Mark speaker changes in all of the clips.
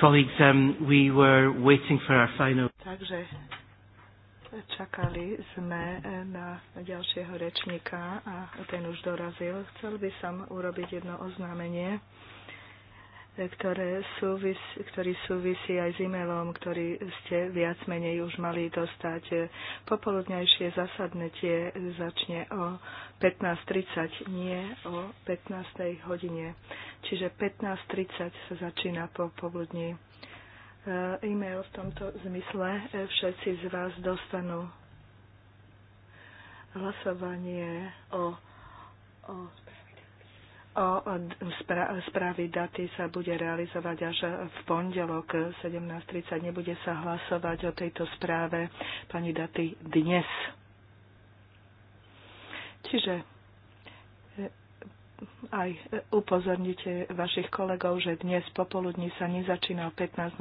Speaker 1: Colleagues, um, we were waiting for our final.
Speaker 2: Takže čakali sme eh, na ďalšieho rečníka a ten už dorazil. Chcel by som urobiť jedno oznámenie ktoré súvis, ktorý súvisí aj s e-mailom, ktorý ste viac menej už mali dostať. Popoludnejšie zasadnutie začne o 15.30, nie o 15. hodine. Čiže 15.30 sa začína po poludní. E, e-mail v tomto zmysle e, všetci z vás dostanú hlasovanie o, o o správy daty sa bude realizovať až v pondelok 17.30. Nebude sa hlasovať o tejto správe pani daty dnes. Čiže e, aj upozornite vašich kolegov, že dnes popoludní sa nezačína o 15.00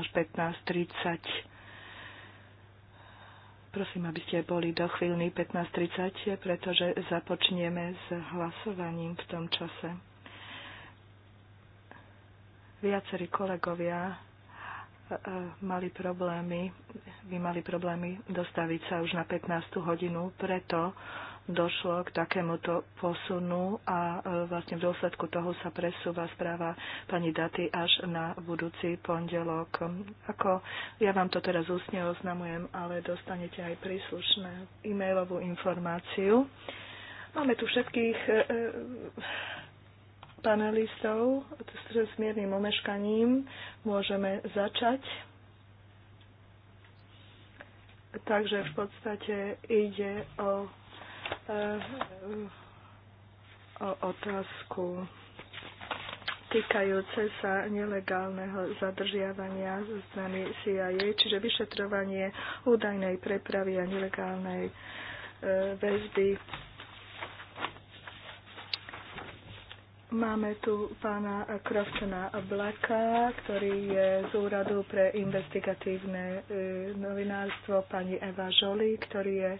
Speaker 2: až 15.30 Prosím, aby ste boli do chvíľny 15.30, pretože započneme s hlasovaním v tom čase. Viacerí kolegovia e, e, mali problémy, vy mali problémy dostaviť sa už na 15. hodinu, preto došlo k takémuto posunu a e, vlastne v dôsledku toho sa presúva správa pani Daty až na budúci pondelok. Ako ja vám to teraz ústne oznamujem, ale dostanete aj príslušné e-mailovú informáciu. Máme tu všetkých e, e, panelistov s miernym omeškaním. Môžeme začať. Takže v podstate ide o Eh, o otázku týkajúce sa nelegálneho zadržiavania zo strany CIA, čiže vyšetrovanie údajnej prepravy a nelegálnej eh, väzby. Máme tu pána Croftona Blacka, ktorý je z Úradu pre investigatívne eh, novinárstvo, pani Eva Žoli, ktorý je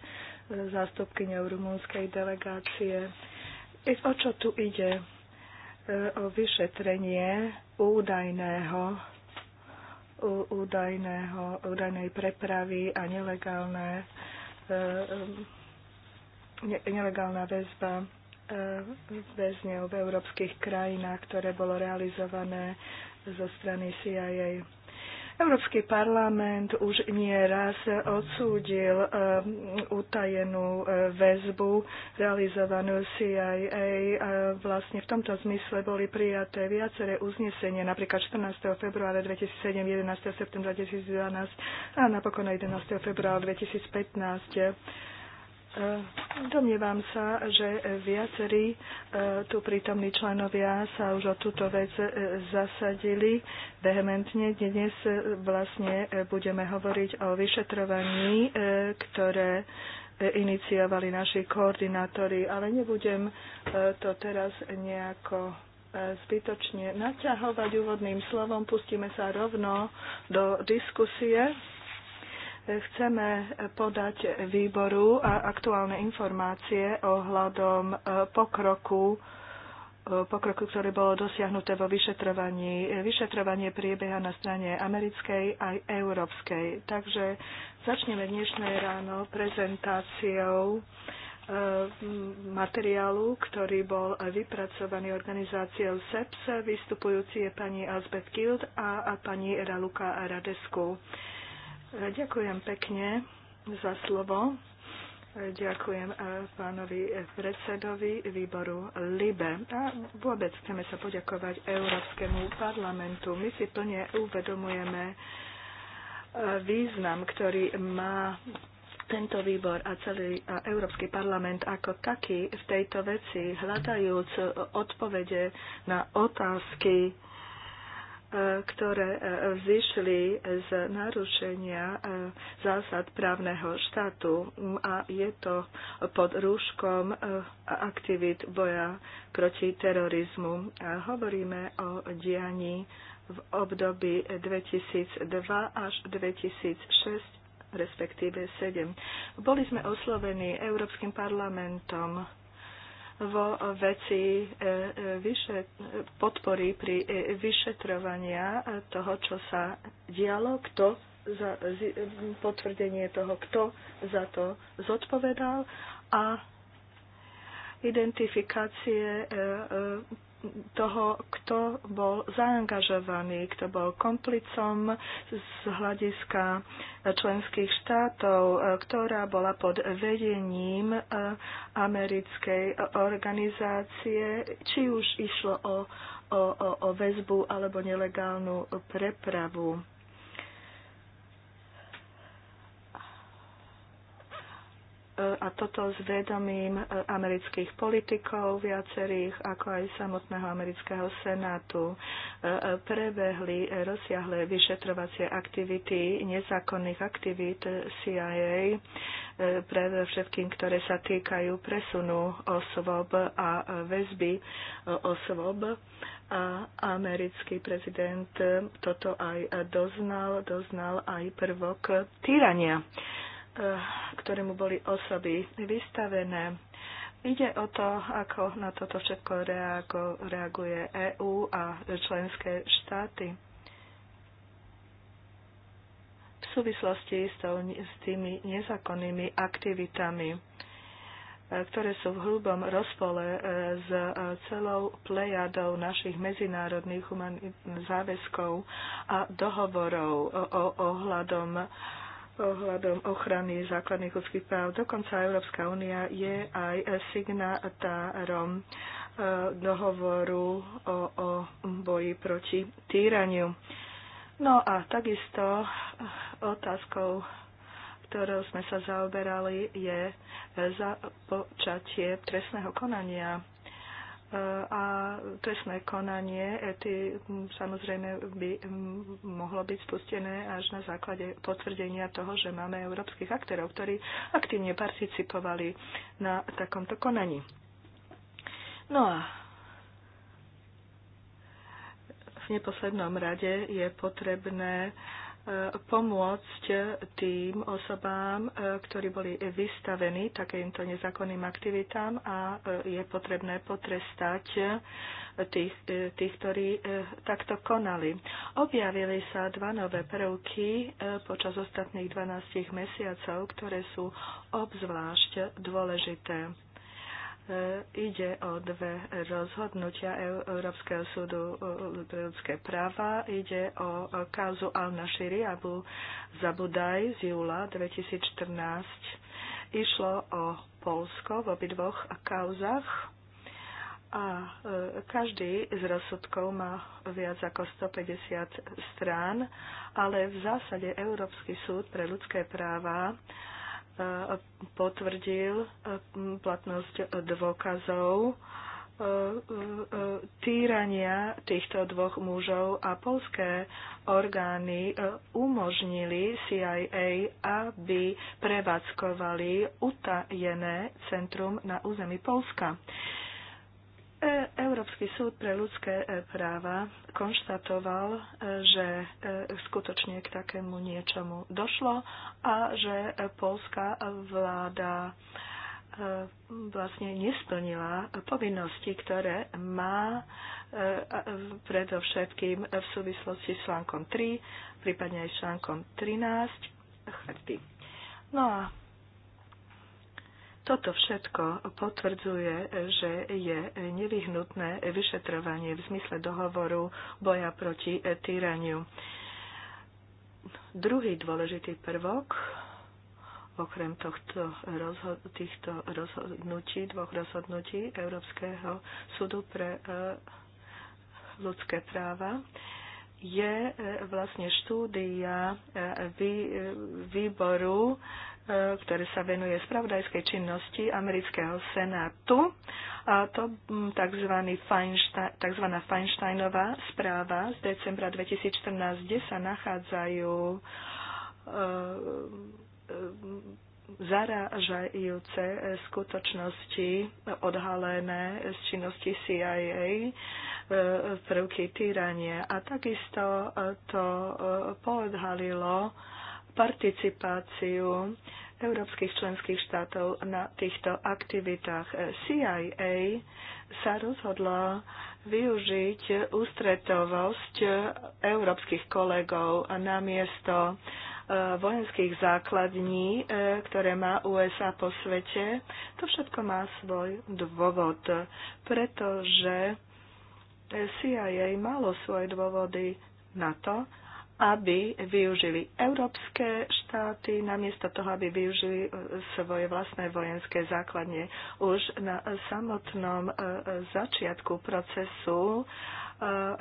Speaker 2: zástupkyňou rumúnskej delegácie. O čo tu ide? E, o vyšetrenie údajného, údajného, údajnej prepravy a nelegálne, e, e, ne, nelegálna väzba väzňov v európskych krajinách, ktoré bolo realizované zo strany CIA Európsky parlament už nie raz odsúdil ehm, utajenú ehm, väzbu realizovanú CIA. Vlastne v tomto zmysle boli prijaté viaceré uznesenia, napríklad 14. februára 2007, 11. septembra 2012 a napokon 11. februára 2015 E, domnievam sa, že viacerí e, tu prítomní členovia sa už o túto vec e, zasadili vehementne. Dnes vlastne budeme hovoriť o vyšetrovaní, ktoré iniciovali naši koordinátori, ale nebudem to teraz nejako zbytočne naťahovať úvodným slovom. Pustíme sa rovno do diskusie chceme podať výboru aktuálne informácie ohľadom e, pokroku e, pokroku, ktoré bolo dosiahnuté vo vyšetrovaní. E, vyšetrovanie priebeha na strane americkej aj európskej. Takže začneme dnešné ráno prezentáciou materiálu, ktorý bol vypracovaný organizáciou SEPS. Vystupujúci je pani Alsbeth Gild a, a pani Raluka Radesku. Ďakujem pekne za slovo. Ďakujem e, pánovi predsedovi výboru LIBE. A vôbec chceme sa poďakovať Európskemu parlamentu. My si plne uvedomujeme e, význam, ktorý má tento výbor a celý Európsky parlament ako taký v tejto veci, hľadajúc odpovede na otázky ktoré e, vzýšli z narušenia e, zásad právneho štátu mm, a je to pod rúškom e, aktivít boja proti terorizmu. Hovoríme o dianí v období 2002 až 2006 respektíve 7. Boli sme oslovení Európskym parlamentom vo veci e, e, vyše, podpory pri e, vyšetrovania toho, čo sa dialo, kto za potvrdenie toho, kto za to zodpovedal a identifikácie toho, kto bol zaangažovaný, kto bol komplicom z hľadiska členských štátov, e, ktorá bola pod vedením e, americkej organizácie, či už išlo o, o, o, väzbu alebo nelegálnu prepravu a toto s vedomím e, amerických politikov viacerých, ako aj samotného amerického senátu, e, e, prebehli rozsiahle vyšetrovacie aktivity, nezákonných aktivít CIA, všetkým, ktoré sa týkajú presunu osôb a väzby osôb. A americký prezident toto aj doznal, doznal aj prvok tyrania ktorému boli osoby vystavené. Ide o to, ako na toto všetko reago, reaguje EÚ a členské štáty. V súvislosti s, tými nezákonnými aktivitami, e, ktoré sú v hrubom rozpole e, s e, celou plejadou našich medzinárodných záväzkov a dohovorov o, ohľadom ohľadom ochrany základných ľudských práv. Dokonca Európska únia je aj signatárom e, dohovoru o, o boji proti týraniu. No a takisto otázkou, ktorou sme sa zaoberali, je započatie trestného konania a trestné konanie e, ty, samozrejme by mohlo byť spustené až na základe potvrdenia toho, že máme európskych aktérov, ktorí aktívne participovali na takomto konaní. No a v neposlednom rade je potrebné uh, pomôcť tým osobám, e, ktorí boli vystavení takýmto nezákonným aktivitám a e, je potrebné potrestať tých, e, tých ktorí takto konali. Objavili sa dva nové prvky počas ostatných 12 mesiacov, ktoré sú obzvlášť dôležité E, ide o dve rozhodnutia Európskeho súdu e, pre ľudské práva. Ide o kauzu Al-Nashiri Abu Zabudaj z júla 2014. Išlo o Polsko v obidvoch kauzach a e, každý z rozsudkov má viac ako 150 strán, ale v zásade Európsky súd pre ľudské práva potvrdil platnosť dôkazov e, e, e, týrania týchto dvoch mužov a polské orgány umožnili CIA, aby prevádzkovali utajené centrum na území Polska. E, Európsky súd pre ľudské e, práva konštatoval, e, že skutočne k takému niečomu došlo a že polská vláda vlastne nesplnila povinnosti, ktoré má predovšetkým v súvislosti s článkom 3, prípadne aj s článkom 13 No a toto všetko potvrdzuje, že je nevyhnutné vyšetrovanie v zmysle dohovoru boja proti týraniu. Druhý dôležitý prvok, okrem tohto rozhod- týchto rozhodnutí, dvoch rozhodnutí Európskeho súdu pre e, ľudské práva, je e, vlastne štúdia e, výboru ktoré sa venuje spravodajskej činnosti amerického senátu. A to mm, tzv. Feinstein, tzv. Feinsteinová správa z decembra 2014, kde sa nachádzajú e, e, zaražajúce skutočnosti odhalené z činnosti CIA, e, prvky týranie A takisto to poodhalilo participáciu európskych členských štátov na týchto aktivitách. CIA sa rozhodla využiť ústretovosť európskych kolegov namiesto e, vojenských základní, e, ktoré má USA po svete. To všetko má svoj dôvod, pretože CIA malo svoje dôvody na to, aby využili európske štáty, namiesto toho, aby využili e, svoje vlastné vojenské základne. Už na samotnom e, e, začiatku procesu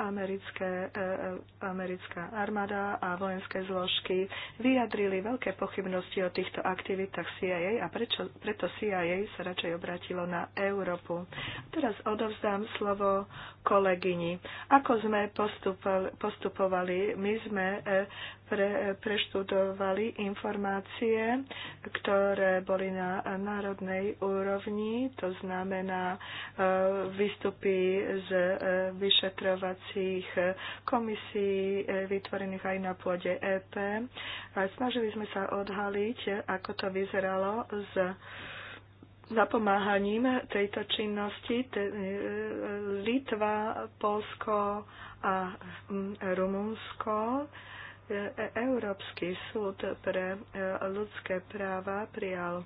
Speaker 2: americké, e, e, americká armáda a vojenské zložky vyjadrili veľké pochybnosti o týchto aktivitách CIA a prečo, preto CIA sa radšej obratilo na Európu. Teraz odovzdám slovo kolegyni. Ako sme postupovali? My sme e, pre, preštudovali informácie, ktoré boli na národnej úrovni, to znamená e, výstupy z e, vyšetrovacích komisí e, vytvorených aj na pôde EP. Snažili sme sa odhaliť, ako to vyzeralo s napomáhaním tejto činnosti Litva, Polsko a mm, Rumunsko E, Európsky súd pre e, ľudské práva prijal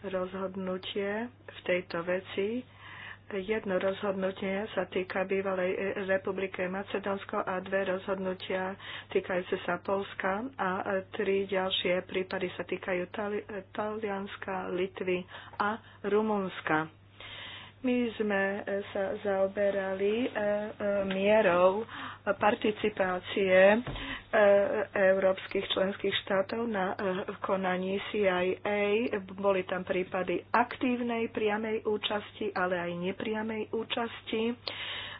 Speaker 2: rozhodnutie v tejto veci. Jedno rozhodnutie sa týka bývalej e, republike Macedónsko a dve rozhodnutia týkajúce sa Polska a tri ďalšie prípady sa týkajú Talianska, Litvy a Rumunska. My sme e, sa zaoberali e, e, mierou participácie európskych členských štátov na konaní CIA. Boli tam prípady aktívnej priamej účasti, ale aj nepriamej účasti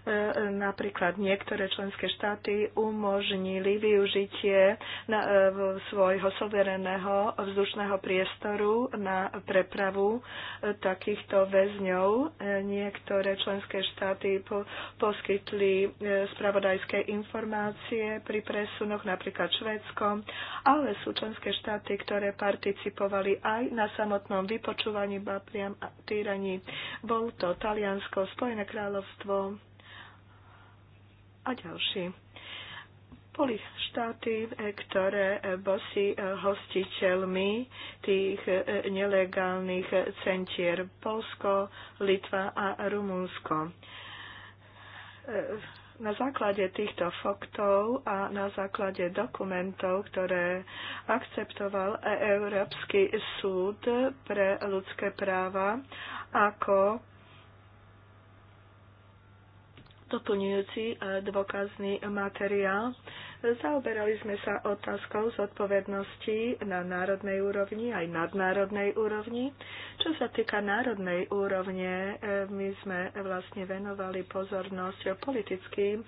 Speaker 2: E, napríklad niektoré členské štáty umožnili využitie na, e, svojho suvereného vzdušného priestoru na prepravu e, takýchto väzňov. Niektoré členské štáty po, poskytli spravodajské informácie pri presunoch, napríklad Švédskom, ale sú členské štáty, ktoré participovali aj na samotnom vypočúvaní, ba priam týraní. Bol to Taliansko, Spojené kráľovstvo, a ďalší. Boli štáty, e, ktoré e, boli e, hostiteľmi tých nelegálnych centier Polsko, Litva a Rumunsko na základe týchto faktov a na základe dokumentov, ktoré akceptoval Európsky súd pre ľudské práva ako doplňujúci e, dôkazný materiál. Zaoberali sme sa otázkou zodpovednosti na národnej úrovni aj nadnárodnej úrovni. Čo sa týka národnej úrovne, e, my sme vlastne venovali pozornosť politickým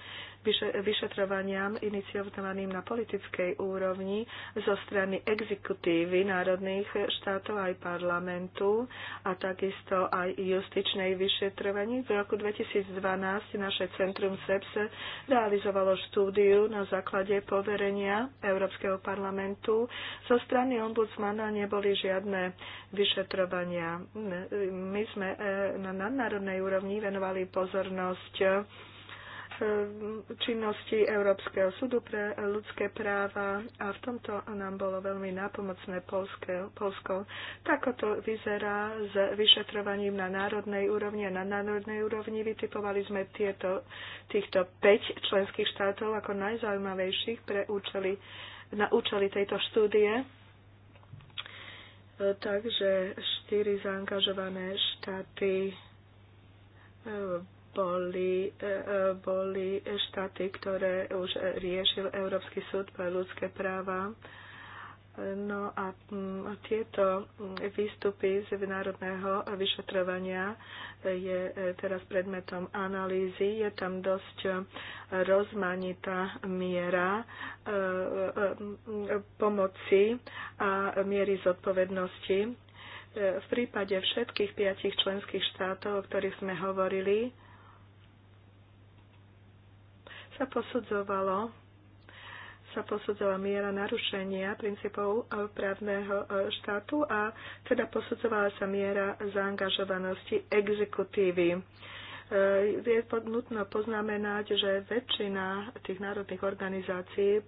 Speaker 2: vyšetrovaniam iniciovaným na politickej úrovni zo strany exekutívy národných štátov aj parlamentu a takisto aj justičnej vyšetrovaní. V roku 2012 naše Centrum SEPS realizovalo štúdiu na základe poverenia Európskeho parlamentu. Zo strany ombudsmana neboli žiadne vyšetrovania. My sme eh, na nadnárodnej úrovni venovali pozornosť činnosti Európskeho súdu pre ľudské práva a v tomto nám bolo veľmi nápomocné Polské, Polsko. Tako to vyzerá s vyšetrovaním na národnej úrovni a na národnej úrovni vytipovali sme tieto, týchto 5 členských štátov ako najzaujímavejších pre účely, na účely tejto štúdie takže štyri zaangažované štáty boli, e, e, boli štáty, ktoré už riešil Európsky súd pre ľudské práva. No a mm, tieto výstupy z národného vyšetrovania je e, teraz predmetom analýzy. Je tam dosť rozmanitá miera pomoci a miery zodpovednosti. V prípade všetkých piatich členských štátov, o ktorých sme hovorili, sa posudzovalo sa posudzovala miera narušenia princípov e, právneho e, štátu a teda posudzovala sa miera zaangažovanosti exekutívy. E, je nutno poznamenať, že väčšina tých národných organizácií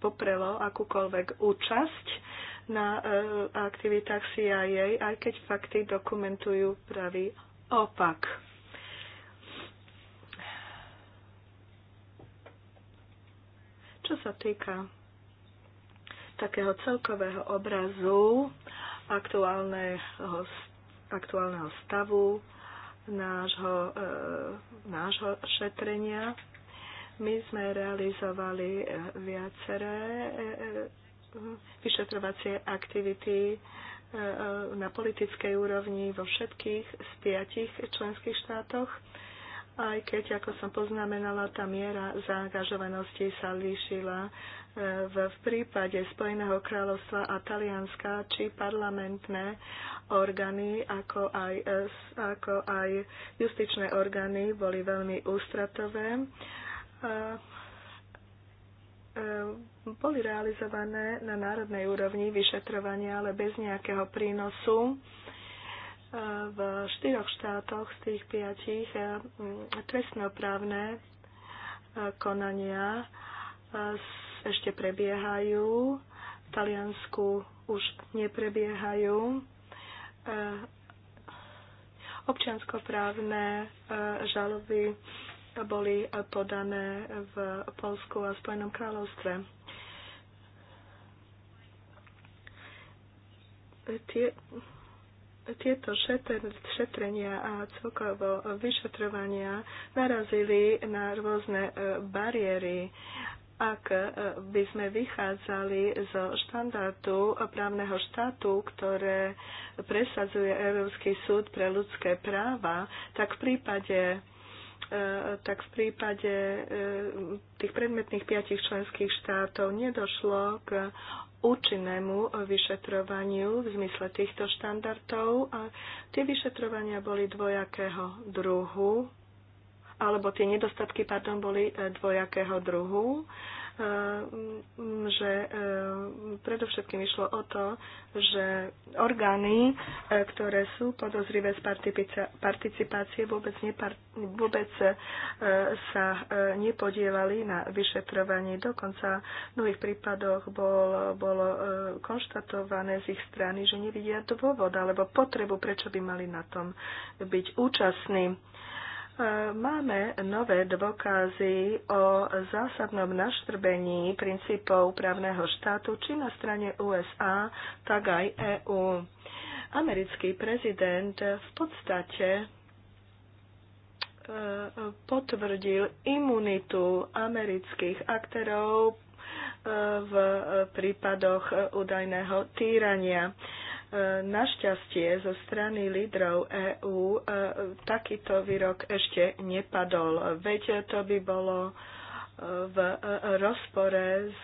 Speaker 2: poprelo akúkoľvek účasť na aktivitách CIA, aj keď fakty dokumentujú pravý opak Čo sa týka takého celkového obrazu aktuálneho, aktuálneho stavu nášho, e, nášho šetrenia, my sme realizovali e, viaceré e, e, vyšetrovacie aktivity na politickej úrovni vo všetkých z piatich členských štátoch aj keď, ako som poznamenala, tá miera zaangažovanosti sa líšila e, v prípade Spojeného kráľovstva a Talianska, či parlamentné orgány, ako aj, e, ako aj justičné orgány boli veľmi ústratové. E, boli realizované na národnej úrovni vyšetrovania, ale bez nejakého prínosu v štyroch štátoch z tých piatich eh, trestnoprávne eh, konania eh, ešte prebiehajú, v Taliansku už neprebiehajú. Občianskoprávne žaloby boli podané v Polsku a Spojenom kráľovstve. Tie tieto šetrenia a celkovo vyšetrovania narazili na rôzne e, bariéry ak e, by sme vychádzali zo štandardu právneho štátu, ktoré presadzuje Európsky súd pre ľudské práva, tak v prípade e, tak v prípade tých predmetných piatich členských štátov nedošlo k účinnému vyšetrovaniu v zmysle týchto štandardov a tie vyšetrovania boli dvojakého druhu, alebo tie nedostatky, pardon, boli dvojakého druhu Ehm, že ehm, predovšetkým išlo o to, že orgány, e, ktoré sú podozrivé z participácie, vôbec, nepar- vôbec e, sa e, nepodielali na vyšetrovaní. Dokonca v mnohých prípadoch bol, bolo konštatované z ich strany, že nevidia dôvod alebo potrebu, prečo by mali na tom byť účastní. Máme nové dôkazy o zásadnom naštrbení princípov právneho štátu či na strane USA, tak aj EÚ. Americký prezident v podstate e, potvrdil imunitu amerických aktérov e, v prípadoch údajného týrania. Našťastie zo strany lídrov EÚ e, takýto výrok ešte nepadol. Veď to by bolo e, v e, rozpore s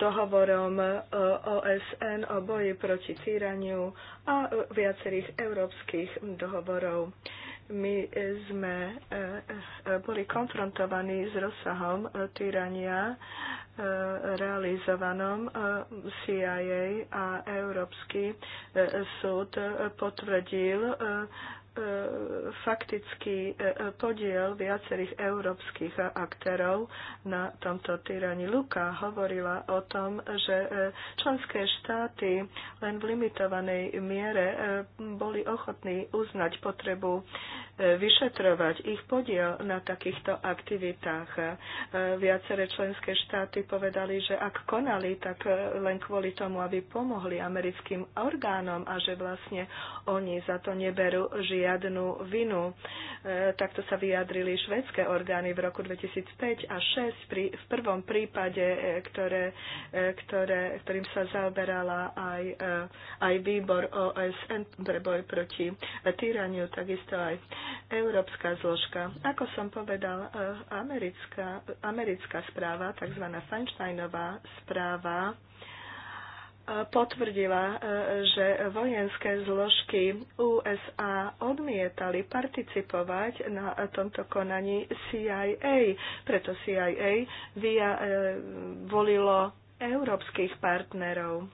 Speaker 2: dohovorom OSN o boji proti týraniu a viacerých európskych dohovorov my e, sme e, e, boli konfrontovaní s rozsahom týrania realizovanom CIA a Európsky súd potvrdil E, faktický e, e, podiel viacerých európskych aktérov na tomto tyraní. Luka hovorila o tom, že členské štáty len v limitovanej miere boli ochotní uznať potrebu vyšetrovať ich podiel na takýchto aktivitách. Viaceré členské štáty povedali, že ak konali, tak len kvôli tomu, aby pomohli americkým orgánom a že vlastne oni za to neberú žiť žiadnu vinu. E, takto sa vyjadrili švedské orgány v roku 2005 a 2006 pri, v prvom prípade, e, ktoré, e, ktoré, ktorým sa zaoberala aj, aj výbor OSN pre boj proti týraniu, takisto aj európska zložka. Ako som povedal, americká, americká správa, tzv. Feinsteinová správa, potvrdila, e, že vojenské zložky USA odmietali participovať na tomto konaní CIA. Preto CIA via, e, volilo európskych partnerov.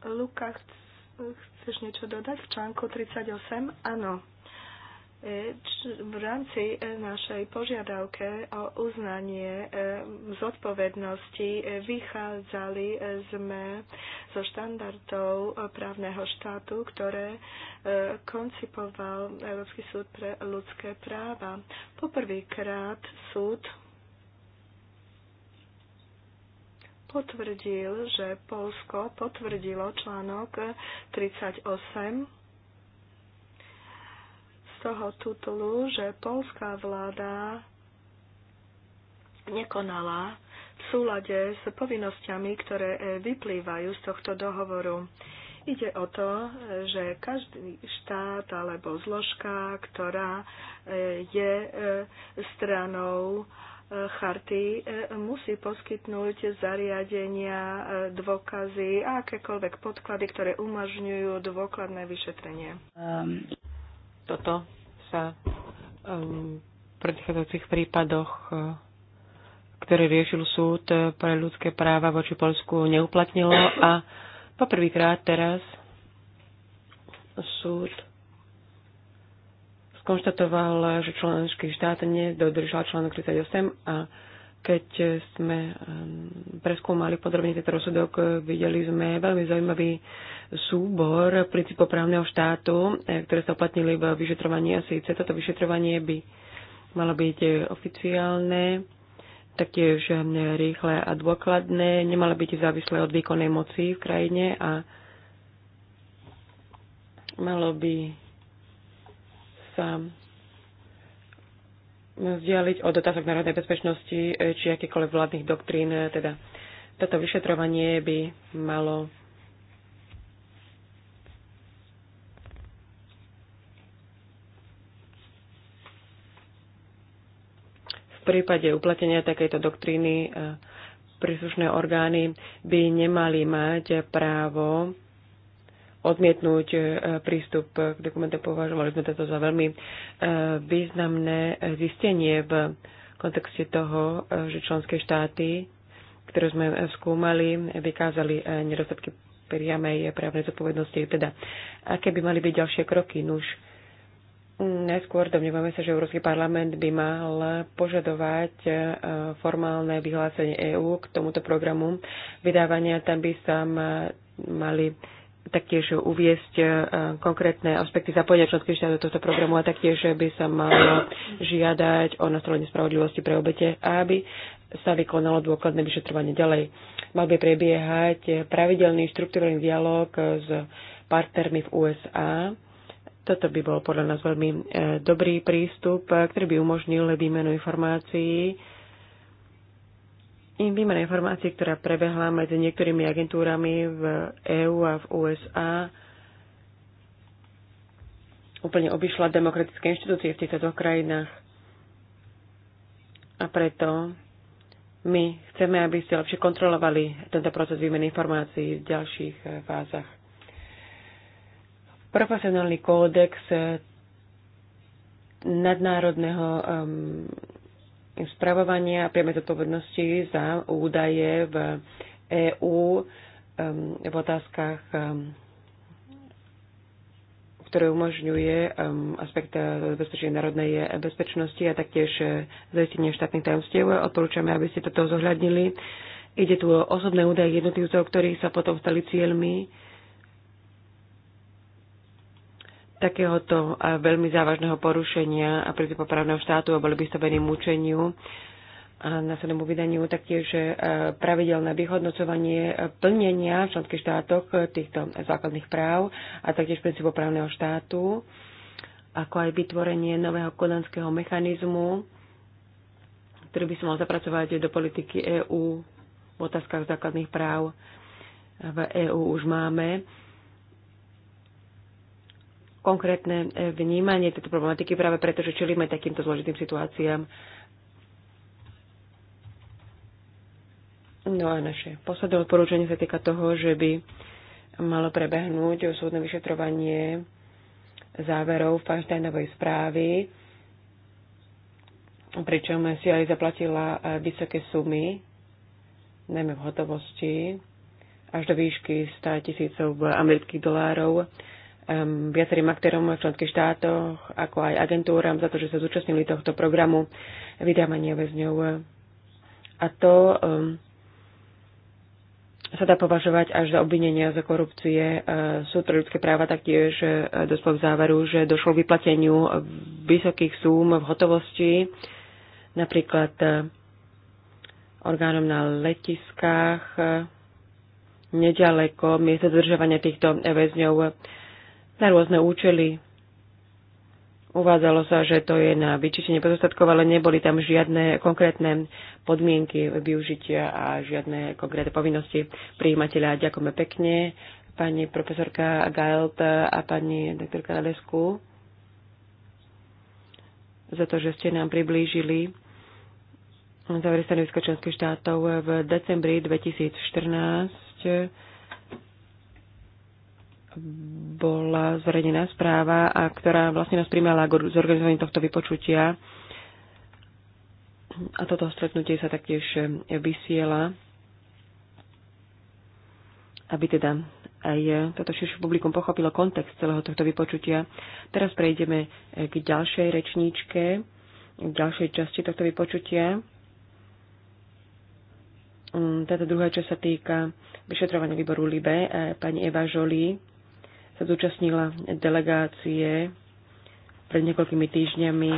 Speaker 2: Luka, chceš niečo dodať v článku 38? Áno. E, v rámci e, našej požiadavke o uznanie e, zodpovednosti vychádzali sme zo štandardov právneho štátu, ktoré koncipoval Európsky súd pre ľudské práva. Poprvýkrát súd potvrdil, že Polsko potvrdilo článok 38 toho titulu, že polská vláda nekonala v súlade s povinnosťami, ktoré e, vyplývajú z tohto dohovoru. Ide o to, že každý štát alebo zložka, ktorá e, je e, stranou charty, musí poskytnúť zariadenia, dôkazy a akékoľvek podklady, ktoré umožňujú dôkladné
Speaker 3: vyšetrenie. Um. Toto sa um, v predchádzajúcich prípadoch, uh, ktoré riešil súd pre ľudské práva voči Polsku, neuplatnilo a poprvýkrát teraz súd skonštatoval, že členský štát nedodržal článok 38 a keď sme ehm, preskúmali podrobne tento rozsudok, videli sme veľmi zaujímavý súbor princípov právneho štátu, e, ktoré sa uplatnili v vyšetrovaní a síce toto vyšetrovanie by malo byť e, oficiálne, taktiež ehm, rýchle a dôkladné, nemalo byť závislé od výkonnej moci v krajine a malo by sa vzdialiť od otázok národnej bezpečnosti eh, či akýkoľvek vládnych doktrín. Eh, teda toto vyšetrovanie by malo v prípade uplatenia takejto doktríny eh, príslušné orgány by nemali mať právo odmietnúť e, prístup k dokumentu. Považovali sme toto za veľmi e, významné e, zistenie v kontexte toho, že členské štáty, ktoré sme skúmali, vykázali nedostatky priamej právnej zodpovednosti. Teda, aké by mali byť ďalšie kroky? Nuž, najskôr domnievame sa, že Európsky parlament by mal požadovať formálne vyhlásenie EÚ k tomuto programu vydávania. Tam by sa mali taktiež uviesť e, konkrétne aspekty zapojenia členských štátov do tohto programu a taktiež by sa malo žiadať o nastolenie spravodlivosti pre obete, aby sa vykonalo dôkladné vyšetrovanie ďalej. Mal by prebiehať pravidelný štruktúrny dialog s partnermi v USA. Toto by bol podľa nás veľmi e, dobrý prístup, e, ktorý by umožnil výmenu informácií im výmena informácií, ktorá prebehla medzi niektorými agentúrami v EÚ a v USA, úplne obišla demokratické inštitúcie v týchto dvoch krajinách. A preto my chceme, aby ste lepšie kontrolovali tento proces výmeny informácií v ďalších eh, fázach. Profesionálny kódex eh, nadnárodného um, spravovania a priame zodpovednosti za údaje v EÚ um, v otázkach, um, ktoré umožňuje um, aspekt uh, zabezpečenia národnej bezpečnosti a taktiež uh, zaistenie štátnych tajomstiev. Odporúčame, aby ste toto zohľadnili. Ide tu o osobné údaje jednotlivcov, ktorí sa potom stali cieľmi takéhoto veľmi závažného porušenia a princípov štátu a boli stavení mučeniu a následnému vydaniu, taktiež e, pravidelné vyhodnocovanie e, plnenia v členských štátoch e, týchto základných práv a taktiež princípov právneho štátu, ako aj vytvorenie nového kodanského mechanizmu, ktorý by sa mal zapracovať do politiky EÚ v otázkach základných práv. V EÚ už máme konkrétne e, vnímanie tejto problematiky práve preto, že čelíme takýmto zložitým situáciám. No a naše posledné odporúčanie sa týka toho, že by malo prebehnúť súdne vyšetrovanie záverov Feinsteinovej správy, pričom si aj zaplatila e, vysoké sumy, najmä v hotovosti, až do výšky 100 tisícov amerických dolárov um, viacerým aktérom v členských štátoch, ako aj agentúram za to, že sa zúčastnili tohto programu vydávania väzňov. A to um, sa dá považovať až za obvinenia za korupcie. E, sú pre ľudské práva taktiež e, dospol k záveru, že došlo k vyplateniu vysokých súm v hotovosti, napríklad e, orgánom na letiskách, nedaleko miesta zdržovania týchto väzňov na rôzne účely. Uvádzalo sa, že to je na vyčistenie pozostatkov, ale neboli tam žiadne konkrétne podmienky využitia a žiadne konkrétne povinnosti prijímateľa. Ďakujeme pekne pani profesorka Gailt a pani doktorka Lesku za to, že ste nám priblížili závery stanoviska členských štátov v decembri 2014 bola zverejnená správa, a ktorá vlastne nás primala k zorganizovaní tohto vypočutia. A toto stretnutie sa taktiež e, vysiela, aby teda aj e, toto širšie publikum pochopilo kontext celého tohto vypočutia. Teraz prejdeme e, k ďalšej rečníčke, k ďalšej časti tohto vypočutia. Mm, táto druhá časť sa týka vyšetrovania výboru LIBE, pani Eva Žolí, sa zúčastnila delegácie pred niekoľkými týždňami,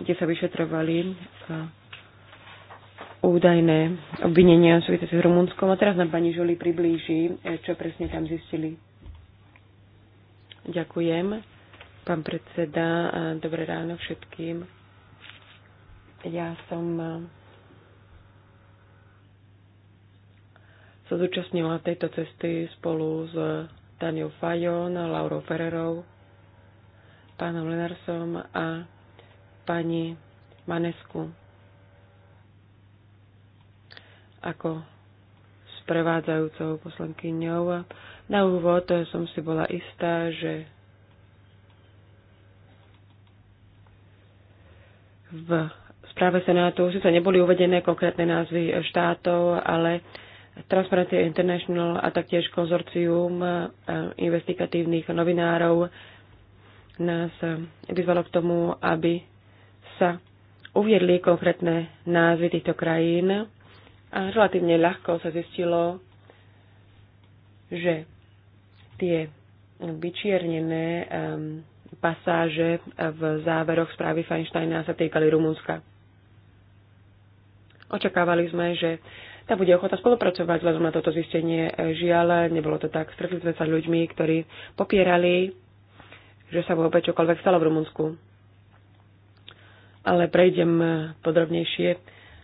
Speaker 3: kde sa vyšetrovali e, údajné obvinenia súvisiace s Rumunskom. A teraz nám pani Žuli priblíži, e, čo presne tam zistili. Ďakujem, pán predseda. E, dobré ráno všetkým. Ja som sa zúčastnila tejto cesty spolu s Daniel Fajon, Laurou Ferrerou, pánom Lenarsom a pani Manesku ako sprevádzajúcou poslankyňou. Na úvod som si bola istá, že v správe Senátu síce neboli uvedené konkrétne názvy štátov, ale Transparency International a taktiež konzorcium e, investigatívnych novinárov nás e, vyzvalo k tomu, aby sa uviedli konkrétne názvy týchto krajín a relatívne ľahko sa zistilo, že tie vyčiernené pasáže v záveroch správy Feinsteina sa týkali Rumunska. Očakávali sme, že tá bude ochota spolupracovať vzhľadom na toto zistenie. E, žiaľ, nebolo to tak. Stretli sme sa ľuďmi, ktorí popierali, že sa vôbec čokoľvek stalo v Rumunsku. Ale prejdem e, podrobnejšie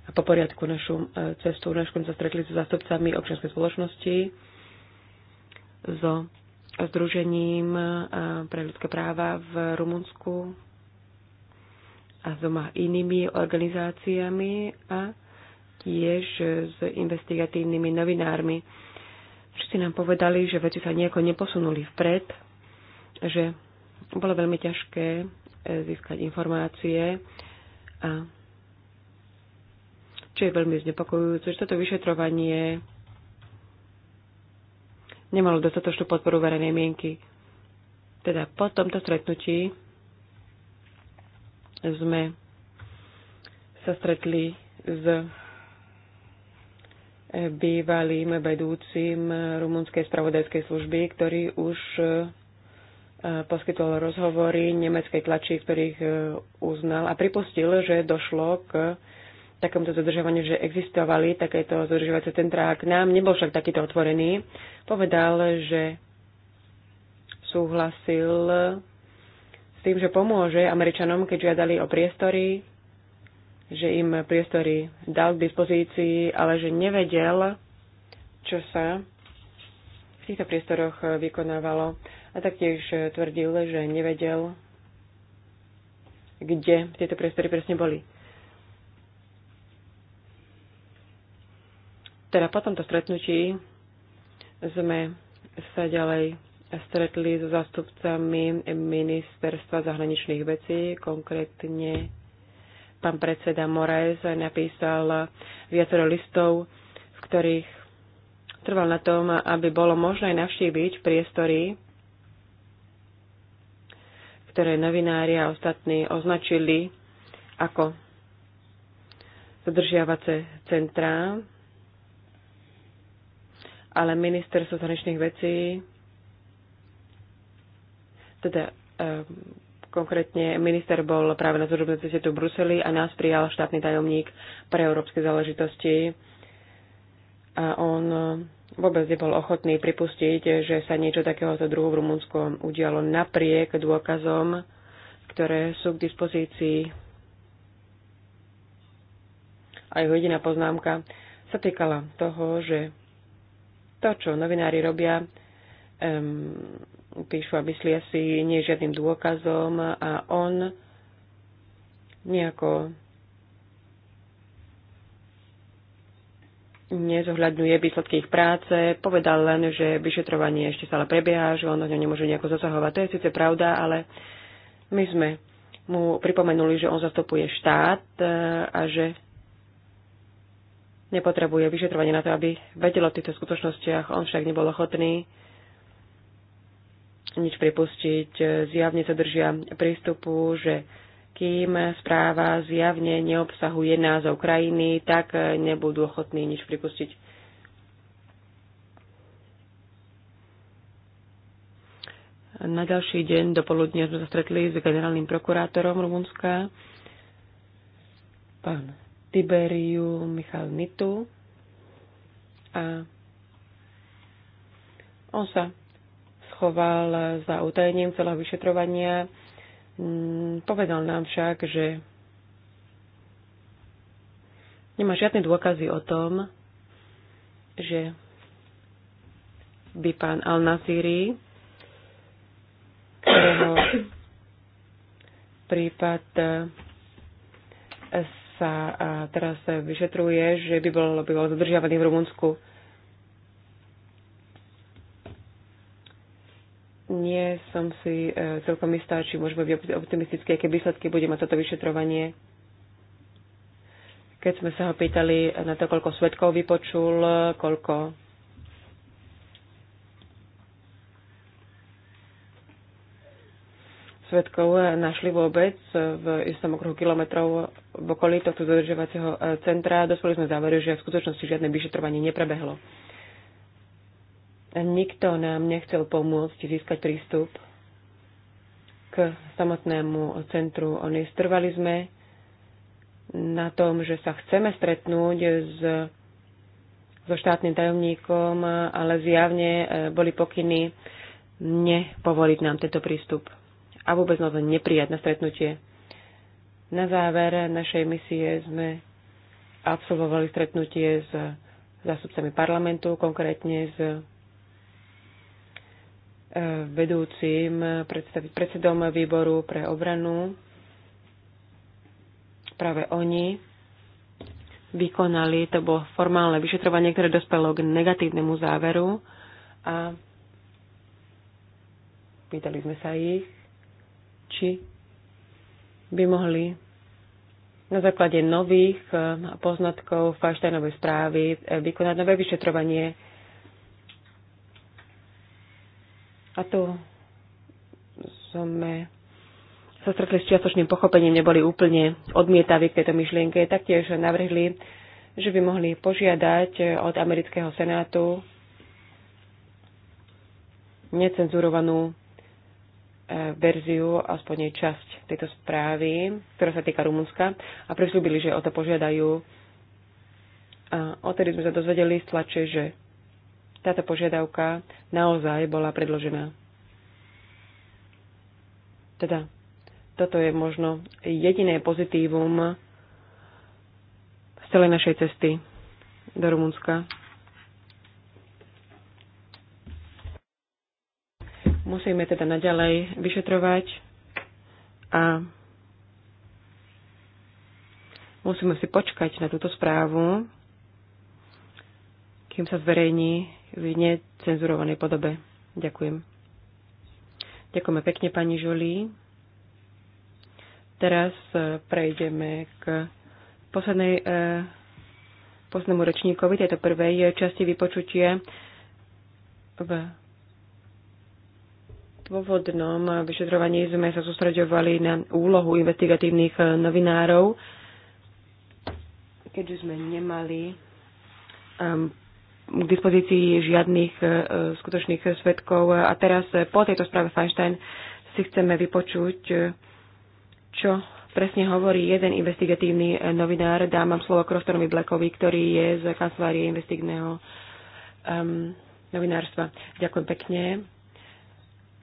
Speaker 3: a po poriadku našu e, cestu. naš sa stretli s zástupcami občianskej spoločnosti, so Združením pre ľudské práva v Rumunsku a s doma inými organizáciami a tiež s investigatívnymi novinármi. Všetci nám povedali, že veci sa nejako neposunuli vpred, že bolo veľmi ťažké e, získať informácie a čo je veľmi znepokojujúce, že toto vyšetrovanie nemalo dostatočnú podporu verejnej mienky. Teda po tomto stretnutí sme sa stretli s bývalým vedúcim rumunskej spravodajskej služby, ktorý už e, poskytol rozhovory nemeckej tlači, ktorých e, uznal a pripustil, že došlo k takomto zadržovaniu, že existovali takéto zadržovacie centrá. K nám nebol však takýto otvorený. Povedal, že súhlasil s tým, že pomôže Američanom, keď žiadali o priestory že im priestory dal k dispozícii, ale že nevedel, čo sa v týchto priestoroch vykonávalo. A taktiež tvrdil, že nevedel, kde tieto priestory presne boli. Teda po tomto stretnutí sme sa ďalej stretli so zastupcami ministerstva zahraničných vecí, konkrétne Pán predseda Moraes napísal viacero listov, v ktorých trval na tom, aby bolo možné navštíviť priestory, ktoré novinári a ostatní označili ako zadržiavace centrá, ale ministerstvo zahraničných vecí, teda ehm, Konkrétne minister bol práve na zúžobnej ceste tu v Bruseli a nás prijal štátny tajomník pre európske záležitosti. A on vôbec nebol ochotný pripustiť, že sa niečo takéhoto druhu v Rumunsku udialo napriek dôkazom, ktoré sú k dispozícii. A jeho jediná poznámka sa týkala toho, že to, čo novinári robia, um, píšu a myslia si nie žiadnym dôkazom a on nejako nezohľadňuje výsledky ich práce, povedal len, že vyšetrovanie ešte stále prebieha, že on do ňa nemôže nejako zasahovať. To je síce pravda, ale my sme mu pripomenuli, že on zastupuje štát e, a že nepotrebuje vyšetrovanie na to, aby vedelo o týchto skutočnostiach. On však nebol ochotný Vlastne nič pripustiť. Zjavne sa držia prístupu, že kým správa zjavne neobsahuje názov krajiny, tak nebudú ochotní nič pripustiť. Na ďalší deň do poludnia sme sa stretli s generálnym prokurátorom Rumunska, pán Tiberiu Michal Nitu. A on sa schoval za utajením celého vyšetrovania. Mm, povedal nám však, že nemá žiadne dôkazy o tom, že by pán al naziri ktorého prípad eh, sa eh, teraz eh, vyšetruje, že by bol, by bol zadržiavaný v Rumunsku. nie som si e, celkom istá, či môžeme byť optimistické, aké výsledky bude mať toto vyšetrovanie. Keď sme sa ho pýtali na to, koľko svetkov vypočul, koľko svetkov e, našli vôbec v istom okruhu kilometrov v okolí tohto zadržiavacieho e, centra. Dospeli sme záveru, že v skutočnosti žiadne vyšetrovanie neprebehlo. Nikto nám nechcel pomôcť získať prístup k samotnému centru Oni. Trvali sme na tom, že sa chceme stretnúť s, so štátnym tajomníkom, ale zjavne e, boli pokyny nepovoliť nám tento prístup a vôbec nás neprijať na stretnutie. Na záver našej misie sme absolvovali stretnutie s zástupcami parlamentu, konkrétne s vedúcim predsedom výboru pre obranu. Práve oni vykonali, to bolo formálne vyšetrovanie, ktoré dospelo k negatívnemu záveru a pýtali sme sa ich, či by mohli na základe nových eh, poznatkov Fajštajnovej správy eh, vykonať nové vyšetrovanie A tu sme sa stretli s čiastočným pochopením, neboli úplne odmietaví k tejto myšlienke. Taktiež navrhli, že by mohli požiadať od amerického senátu necenzurovanú e, verziu, aspoň jej časť tejto správy, ktorá sa týka Rumunska a prislúbili, že o to požiadajú. A odtedy sme sa dozvedeli z tlače, že táto požiadavka naozaj bola predložená. Teda, toto je možno jediné pozitívum z celej našej cesty do Rumunska. Musíme teda naďalej vyšetrovať a musíme si počkať na túto správu, kým sa zverejní v necenzurovanej podobe. Ďakujem. Ďakujeme pekne, pani Žolí. Teraz e, prejdeme k poslednej, e, poslednému ročníkovi tejto prvej časti vypočutie v pôvodnom vyšetrovaní sme sa sústreďovali na úlohu investigatívnych e, novinárov, keďže sme nemali um, k dispozícii žiadnych e, e, skutočných svetkov. A teraz e, po tejto správe Feinstein si chceme vypočuť, čo presne hovorí jeden investigatívny novinár, dám vám slovo Krostorovi Blackovi, ktorý je z kancelárie investigného um, novinárstva. Ďakujem pekne.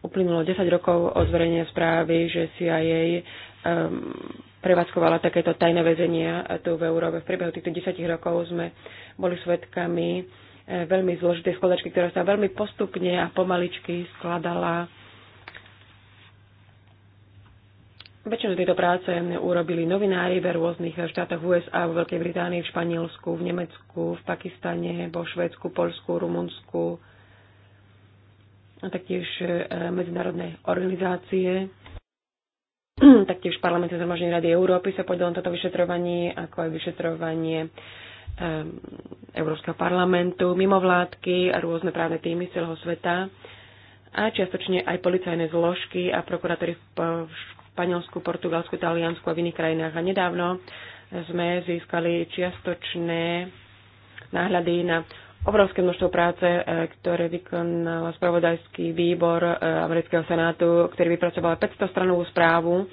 Speaker 3: Uplynulo 10 rokov od zverejnenia správy, že CIA um, prevádzkovala takéto tajné väzenia tu v Európe. V priebehu týchto 10 rokov sme boli svedkami E, veľmi zložité skladačky, ktorá sa veľmi postupne a pomaličky skladala. Väčšinu tejto práce urobili novinári v rôznych štátoch USA, v Veľkej Británii, v Španielsku, v Nemecku, v Pakistane, vo Švedsku, Polsku, Rumunsku a taktiež e, medzinárodné organizácie. Taktiež parlamentné zhromaždenie Rady Európy sa na toto vyšetrovanie, ako aj vyšetrovanie Európskeho parlamentu, mimovládky a rôzne právne týmy z celého sveta a čiastočne aj policajné zložky a prokurátory v Španielsku, Portugalsku, Taliansku a v iných krajinách. A nedávno sme získali čiastočné náhľady na obrovské množstvo práce, e, ktoré vykonal spravodajský výbor e, amerického senátu, ktorý vypracoval 500 stranovú správu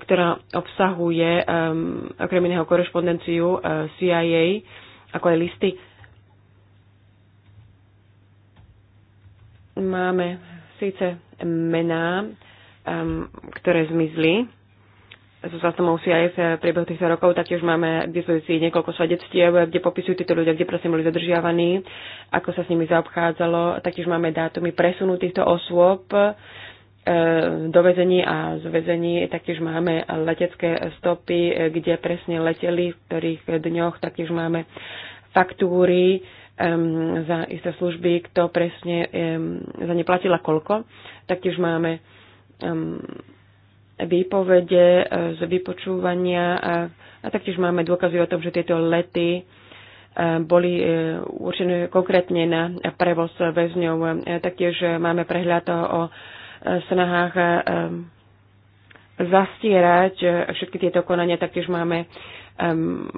Speaker 3: ktorá obsahuje um, okrem iného korešpondenciu uh, eh, CIA, ako aj listy. Máme síce mená, um, ktoré zmizli so zástupom CIA v priebehu týchto rokov, taktiež máme k dispozícii niekoľko svedectiev, kde popisujú títo ľudia, kde presne boli zadržiavaní, ako sa s nimi zaobchádzalo, taktiež máme dátumy presunu týchto osôb, E, do vezení a z vezení taktiež máme letecké stopy, kde presne leteli, v ktorých dňoch taktiež máme faktúry um, za isté služby, kto presne um, za ne platila koľko. Taktiež máme um, výpovede e, z vypočúvania a, a taktiež máme dôkazy o tom, že tieto lety e, boli určené konkrétne na prevoz väzňov. Taktiež máme prehľad o snahách eh, eh, zastierať eh, všetky tieto konania. Taktiež máme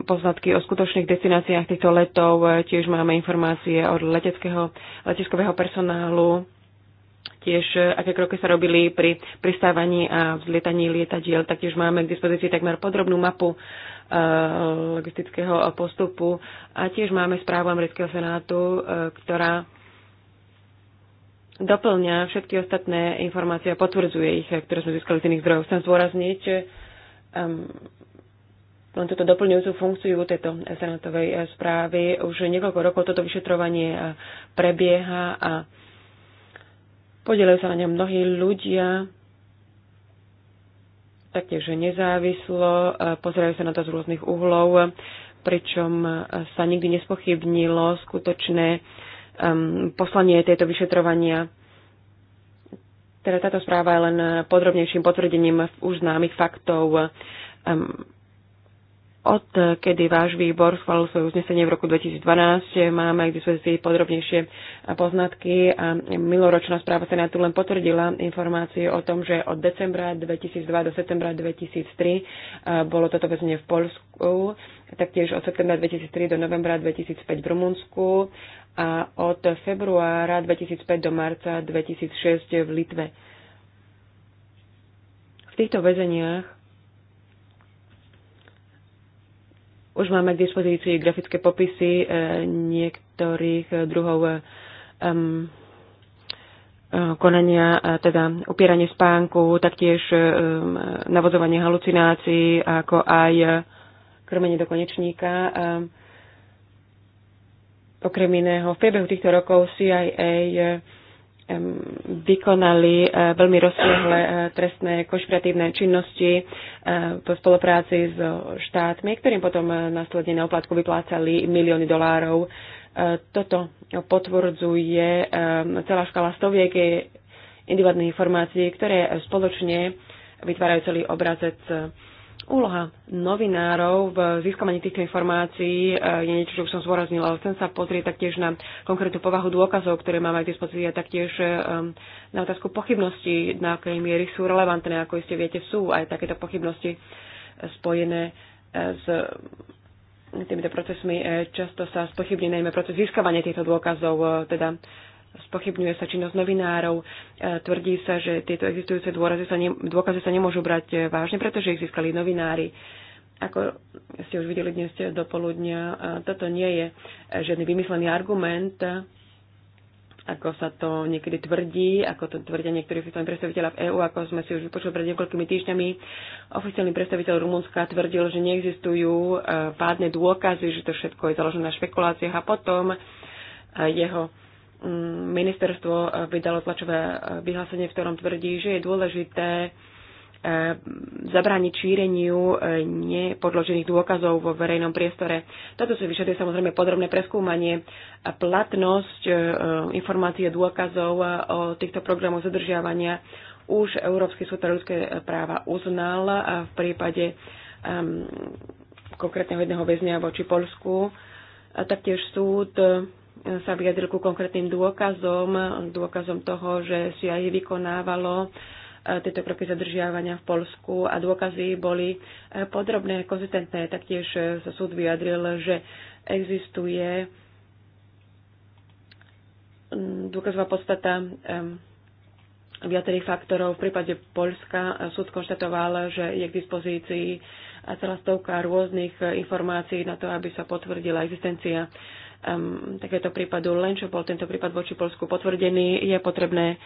Speaker 3: poznatky o skutočných destináciách týchto letov, tiež máme informácie od leteckého, leteckového personálu, tiež aké kroky sa robili pri pristávaní a vzlietaní lietadiel. Taktiež máme k dispozícii takmer podrobnú mapu logistického postupu a tiež máme správu amerického senátu, ktorá doplňa všetky ostatné informácie a potvrdzuje ich, ktoré sme získali z iných zdrojov. Chcem zdôrazniť um, len túto doplňujúcu funkciu tejto senátovej správy. Už niekoľko rokov toto vyšetrovanie prebieha a podielajú sa na ňom mnohí ľudia, taktiež nezávislo, e, pozerajú sa na to z rôznych uhlov, pričom sa nikdy nespochybnilo skutočné um, poslanie tejto vyšetrovania. Teda táto správa je len podrobnejším potvrdením už známych faktov. Um, od eh, kedy váš výbor schválil svoje uznesenie v roku 2012, máme k dispozícii podrobnejšie eh, poznatky a miloročná správa Senátu len potvrdila informácie o tom, že od decembra 2002 do septembra 2003 eh, bolo toto väzenie v Polsku, taktiež od septembra 2003 do novembra 2005 v Rumunsku a od februára 2005 do marca 2006 v Litve. V týchto väzeniach Už máme k dispozícii grafické popisy eh, niektorých eh, druhov um, konania, teda upieranie spánku, taktiež um, navozovanie halucinácií, ako aj krmenie do konečníka. Um, okrem iného, v priebehu týchto rokov CIA vykonali eh, veľmi rozsiahle eh, trestné konšpiratívne činnosti eh, v spolupráci s štátmi, ktorým potom následne na oplatku vyplácali milióny dolárov. Toto potvrdzuje celá škala stoviek individuálnych informácií, ktoré spoločne vytvárajú celý obrazec Úloha novinárov v získavaní týchto informácií e, je niečo, čo už som zvoraznila, ale chcem sa pozrieť taktiež na konkrétnu povahu dôkazov, ktoré máme k dispozícii a taktiež e, na otázku pochybností, na akej miery sú relevantné, ako iste viete, sú aj takéto pochybnosti spojené e, s týmito procesmi. Často sa spochybní najmä proces získavania týchto dôkazov, teda spochybňuje sa činnosť novinárov, e, tvrdí sa, že tieto existujúce dôrazy sa ne, dôkazy sa nemôžu brať e, vážne, pretože ich získali novinári. Ako ste už videli dnes do poludnia, e, toto nie je žiadny vymyslený argument, ako sa to niekedy tvrdí, ako to tvrdia niektorí oficiálni predstaviteľa v EÚ, ako sme si už vypočuli pred niekoľkými týždňami. Oficiálny predstaviteľ Rumunska tvrdil, že neexistujú pádne dôkazy, že to všetko je založené na špekuláciách a potom jeho ministerstvo vydalo tlačové eh, vyhlásenie, v ktorom tvrdí, že je dôležité eh, zabrániť šíreniu eh, nepodložených dôkazov vo verejnom priestore. Toto si vyžaduje samozrejme podrobné preskúmanie. Platnosť informácie dôkazov o týchto programoch zadržiavania už Európsky súd pre ľudské práva uznal v prípade um, konkrétneho jedného väzňa voči Polsku. A taktiež súd sa vyjadril ku konkrétnym dôkazom, dôkazom toho, že si aj vykonávalo e, tieto kroky zadržiavania v Polsku a dôkazy boli e, podrobné, konzistentné. Taktiež e, sa súd vyjadril, že existuje dôkazová podstata viacerých faktorov. V prípade Polska súd konštatoval, že je k dispozícii celá stovka rôznych informácií na to, aby sa potvrdila existencia um, takéto prípadu, len čo bol tento prípad voči Polsku potvrdený, je potrebné uh,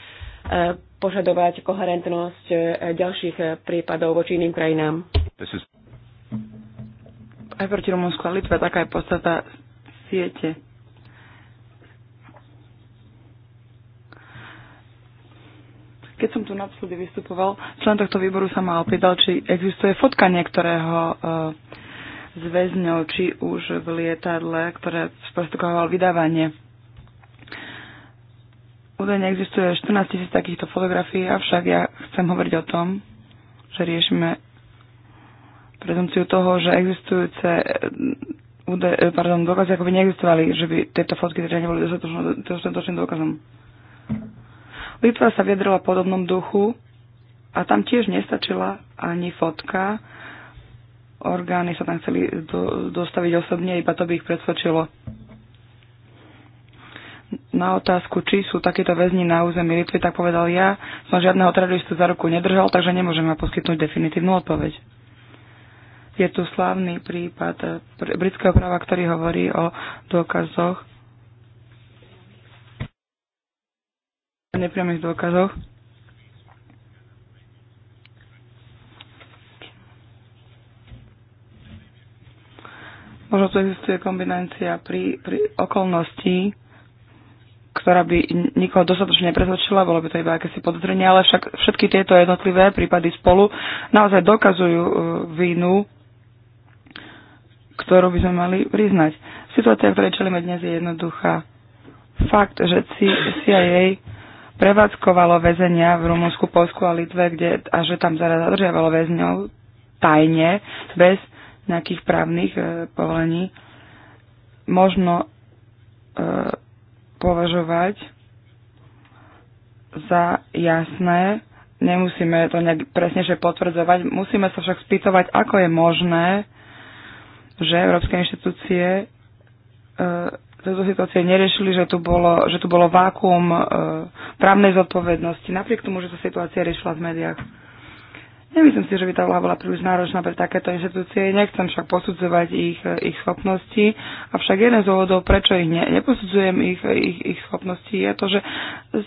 Speaker 3: požadovať koherentnosť uh, ďalších uh, prípadov voči iným krajinám. Is...
Speaker 4: Aj proti Rumunsku a Litve, taká je podstata siete. Keď som tu naposledy vystupoval, člen tohto výboru sa ma opýtal, či existuje fotka niektorého uh, s väzňou, či už v lietadle, ktoré sprostredkovalo vydávanie. Údajne existuje 14 tisíc takýchto fotografií, avšak ja chcem hovoriť o tom, že riešime prezumciu toho, že existujúce eh, eh, pardon, dôkazy ako by neexistovali, že by tieto fotky teda neboli dostatočným dôkazom. Litva sa vyjadrila v podobnom duchu a tam tiež nestačila ani fotka, orgány sa tam chceli do, dostaviť osobne, iba to by ich predsvedčilo. Na otázku, či sú takéto väzni na území Litvy, tak povedal ja, som žiadneho teroristu za ruku nedržal, takže nemôžem ma poskytnúť definitívnu odpoveď. Je tu slávny prípad britského práva, ktorý hovorí o dôkazoch, nepriamých dôkazoch Možno tu existuje kombinácia pri, pri okolnosti, ktorá by nikoho dostatočne nepresvedčila, bolo by to iba akési podozrenie, ale však všetky tieto jednotlivé prípady spolu naozaj dokazujú e, vínu, ktorú by sme mali priznať. Situácia, v ktorej čelíme dnes, je jednoduchá. Fakt, že CIA prevádzkovalo väzenia v Rumunsku, Polsku a Litve, kde, a že tam zadržiavalo väzňov tajne, bez nejakých právnych e, povolení možno e, považovať za jasné. Nemusíme to nejak presnejšie potvrdzovať. Musíme sa však spýtovať, ako je možné, že európske inštitúcie e, tejto situácie neriešili, že tu bolo, že tu bolo vákuum e, právnej zodpovednosti, napriek tomu, že sa situácia riešila v médiách. Nemyslím si, že by tá úloha bola príliš náročná pre takéto inštitúcie. Nechcem však posudzovať ich, eh, ich schopnosti. Avšak jeden z dôvodov, prečo ich ne, neposudzujem ich, eh, ich, ich schopnosti, je to, že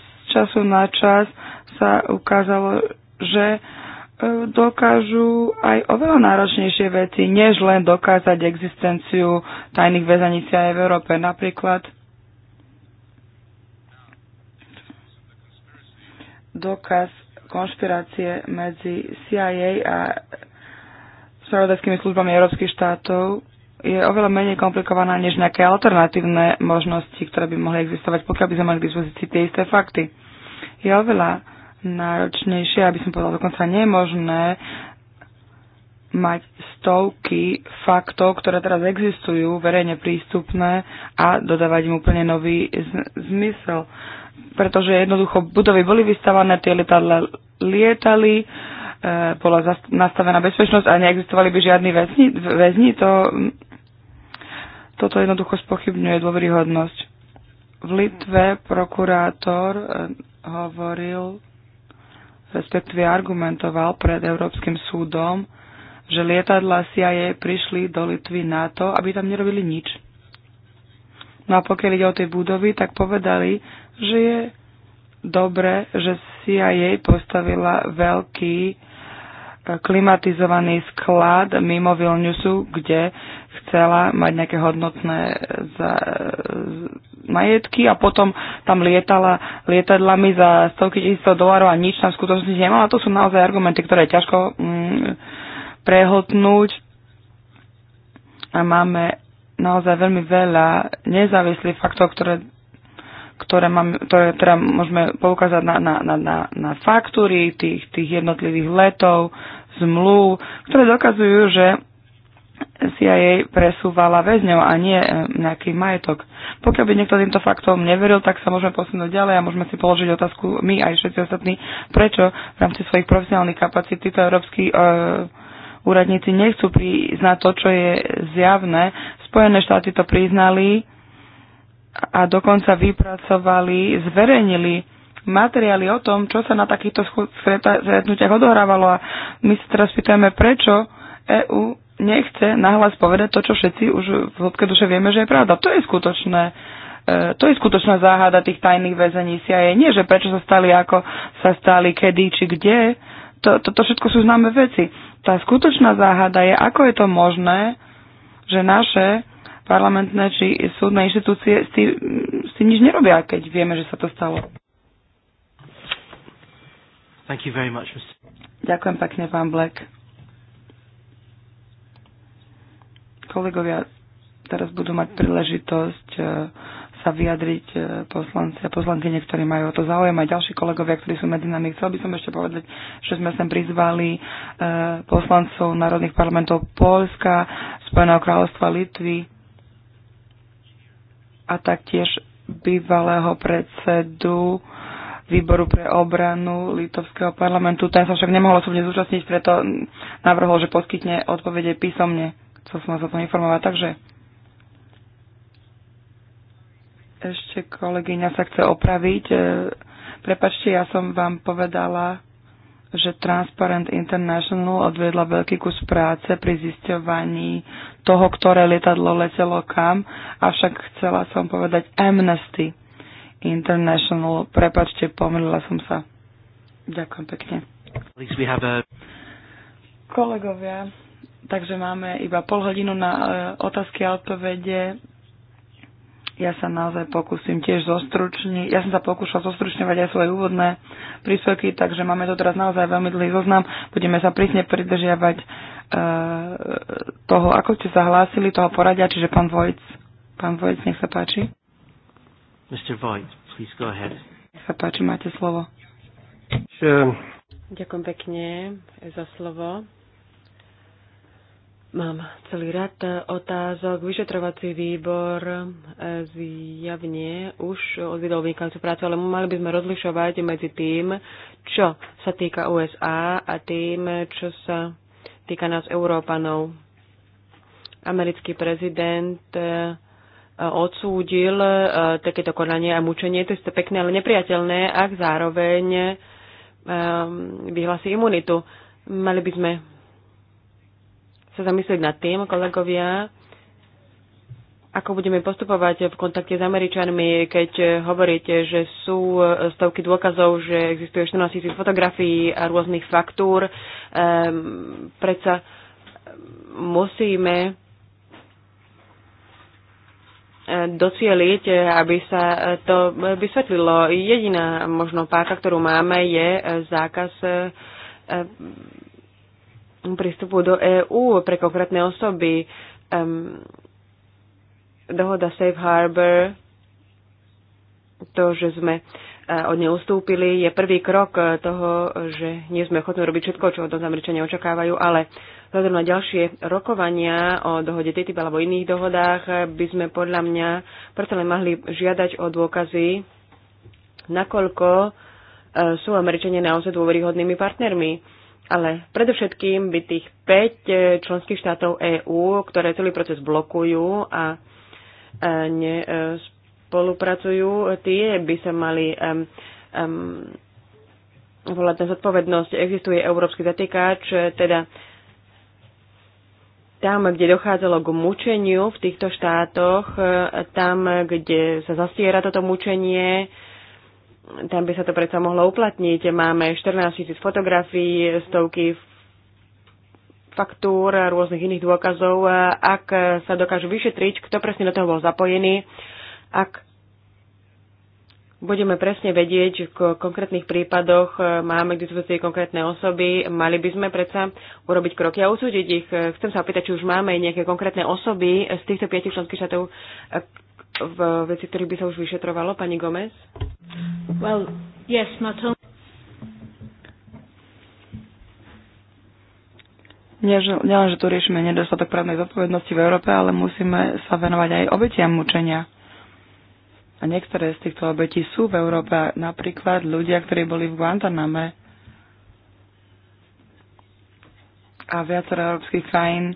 Speaker 4: z času na čas sa ukázalo, že eh, dokážu aj oveľa náročnejšie veci, než len dokázať existenciu tajných väzaníc aj v Európe. Napríklad dokaz konšpirácie medzi CIA a spravodajskými službami európskych štátov je oveľa menej komplikovaná než nejaké alternatívne možnosti, ktoré by mohli existovať, pokiaľ by sme mali k dispozícii tie isté fakty. Je oveľa náročnejšie, aby som povedal, dokonca nemožné mať stovky faktov, ktoré teraz existujú, verejne prístupné a dodávať im úplne nový zmysel pretože jednoducho budovy boli vystavané, tie lietadla lietali, e, bola nastavená bezpečnosť a neexistovali by žiadni väzni, väzni to, toto jednoducho spochybňuje dôveryhodnosť. V Litve prokurátor e, hovoril, respektíve argumentoval pred Európskym súdom, že lietadla CIA prišli do Litvy na to, aby tam nerobili nič. No a pokiaľ ide o tie budovy, tak povedali, že je dobre, že CIA postavila veľký e, klimatizovaný sklad mimo Vilniusu, kde chcela mať nejaké hodnotné e, za, e, majetky a potom tam lietala lietadlami za stovky tisíc dolárov a nič tam v skutočnosti nemala. To sú naozaj argumenty, ktoré je ťažko mm, prehotnúť. a máme naozaj veľmi veľa nezávislých faktov, ktoré ktoré, mám, ktoré teda môžeme poukázať na, na, na, na, na faktúry tých, tých jednotlivých letov, zmluv, ktoré dokazujú, že CIA presúvala väzňov a nie e, nejaký majetok. Pokiaľ by niekto týmto faktom neveril, tak sa môžeme posunúť ďalej a môžeme si položiť otázku my aj všetci ostatní, prečo v rámci svojich profesionálnych kapacít títo európsky uh, úradníci nechcú priznať to, čo je zjavné. Spojené štáty to priznali, a dokonca vypracovali, zverejnili materiály o tom, čo sa na takýchto stretnutiach odohrávalo a my sa teraz pýtame, prečo EÚ nechce nahlas povedať to, čo všetci už v hĺbke duše vieme, že je pravda. To je skutočné e, to je skutočná záhada tých tajných väzení CIA. Nie, že prečo sa stali, ako sa stali, kedy či kde. To, to, to všetko sú známe veci. Tá skutočná záhada je, ako je to možné, že naše parlamentné či súdne inštitúcie s tým, s tým nič nerobia, keď vieme, že sa to stalo.
Speaker 1: Thank you very much, Mr.
Speaker 4: Ďakujem pekne, pán Black. Kolegovia teraz budú mať príležitosť e, sa vyjadriť e, poslanci a poslankyne, ktorí majú o to záujem, aj ďalší kolegovia, ktorí sú medzi nami. Chcel by som ešte povedať, že sme sem prizvali e, poslancov národných parlamentov Polska, Spojeného kráľovstva Litvy, a taktiež bývalého predsedu výboru pre obranu Litovského parlamentu. Ten sa však nemohol osobne zúčastniť, preto navrhol, že poskytne odpovede písomne. Chcel som vás o tom informovať. Takže ešte kolegyňa sa chce opraviť. E, prepačte, ja som vám povedala, že Transparent International odvedla veľký kus práce pri zisťovaní toho, ktoré lietadlo letelo kam, avšak chcela som povedať Amnesty International. Prepačte, pomýlila som sa. Ďakujem pekne. Kolegovia, takže máme iba pol hodinu na e, otázky a odpovede. Ja sa naozaj pokúsim tiež zostručniť. Ja som sa pokúšal zostručňovať aj svoje úvodné príspevky, takže máme to teraz naozaj veľmi dlhý zoznam. Budeme sa prísne pridržiavať e, toho, ako ste sa hlásili, toho poradia, čiže pán Vojc. Pán Vojc, nech sa páči.
Speaker 1: Mr. Vojc, please go ahead.
Speaker 4: Nech sa páči, máte slovo. Sure. Ehm.
Speaker 3: Ďakujem pekne za slovo. Mám celý rad eh, otázok. Vyšetrovací výbor eh, zjavne už odvidol vynikajúcu prácu, ale mali by sme rozlišovať medzi tým, čo sa týka USA a tým, čo sa týka nás Európanov. Americký prezident eh, odsúdil takéto konanie a mučenie. To je pekné, ale nepriateľné, ak zároveň vyhlási imunitu. Mali by sme sa zamyslieť nad tým, kolegovia, ako budeme postupovať v kontakte s Američanmi, keď hovoríte, že sú eh, stovky dôkazov, že existuje 14 tisíc fotografií a rôznych faktúr. Ehm, predsa musíme eh, docieliť, aby sa to vysvetlilo. Jediná možno páka, ktorú máme, je zákaz eh, prístupu do EÚ pre konkrétne osoby. Um, dohoda Safe Harbor, to, že sme e, od nej ustúpili, je prvý krok e, toho, že nie sme ochotní robiť všetko, čo od nás Američania očakávajú, ale vzhľadom na ďalšie rokovania o dohode TTIP alebo iných dohodách e, by sme podľa mňa preto len mohli žiadať o dôkazy, nakoľko sú Američania naozaj dôveryhodnými partnermi ale predovšetkým by tých 5 e, členských štátov EÚ, ktoré celý proces blokujú a e, nespolupracujú, tie by sa mali um, um, volať na zodpovednosť. Existuje európsky zatýkač, teda tam, kde dochádzalo k mučeniu v týchto štátoch, e, tam, kde sa zastiera toto mučenie, tam by sa to predsa mohlo uplatniť. Máme 14 tisíc fotografií, stovky faktúr, rôznych iných dôkazov. Ak sa dokážu vyšetriť, kto presne do toho bol zapojený, ak budeme presne vedieť, že v konkrétnych prípadoch e, máme k dispozícii konkrétne osoby, mali by sme predsa urobiť kroky a usúdiť ich. E, chcem sa opýtať, či už máme nejaké konkrétne osoby z týchto piatich členských štátov, e, v veci, ktorých by sa už vyšetrovalo, pani Gomez? Well,
Speaker 2: yes, not only...
Speaker 4: len, že tu riešime nedostatok právnej zodpovednosti v Európe, ale musíme sa venovať aj obetiam mučenia. A niektoré z týchto obetí sú v Európe, napríklad ľudia, ktorí boli v Guantaname. A viacero európskych krajín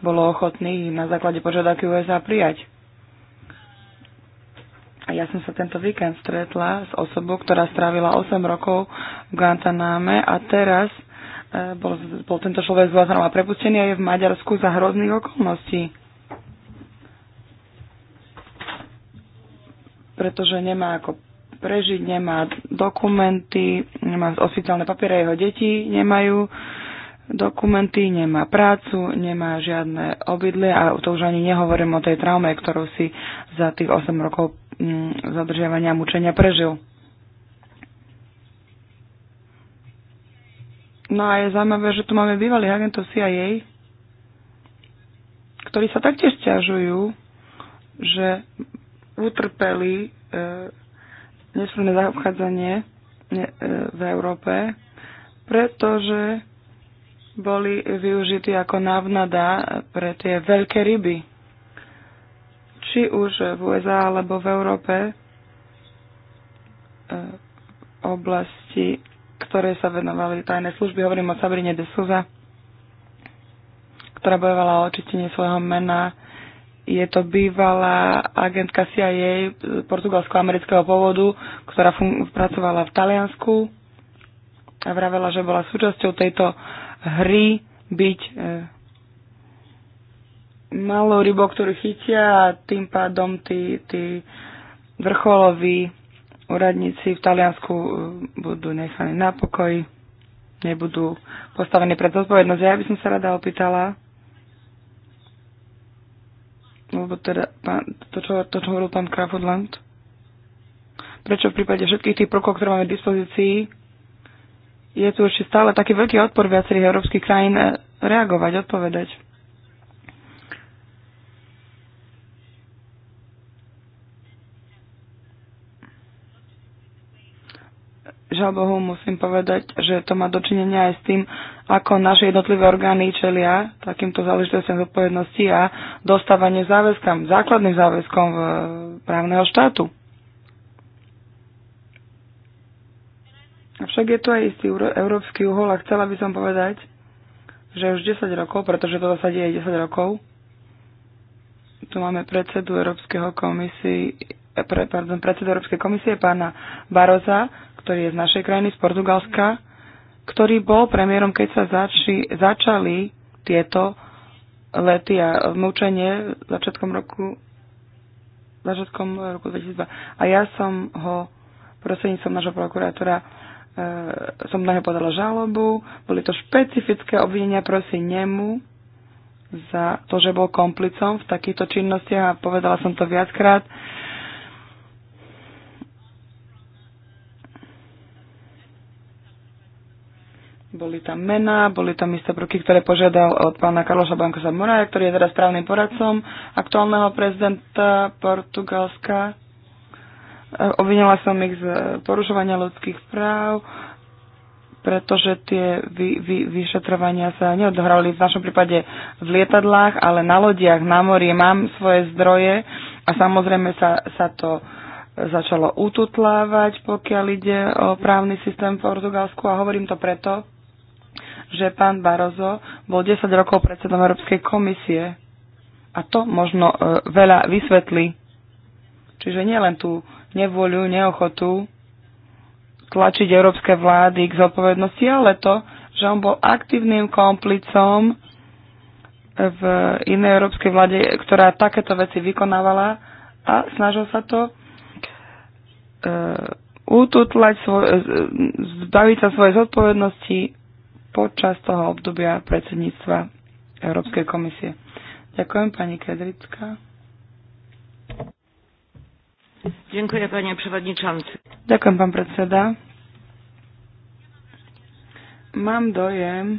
Speaker 4: bolo ochotných na základe požiadavky USA prijať. A Ja som sa tento víkend stretla s osobou, ktorá strávila 8 rokov v Guantaname a teraz e, bol, bol tento človek z Guantanama prepustený a je v Maďarsku za hrozných okolností. Pretože nemá ako prežiť, nemá dokumenty, nemá oficiálne papiere, jeho deti nemajú dokumenty, nemá prácu, nemá žiadne obydlie a to už ani nehovorím o tej traume, ktorú si za tých 8 rokov Mm, zadržiavania mučenia prežil. No a je zaujímavé, že tu máme bývalých agentov CIA, ktorí sa taktiež ťažujú, že utrpeli e, nesprávne zaobchádzanie e, v Európe, pretože boli využití ako návnada pre tie veľké ryby či už v USA alebo v Európe, e, oblasti, ktoré sa venovali tajné služby. Hovorím o Sabrine de Souza, ktorá bojovala o očistenie svojho mena. Je to bývalá agentka CIA e, portugalsko-amerického pôvodu, ktorá pracovala v Taliansku a vravela, že bola súčasťou tejto hry byť e, Malo rybou, ktorú chytia a tým pádom tí, tí vrcholoví úradníci v Taliansku uh, budú nechaní na pokoji, nebudú postavení pred zodpovednosť. Ja by som sa rada opýtala, lebo teda pán, to, čo, to, čo hovoril pán Krafodland, prečo v prípade všetkých tých prvkov, ktoré máme v dispozícii, je tu ešte stále taký veľký odpor viacerých európskych krajín eh, reagovať, odpovedať. žal Bohu musím povedať, že to má dočinenia aj s tým, ako naše jednotlivé orgány čelia takýmto záležitostiam zodpovednosti a dostávanie záväzkam, základným záväzkom v právneho štátu. Avšak je tu aj istý európsky uhol a chcela by som povedať, že už 10 rokov, pretože to sa deje 10 rokov, tu máme predsedu Európskeho komisie, pre, pardon, predsedu Európskej komisie pána Baroza, ktorý je z našej krajiny, z Portugalska, ktorý bol premiérom, keď sa zači, začali tieto lety a mučenie začiatkom roku začiatkom roku 2002. A ja som ho prostredníctvom nášho prokurátora e, som na neho podala žalobu. Boli to špecifické obvinenia proti nemu za to, že bol komplicom v takýchto činnostiach a povedala som to viackrát. E, boli tam mená, boli tam isté prvky, ktoré požiadal od pána Karloša Bankosa Moraja, ktorý je teraz právnym poradcom aktuálneho prezidenta Portugalska. E, obvinila som ich z porušovania ľudských práv, pretože tie vy, vy, vyšetrovania sa neodohrali v našom prípade v lietadlách, ale na lodiach, na mori. Mám svoje zdroje a samozrejme sa, sa to začalo ututlávať, pokiaľ ide o právny systém v Portugalsku a hovorím to preto, že pán Barozo bol 10 rokov predsedom Európskej komisie. A to možno e, veľa vysvetlí. Čiže nielen tú nevôľu, neochotu tlačiť európske vlády k zodpovednosti, ale to, že on bol aktívnym komplicom v inej európskej vláde, ktorá takéto veci vykonávala a snažil sa to e, ututlať, svoj, e, zbaviť sa svojej zodpovednosti, počas toho obdobia predsedníctva Európskej komisie. Ďakujem pani Kedrická.
Speaker 3: Ďakujem, pani przewodniczący.
Speaker 4: Ďakujem, pán predseda. Mám dojem,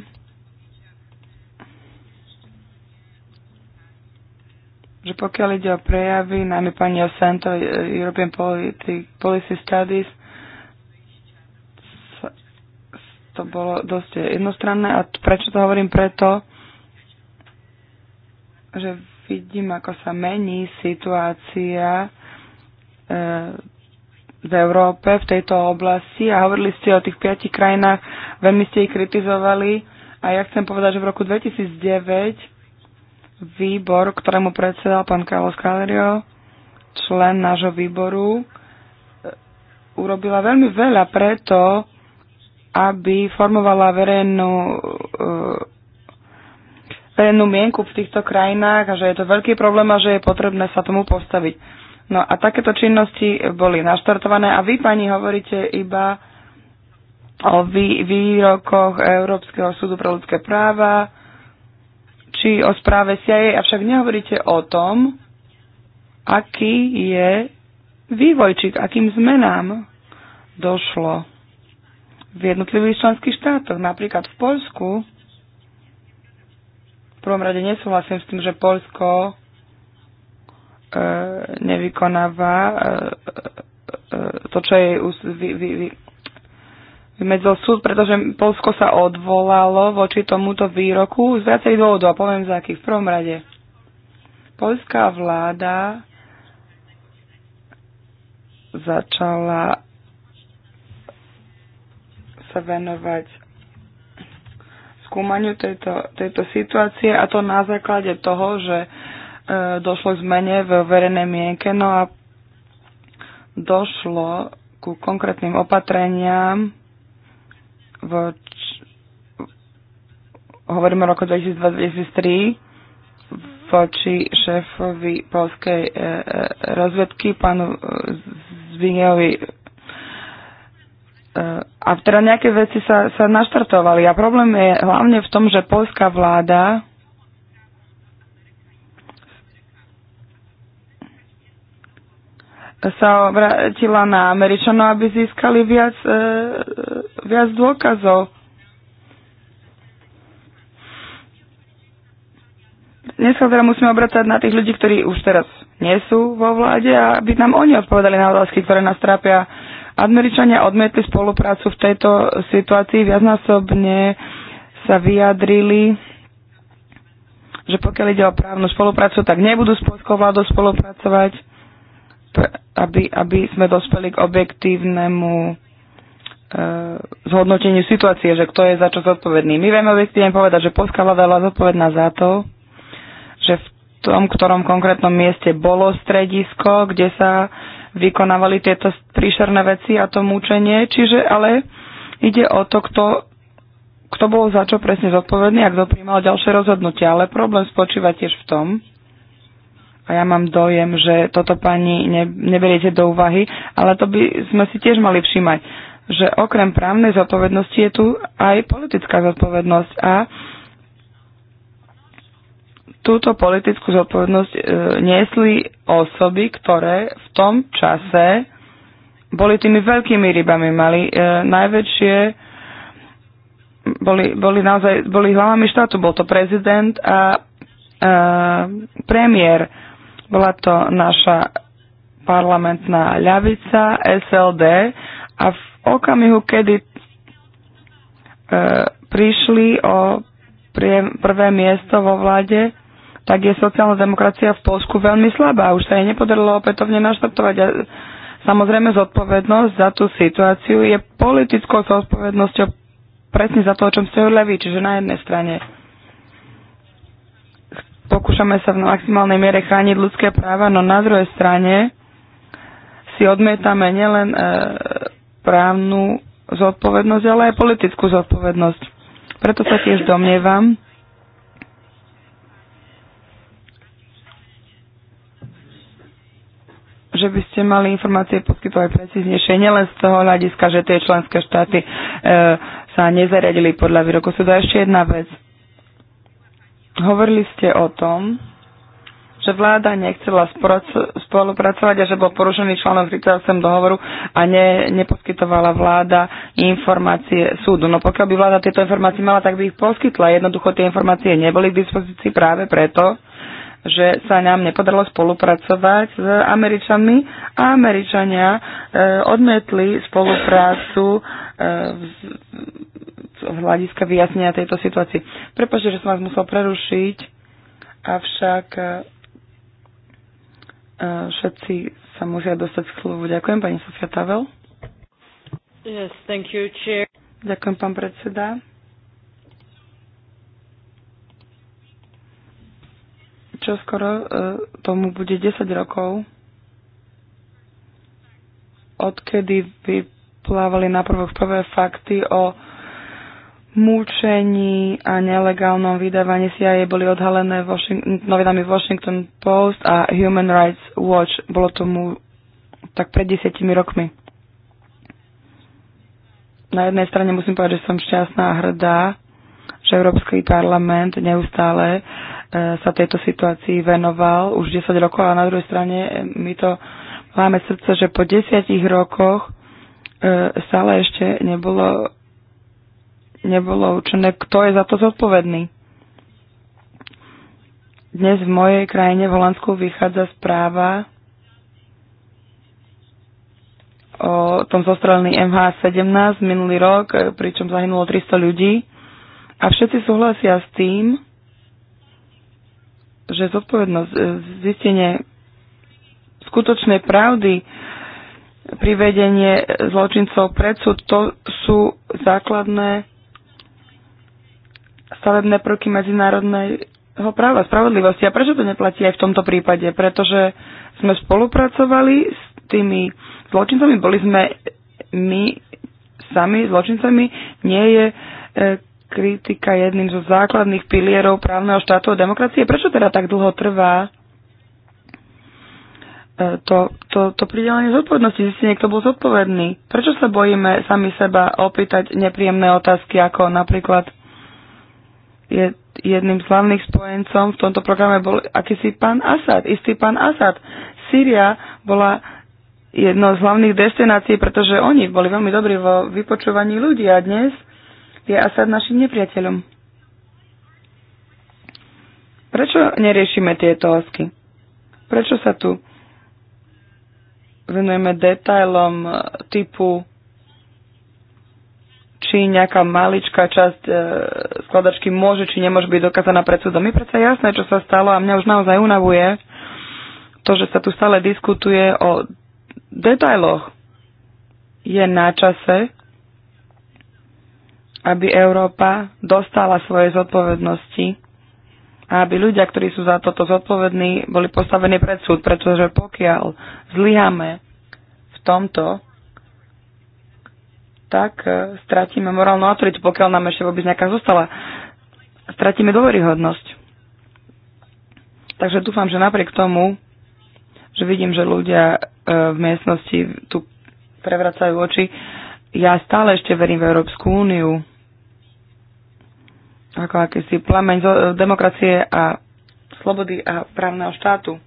Speaker 4: že pokiaľ ide o prejavy, najmä pani Osento, European Policy Studies, to bolo dosť jednostranné a prečo to hovorím preto, že vidím, ako sa mení situácia e, v Európe v tejto oblasti a hovorili ste o tých piatich krajinách, veľmi ste ich kritizovali a ja chcem povedať, že v roku 2009 výbor, ktorému predsedal pán Carlos Calerio, člen nášho výboru, e, urobila veľmi veľa preto, aby formovala verejnú, eh, verejnú mienku v týchto krajinách a že je to veľký problém a že je potrebné sa tomu postaviť. No a takéto činnosti boli naštartované a vy, pani, hovoríte iba o vý, výrokoch Európskeho súdu pre ľudské práva či o správe CIA, avšak nehovoríte o tom, aký je vývojčík, akým zmenám došlo v jednotlivých členských štátoch. Napríklad v Polsku, v prvom rade nesúhlasím s tým, že Polsko e, nevykonáva e, e, e to, čo je vymedzil súd, pretože Polsko sa odvolalo voči tomuto výroku z viacerých dôvodov a poviem za akých. V prvom rade, polská vláda začala sa venovať skúmaniu tejto, tejto situácie a to na základe toho, že e, došlo k zmene v verejnej mienke, no a došlo ku konkrétnym opatreniam v hovoríme o roku 2002-2003 voči šéfovi polskej e, e, e rozvedky, pánu e, Zbigniewowi a teda nejaké veci sa, sa naštartovali. A problém je hlavne v tom, že polská vláda sa obrátila na Američanov, aby získali viac, e, viac dôkazov. Dnes sa teda musíme obracať na tých ľudí, ktorí už teraz nie sú vo vláde, aby nám oni odpovedali na otázky, ktoré nás trápia Američania odmietli spoluprácu v tejto situácii, viacnásobne sa vyjadrili, že pokiaľ ide o právnu spoluprácu, tak nebudú s polskou vládou spolupracovať, aby, aby sme dospeli k objektívnemu e, zhodnoteniu situácie, že kto je za čo zodpovedný. My vieme objektívne povedať, že polská vláda bola zodpovedná za to, že v tom, ktorom konkrétnom mieste bolo stredisko, kde sa vykonávali tieto príšerné veci a to mučenie, čiže ale ide o to, kto, kto bol za čo presne zodpovedný a kto príjmal ďalšie rozhodnutia. Ale problém spočíva tiež v tom, a ja mám dojem, že toto pani ne, neberiete do úvahy, ale to by sme si tiež mali všímať, že okrem právnej zodpovednosti je tu aj politická zodpovednosť a túto politickú zodpovednosť e, niesli osoby, ktoré v tom čase boli tými veľkými rybami, mali e, najväčšie, boli, boli naozaj, boli hlavami štátu, bol to prezident a e, premiér. Bola to naša parlamentná ľavica, SLD a v okamihu, kedy e, prišli o prie, prvé miesto vo vláde, tak je sociálna demokracia v Polsku veľmi slabá. Už sa jej nepodarilo opätovne naštartovať. A samozrejme zodpovednosť za tú situáciu je politickou zodpovednosťou presne za to, o čom ste hovorili vy. Čiže na jednej strane pokúšame sa v maximálnej miere chrániť ľudské práva, no na druhej strane si odmietame nielen e, právnu zodpovednosť, ale aj politickú zodpovednosť. Preto sa tiež domnievam, že by ste mali informácie poskytovať precíznejšie, nielen z toho hľadiska, že tie členské štáty e, sa nezariadili podľa výroku súda. Ešte jedna vec. Hovorili ste o tom, že vláda nechcela spolupracovať a že bol porušený článok 38 dohovoru a ne, neposkytovala vláda informácie súdu. No pokiaľ by vláda tieto informácie mala, tak by ich poskytla. Jednoducho tie informácie neboli k dispozícii práve preto, že sa nám nepodarilo spolupracovať s Američanmi a Američania e, odmietli spoluprácu e, z, z hľadiska vyjasnenia tejto situácii. Prepačte, že som vás musel prerušiť, avšak e, e, všetci sa musia dostať k slovu. Ďakujem, pani Sofia Tavel.
Speaker 3: Yes, thank you, chair.
Speaker 4: Ďakujem, pán predseda. čo skoro e, tomu bude 10 rokov, odkedy vyplávali na prvok prvé fakty o múčení a nelegálnom vydávaní CIA boli odhalené Washington, novinami Washington Post a Human Rights Watch. Bolo tomu tak pred desiatimi rokmi. Na jednej strane musím povedať, že som šťastná a hrdá, že Európsky parlament neustále E, sa tejto situácii venoval už 10 rokov, ale na druhej strane e, my to máme srdce, že po 10 rokoch e, stále ešte nebolo, nebolo určené, kto je za to zodpovedný. Dnes v mojej krajine v Holandsku vychádza správa o tom zostrelení MH17 minulý rok, pričom zahynulo 300 ľudí. A všetci súhlasia s tým, že zodpovednosť e, zistenie skutočnej pravdy, privedenie zločincov pred súd, to sú základné stavebné prvky medzinárodného práva, spravodlivosti. A prečo to neplatí aj v tomto prípade? Pretože sme spolupracovali s tými zločincami, boli sme my sami zločincami, nie je e, kritika jedným zo základných pilierov právneho štátu a demokracie. Prečo teda tak dlho trvá e, to, to, to pridelenie zodpovednosti, zistenie, kto bol zodpovedný? Prečo sa bojíme sami seba opýtať nepríjemné otázky, ako napríklad je jedným z hlavných spojencom v tomto programe bol akýsi pán Asad, istý pán Asad. Síria bola jedno z hlavných destinácií, pretože oni boli veľmi dobrí vo vypočúvaní ľudí a dnes je Asad našim nepriateľom. Prečo neriešime tieto osky? Prečo sa tu venujeme detailom e, typu či nejaká maličká časť e, skladačky môže či nemôže byť dokázaná pred súdom. Je predsa jasné, čo sa stalo a mňa už naozaj unavuje to, že sa tu stále diskutuje o detailoch. Je na čase, aby Európa dostala svoje zodpovednosti a aby ľudia, ktorí sú za toto zodpovední, boli postavení pred súd, pretože pokiaľ zlyhame v tomto, tak e, stratíme morálnu autoritu, pokiaľ nám ešte vôbec nejaká zostala. Stratíme dôveryhodnosť. Takže dúfam, že napriek tomu, že vidím, že ľudia e, v miestnosti tu prevracajú oči, ja stále ešte verím v Európsku úniu ako akýsi plameň e, demokracie a slobody a právneho štátu.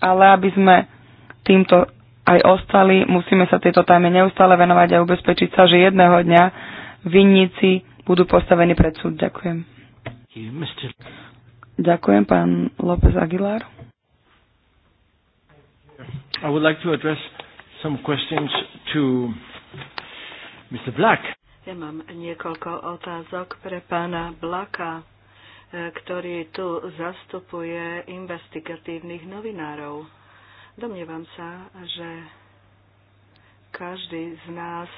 Speaker 4: Ale aby sme týmto aj ostali, musíme sa tejto téme neustále venovať a ubezpečiť sa, že jedného dňa vinníci budú postavení pred súd. Ďakujem. Ďakujem, pán López Aguilar.
Speaker 1: I would like to address some questions to Mr. Black.
Speaker 3: Ja mám
Speaker 2: niekoľko otázok pre pána Blaka, e, ktorý tu zastupuje investigatívnych novinárov. Domnievam sa, že každý z nás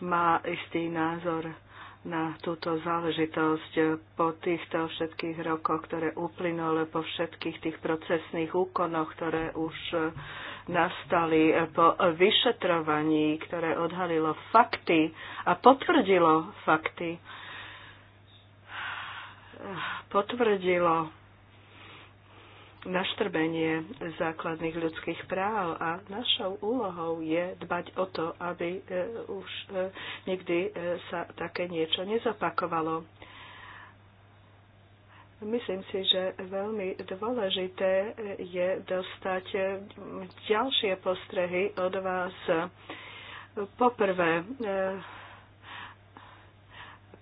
Speaker 2: má istý názor na túto záležitosť po týchto všetkých rokoch, ktoré uplynuli, po všetkých tých procesných úkonoch, ktoré už uh, nastali e, po vyšetrovaní, ktoré odhalilo fakty a potvrdilo fakty. Potvrdilo naštrbenie základných ľudských práv a našou úlohou je dbať o to, aby e, už e, nikdy sa také niečo nezopakovalo. Myslím si, že veľmi dôležité je dostať ďalšie postrehy od vás. Poprvé, eh,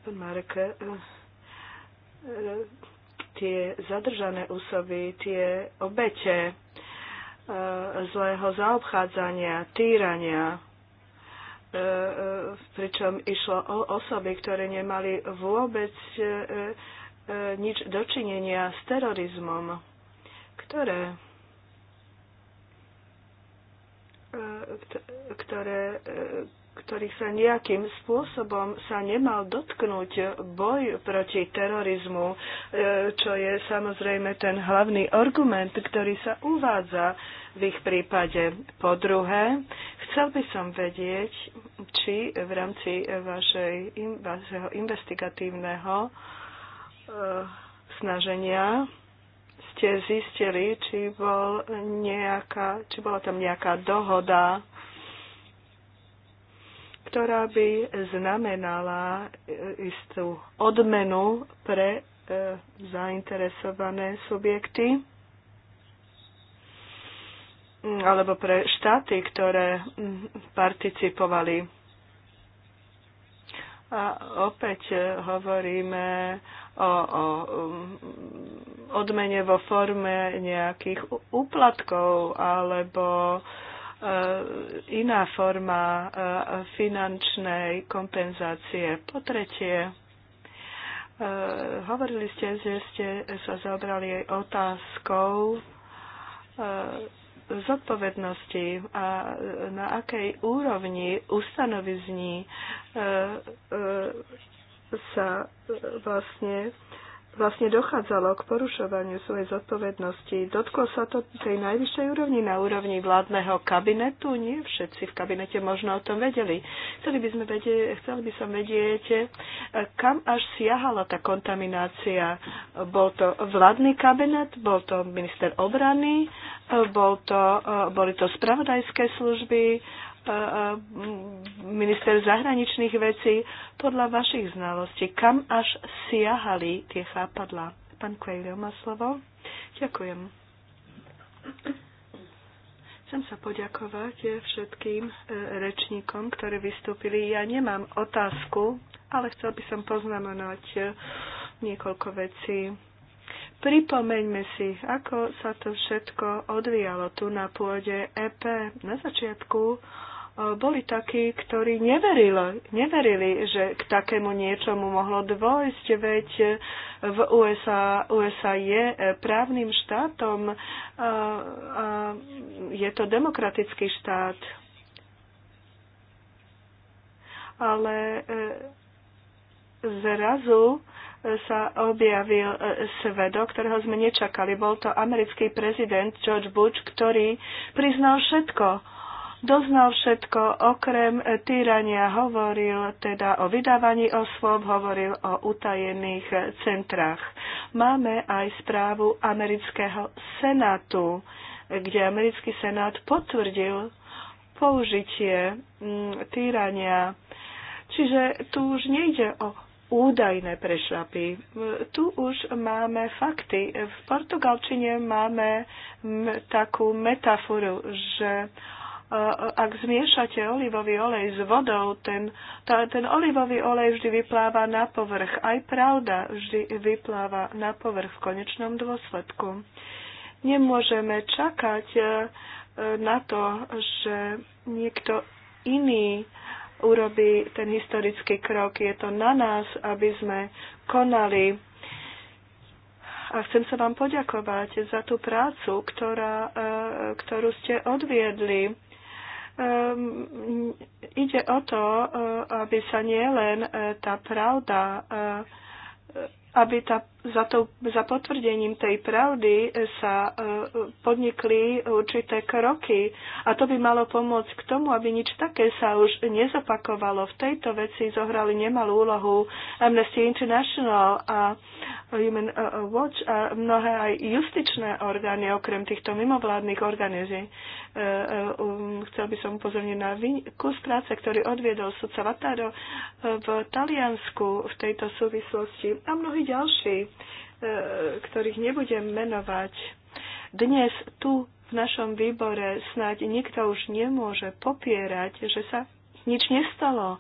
Speaker 2: pán Marek, eh, tie zadržané osoby, tie obete eh, zlého zaobchádzania, týrania, pričom išlo o osoby, ktoré nemali vôbec E, nič dočinenia s terorizmom, ktoré e, ktoré, e, ktorý sa nejakým spôsobom sa nemal dotknúť boj proti terorizmu, čo je samozrejme ten hlavný argument, ktorý sa uvádza v ich prípade. Po druhé, chcel by som vedieť, či v rámci vašej, vašeho investigatívneho Eh, snaženia ste zistili, či, bol nejaká, či bola tam nejaká dohoda, ktorá by znamenala eh, istú odmenu pre eh, zainteresované subjekty alebo pre štáty, ktoré hm, participovali. A opäť hovoríme o, o um, odmene vo forme nejakých úplatkov alebo e, iná forma e, finančnej kompenzácie. Po tretie, e, hovorili ste, že ste sa zaobrali aj otázkou zodpovednosti a na akej úrovni ustanovizní sa e, vlastne, vlastne dochádzalo k porušovaniu svojej zodpovednosti. Dotklo sa to tej najvyššej úrovni na úrovni vládneho kabinetu. Nie všetci v kabinete možno o tom vedeli. Chceli by, sme vedieť, chceli by som vedieť, e, kam až siahala tá kontaminácia. Bol to vládny kabinet, bol to minister obrany, e, bol to, boli to spravodajské služby, minister zahraničných vecí, podľa vašich znalostí, kam až siahali tie chápadla. Pán Kvejlio má slovo. Ďakujem. Chcem sa poďakovať všetkým e, rečníkom, ktorí vystúpili. Ja nemám otázku, ale chcel by som poznamenať e, niekoľko vecí. Pripomeňme si, ako sa to všetko odvíjalo tu na pôde EP. Na začiatku boli takí, ktorí neverili, neverili, že k takému niečomu mohlo dôjsť, veď v USA, USA je právnym štátom a, a je to demokratický štát. Ale e, zrazu sa objavil e, svedok, ktorého sme nečakali. Bol to americký prezident George Bush, ktorý priznal všetko doznal všetko okrem e, týrania. Hovoril teda o vydávaní osôb, hovoril o utajených e, centrách. Máme aj správu amerického senátu, kde americký senát potvrdil použitie mm, týrania. Čiže tu už nejde o údajné prešlapy. E, tu už máme fakty. V portugalčine máme takú metaforu, že ak zmiešate olivový olej s vodou, ten, tá, ten olivový olej vždy vypláva na povrch. Aj pravda vždy vypláva na povrch v konečnom dôsledku. Nemôžeme čakať e, na to, že niekto iný urobí ten historický krok. Je to na nás, aby sme konali a chcem sa vám poďakovať za tú prácu, ktorá, e, ktorú ste odviedli um, ide o to, eh, aby sa nielen eh, tá pravda, eh, aby tá za, to, za potvrdením tej pravdy sa e, podnikli určité kroky a to by malo pomôcť k tomu, aby nič také sa už nezopakovalo. V tejto veci zohrali nemalú úlohu Amnesty International a Human e, e, Watch a mnohé aj justičné orgány, okrem týchto mimovládnych organizí. Um, chcel by som upozorniť na kus práce, ktorý odviedol sudca Vataro v Taliansku v tejto súvislosti a mnohí ďalší. E, ktorých nebudem menovať. Dnes tu v našom výbore snáď nikto už nemôže popierať, že sa nič nestalo.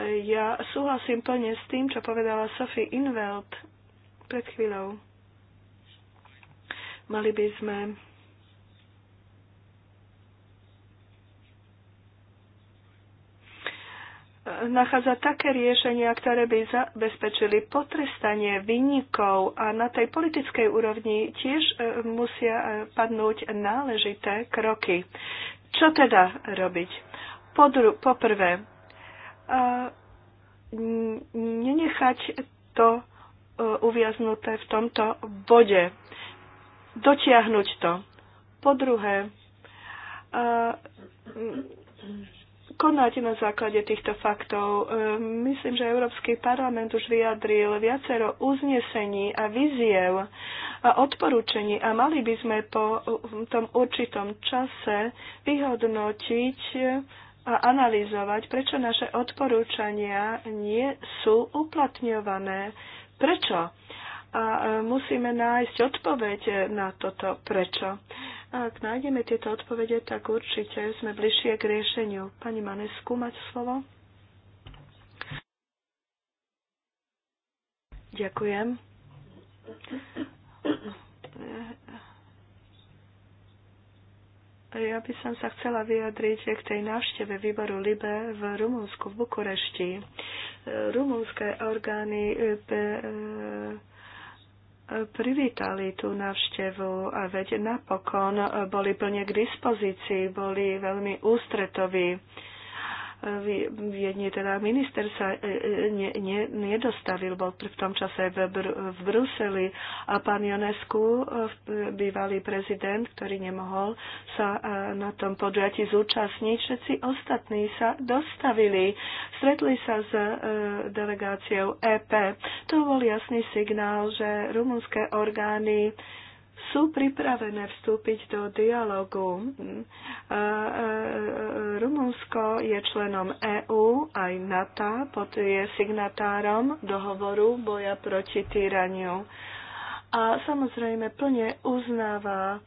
Speaker 2: E, ja súhlasím plne s tým, čo povedala Sophie Inveld pred chvíľou. Mali by sme nachádza také riešenia, ktoré by zabezpečili potrestanie vynikov a na tej politickej úrovni tiež e, musia e, padnúť náležité kroky. Čo teda robiť? Podru, poprvé, e, nenechať to uviaznuté v tomto bode. Dotiahnuť to. Po druhé, konať na základe týchto faktov. Ehm, myslím, že Európsky parlament už vyjadril viacero uznesení a viziev a odporúčení a mali by sme po tom určitom čase vyhodnotiť a analyzovať, prečo naše odporúčania nie sú uplatňované. Prečo a e, musíme nájsť odpoveď na toto prečo. A ak nájdeme tieto odpovede, tak určite sme bližšie k riešeniu. Pani Manesku, mať slovo? Ďakujem. Ja by som sa chcela vyjadriť k tej návšteve výboru LIBE v Rumunsku, v Bukurešti. Rumunské orgány e, e, privítali tú návštevu a veď napokon boli plne k dispozícii, boli veľmi ústretoví Viedne teda minister sa e, e, ne, ne, nedostavil, bol v tom čase v, Br- v Bruseli a pán Jonesku, e, bývalý prezident, ktorý nemohol sa na tom podujatí zúčastniť, všetci ostatní sa dostavili, stretli sa s delegáciou EP. To bol jasný signál, že rumunské orgány sú pripravené vstúpiť do dialogu. Rumunsko je členom EÚ, aj NATO, pod je signatárom dohovoru boja proti týraniu a samozrejme plne uznáva eh,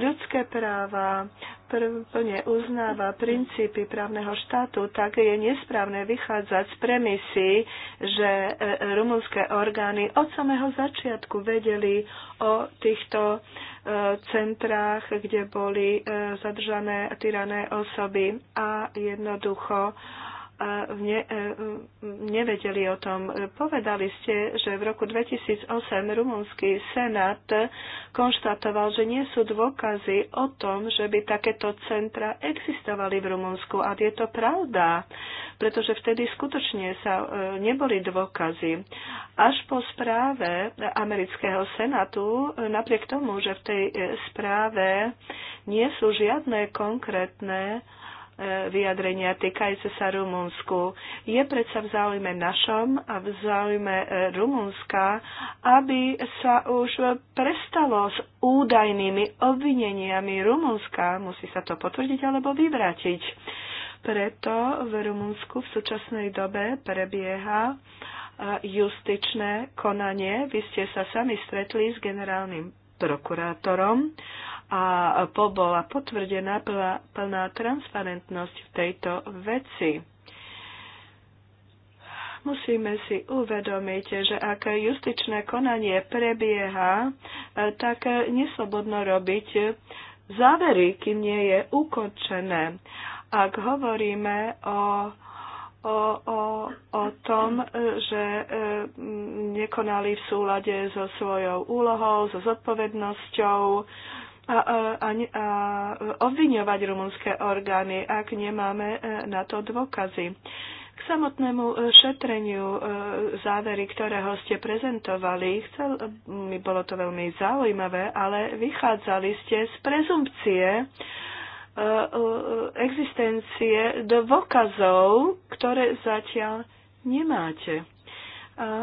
Speaker 2: ľudské práva, plne uznáva princípy právneho štátu, tak je nesprávne vychádzať z premisy, že eh, rumúnske orgány od samého začiatku vedeli o týchto eh, centrách, kde boli zadržané tyrané osoby a jednoducho a ne, e, nevedeli o tom. Povedali ste, že v roku 2008 rumunský senát konštatoval, že nie sú dôkazy o tom, že by takéto centra existovali v Rumunsku. A je to pravda, pretože vtedy skutočne sa e, neboli dôkazy. Až po správe amerického senátu, e, napriek tomu, že v tej správe nie sú žiadne konkrétne uh, vyjadrenia týkajúce sa Rumunsku. Je predsa v záujme našom a v záujme e, Rumunska, aby sa už prestalo s údajnými obvineniami Rumunska. Musí sa to potvrdiť alebo vyvrátiť. Preto v Rumunsku v súčasnej dobe prebieha e, justičné konanie. Vy ste sa sami stretli s generálnym prokurátorom a bola potvrdená plná, plná transparentnosť v tejto veci. Musíme si uvedomiť, že ak justičné konanie prebieha, tak neslobodno robiť závery, kým nie je ukončené. Ak hovoríme o o, o, o tom, že e, nekonali v súlade so svojou úlohou, so zodpovednosťou, a, a, a obviňovať rumunské orgány, ak nemáme e, na to dôkazy. K samotnému e, šetreniu e, závery, ktorého ste prezentovali, chcel, mi bolo to veľmi zaujímavé, ale vychádzali ste z prezumpcie existencie dôkazov, ktoré zatiaľ nemáte. A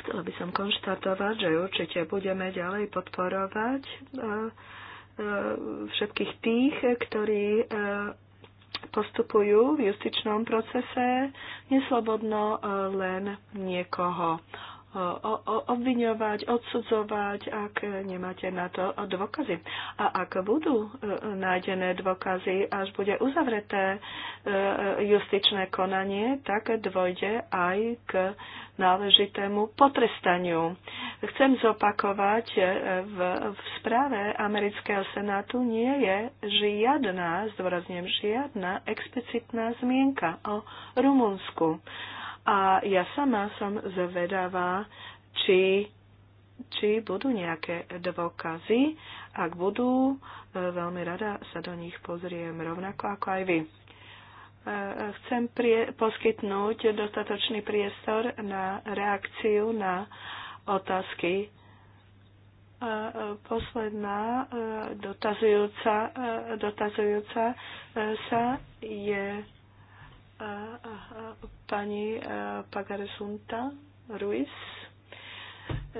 Speaker 2: Chcela by som konštatovať, že určite budeme ďalej podporovať e, e, všetkých tých, ktorí e, postupujú v justičnom procese neslobodno len niekoho obviňovať, odsudzovať, ak nemáte na to dôkazy. A ak budú e, nájdené dôkazy, až bude uzavreté e, justičné konanie, tak dôjde aj k náležitému potrestaniu. Chcem zopakovať, e, v, v správe amerického senátu nie je žiadna, zdôrazňujem, žiadna explicitná zmienka o Rumunsku. A ja sama som zvedavá, či, či budú nejaké dôkazy. Ak budú, e, veľmi rada sa do nich pozriem rovnako ako aj vy. E, chcem prie, poskytnúť dostatočný priestor na reakciu na otázky. E, posledná dotazujúca, dotazujúca sa je pani e, Pagaresunta Ruiz.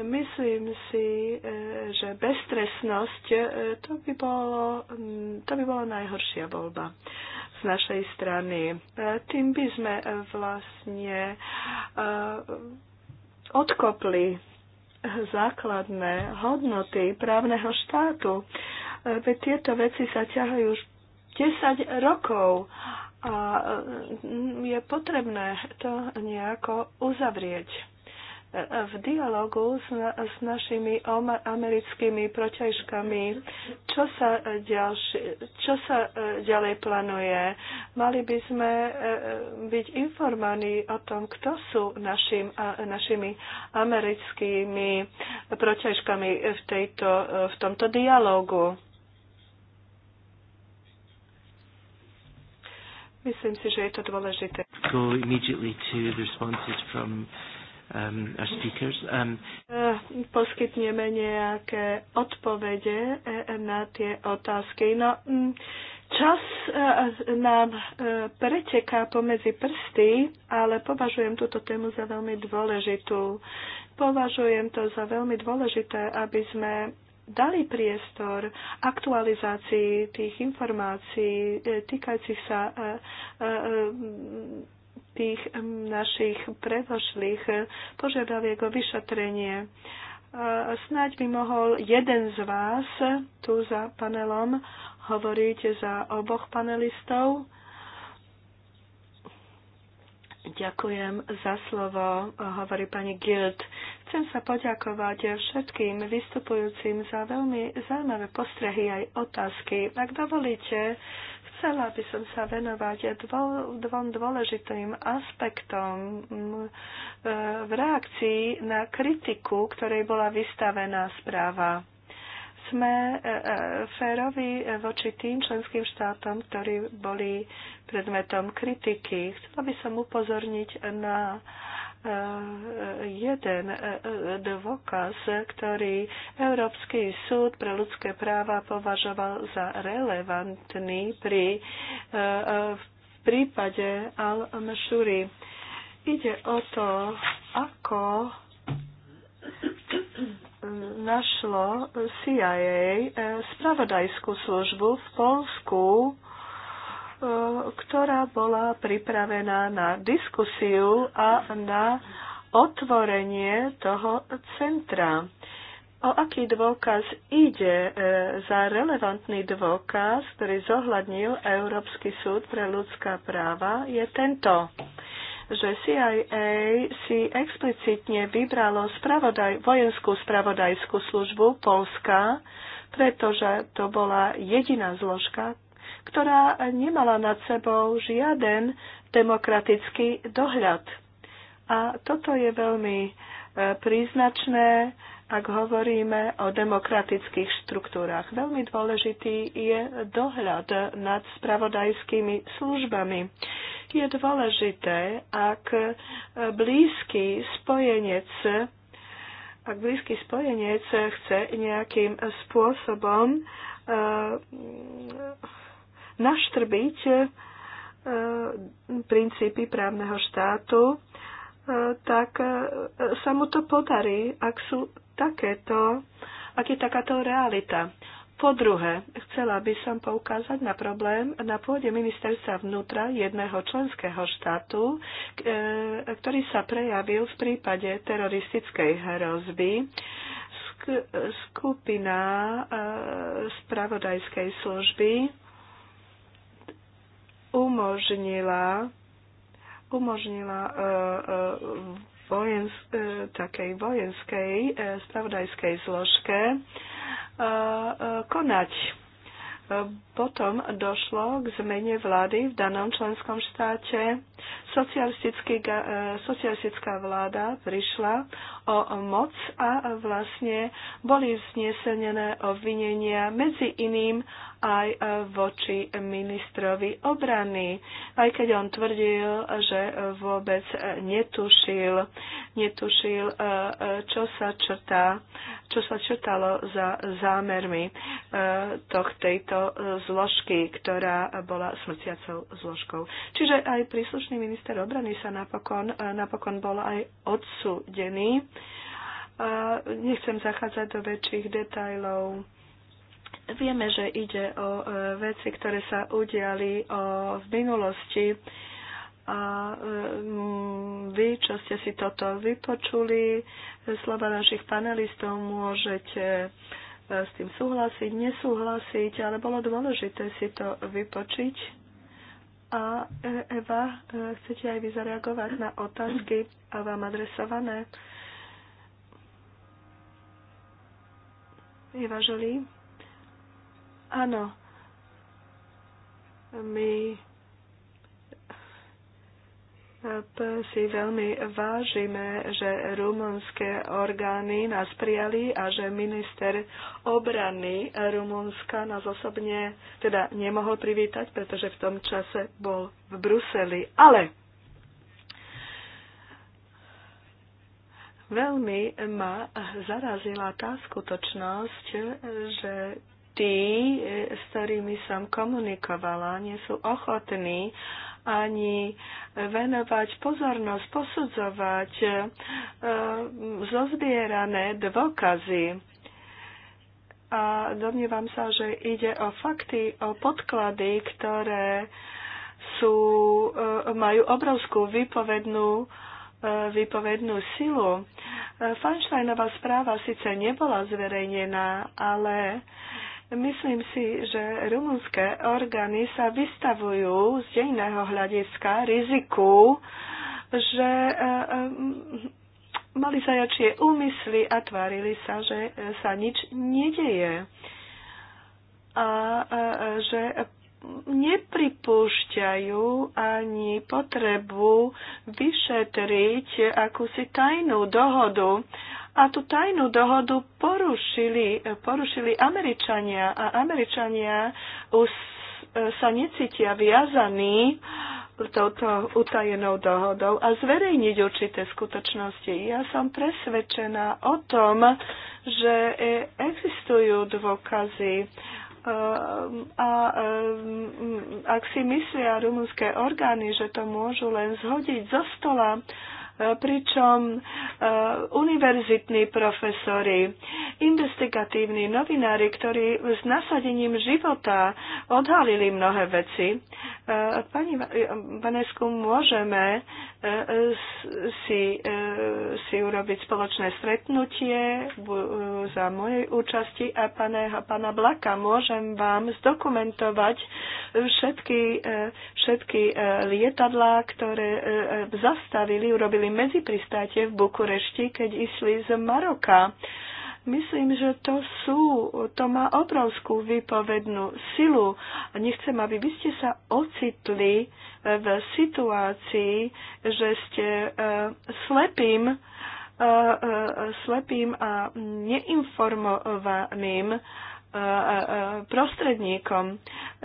Speaker 2: Myslím si, e, že beztresnosť e, to by, bolo, to by bola najhoršia voľba z našej strany. Tým by sme vlastne odkopli základné hodnoty právneho štátu. Veď tieto veci sa ťahajú už 10 rokov a mm, je potrebné to nejako uzavrieť. V dialogu s, s našimi americkými protiažkami, čo sa, ďalši, čo sa e, ďalej plánuje, mali by sme e, e, byť informovaní o tom, kto sú našim, našimi americkými protiažkami v, tejto, v tomto dialogu Myslím si, že je to dôležité.
Speaker 1: Go immediately to the responses from um, our speakers. Um,
Speaker 2: eh, Poskytneme nejaké odpovede eh, na tie otázky. No, mm, čas eh, nám preteká pomedzi prsty, ale považujem túto tému za veľmi dôležitú. Považujem to za veľmi dôležité, aby sme dali priestor aktualizácii tých informácií e, týkajúcich sa e, e, tých našich predošlých požiadaviek o vyšetrenie. Snaď by mohol jeden z vás tu za panelom hovoriť za oboch panelistov Ďakujem za slovo, hovorí pani Gild. Chcem sa poďakovať všetkým vystupujúcim za veľmi zaujímavé postrehy aj otázky. Ak dovolíte, chcela by som sa venovať dvo, dvom dôležitým aspektom e, v reakcii na kritiku, ktorej bola vystavená správa sme e, e, férovi e, voči tým členským štátom, ktorí boli predmetom kritiky. Chcela by som upozorniť na jeden dôkaz, ktorý Európsky súd pre ľudské práva považoval za relevantný pri, v prípade Al-Mashuri. Ide o to, ako našlo CIA eh, spravodajskú službu v Polsku, eh, ktorá bola pripravená na diskusiu a na otvorenie toho centra. O aký dôkaz ide eh, za relevantný dôkaz, ktorý zohľadnil Európsky súd pre ľudská práva, je tento že CIA si explicitne vybralo spravodaj, vojenskú spravodajskú službu Polska, pretože to bola jediná zložka, ktorá nemala nad sebou žiaden demokratický dohľad. A toto je veľmi e, príznačné ak hovoríme o demokratických štruktúrach. Veľmi dôležitý je dohľad nad spravodajskými službami. Je dôležité, ak blízky spojenec ak blízky spojenec chce nejakým spôsobom eh, naštrbiť eh, princípy právneho štátu, eh, tak sa mu to podarí, ak sú takéto, ak je takáto realita. Po druhé, chcela by som poukázať na problém na pôde ministerstva vnútra jedného členského štátu, e, ktorý sa prejavil v prípade teroristickej hrozby skupina e, spravodajskej služby umožnila umožnila e, vojens, e, takej vojenskej e, spravodajskej zložke e, konať. Potom došlo k zmene vlády v danom členskom štáte E, socialistická vláda prišla o moc a vlastne boli vznesené obvinenia medzi iným aj e, voči ministrovi obrany, aj keď on tvrdil, že vôbec e, netušil, netušil čo, sa črtá, čo sa črtalo za zámermi toh tejto zložky, ktorá bola smrtiacou zložkou. Čiže aj príslušný dnešný minister obrany sa napokon, e, napokon bol aj odsúdený. E, nechcem zachádzať do väčších detajlov. Vieme, že ide o e, veci, ktoré sa udiali v minulosti. A vy, čo ste si toto vypočuli, slova našich panelistov môžete s tým súhlasiť, nesúhlasiť, ale bolo dôležité si to vypočiť a e, Eva, e, chcete aj vy zareagovať na otázky a vám adresované? Eva Žolí? Áno. My si veľmi vážime, že rumunské orgány nás prijali a že minister obrany Rumunska nás osobne teda nemohol privítať, pretože v tom čase bol v Bruseli. Ale veľmi ma zarazila tá skutočnosť, že tí, s ktorými som komunikovala, nie sú ochotní ani venovať pozornosť, posudzovať e, zozbierané dôkazy. A domnívam sa, že ide o fakty, o podklady, ktoré sú, e, majú obrovskú výpovednú e, výpovednú silu. Fanštajnová správa síce nebola zverejnená, ale Myslím si, že rumunské orgány sa vystavujú z dejného hľadiska riziku, že e, e, mali zajačie úmysly a tvárili sa, že sa nič nedeje a e, že nepripúšťajú ani potrebu vyšetriť akúsi tajnú dohodu a tú tajnú dohodu porušili, porušili Američania a Američania už sa necítia viazaní touto utajenou dohodou a zverejniť určité skutočnosti. Ja som presvedčená o tom, že e, existujú dôkazy e, a e, ak si myslia rumunské orgány, že to môžu len zhodiť zo stola, E, pričom e, univerzitní profesori, investigatívni novinári, ktorí s nasadením života odhalili mnohé veci. E, pani Vanesku, môžeme si, si urobiť spoločné stretnutie za mojej účasti a paného, pana Blaka môžem vám zdokumentovať všetky, všetky lietadlá, ktoré zastavili, urobili mali pristáte v Bukurešti, keď išli z Maroka. Myslím, že to sú, to má obrovskú výpovednú silu. Nechcem, aby vy ste sa ocitli e, v situácii, že ste e, slepým, e, slepým a neinformovaným prostredníkom. E,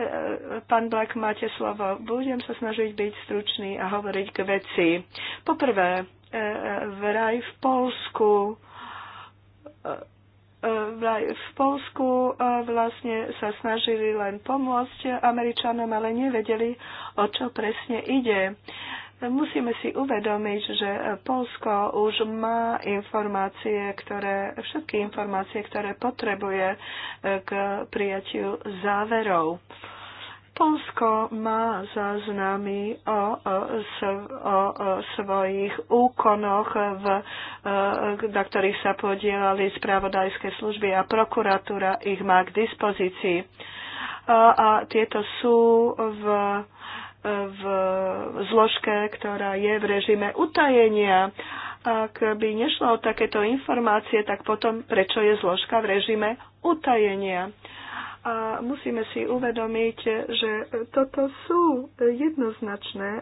Speaker 2: e, pán Black, máte slovo. Budem sa snažiť byť stručný a hovoriť k veci. Poprvé, e, vraj v Polsku v Polsku vlastne sa snažili len pomôcť Američanom, ale nevedeli, o čo presne ide. Musíme si uvedomiť, že Polsko už má informácie, ktoré, všetky informácie, ktoré potrebuje e, k prijatiu záverov. Polsko má záznamy o, o, o, o svojich úkonoch, v, e, na ktorých sa podielali spravodajské služby a prokuratúra ich má k dispozícii. A, a tieto sú v v zložke, ktorá je v režime utajenia. Ak by nešlo o takéto informácie, tak potom prečo je zložka v režime utajenia? A musíme si uvedomiť, že toto sú jednoznačné e,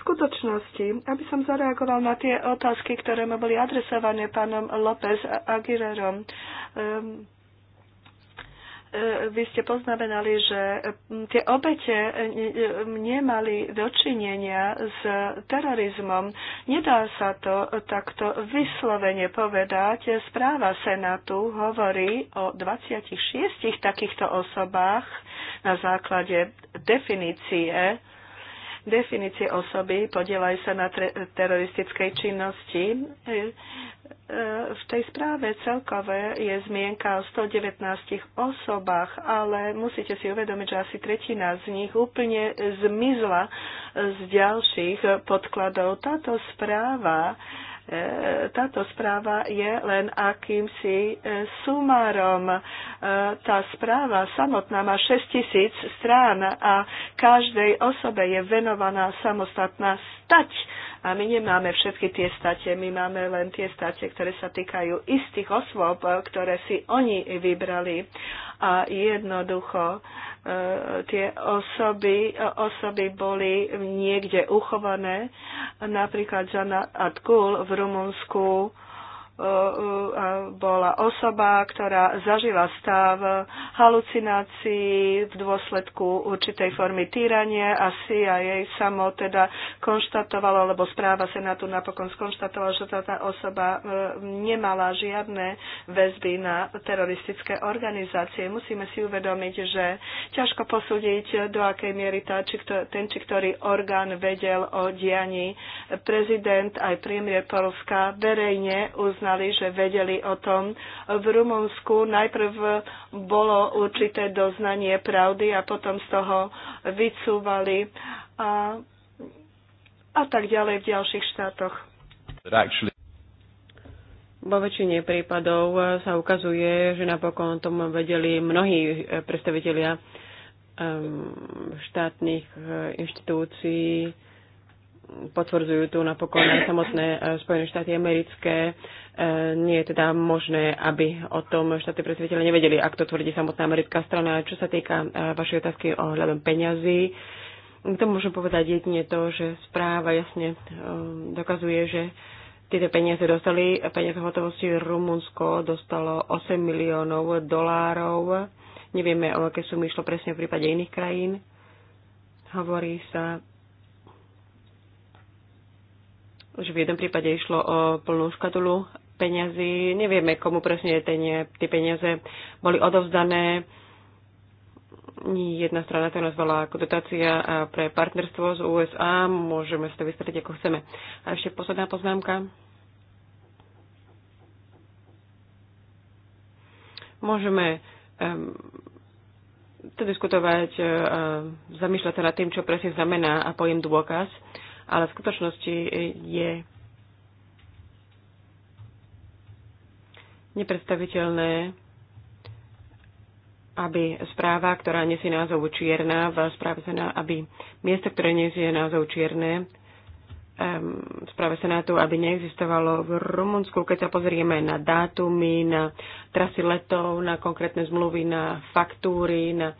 Speaker 2: skutočnosti. Aby som zareagoval na tie otázky, ktoré ma boli adresované pánom López Aguirerom. Um, ehm, vy ste poznamenali, že tie obete nemali dočinenia s terorizmom. Nedá sa to takto vyslovene povedať. Správa Senátu hovorí o 26 takýchto osobách na základe definície definície osoby podielajú sa na teroristickej činnosti E, v tej správe celkové je zmienka o 119 osobách, ale musíte si uvedomiť, že asi tretina z nich úplne zmizla z ďalších podkladov. Táto správa e, táto správa je len akýmsi e, sumárom. Tá správa samotná má 6000 strán a každej osobe je venovaná samostatná stať a my nemáme všetky tie state, my máme len tie state, ktoré sa týkajú istých osôb, ktoré si oni vybrali. A jednoducho e, tie osoby, e, osoby boli niekde uchované. Napríklad Žana Atkul v Rumunsku E, e, bola osoba, ktorá zažila stav halucinácií v dôsledku určitej formy týrania a CIA samo teda konštatovalo, lebo správa Senátu napokon skonštatovala, že tá osoba e, nemala žiadne väzby na teroristické organizácie. Musíme si uvedomiť, že ťažko posúdiť, do akej miery tá, či kto, ten či ktorý orgán vedel o dianí. Prezident aj premiér Polska verejne uznal poznali, že vedeli o tom. V Rumunsku najprv bolo určité doznanie pravdy a potom z toho vycúvali a, a tak ďalej v ďalších
Speaker 3: štátoch. Vo väčšine prípadov sa ukazuje, že napokon tom vedeli mnohí predstavitelia ehm, štátnych eh, inštitúcií, potvrdzujú tu napokon aj samotné e, Spojené štáty americké. E, nie je teda možné, aby o tom štáty predstaviteľe nevedeli, ak to tvrdí samotná americká strana. Čo sa týka e, vašej otázky o hľadom peňazí, to môžem povedať jedine to, že správa jasne dokazuje, že tieto peniaze dostali, peniaze v hotovosti Rumunsko dostalo 8 miliónov dolárov. Nevieme, o aké sumy išlo presne v prípade iných krajín. Hovorí sa už v jednom prípade išlo o plnú škatulu peniazy. Nevieme, komu presne tie peniaze boli odovzdané. Jedna strana to nazvala ako dotácia pre partnerstvo z USA. Môžeme si to vysvetliť, ako chceme. A ešte posledná poznámka. Môžeme um, to diskutovať, uh, zamýšľať sa nad tým, čo presne znamená a pojem dôkaz. Uh, ale v skutočnosti e, je nepredstaviteľné, aby správa, ktorá nesie názov čierna, v správe sa aby miesto, ktoré nesie názov čierne, v správe Senátu, aby neexistovalo v Rumunsku. Keď sa pozrieme na dátumy, na trasy letov, na konkrétne zmluvy, na faktúry, na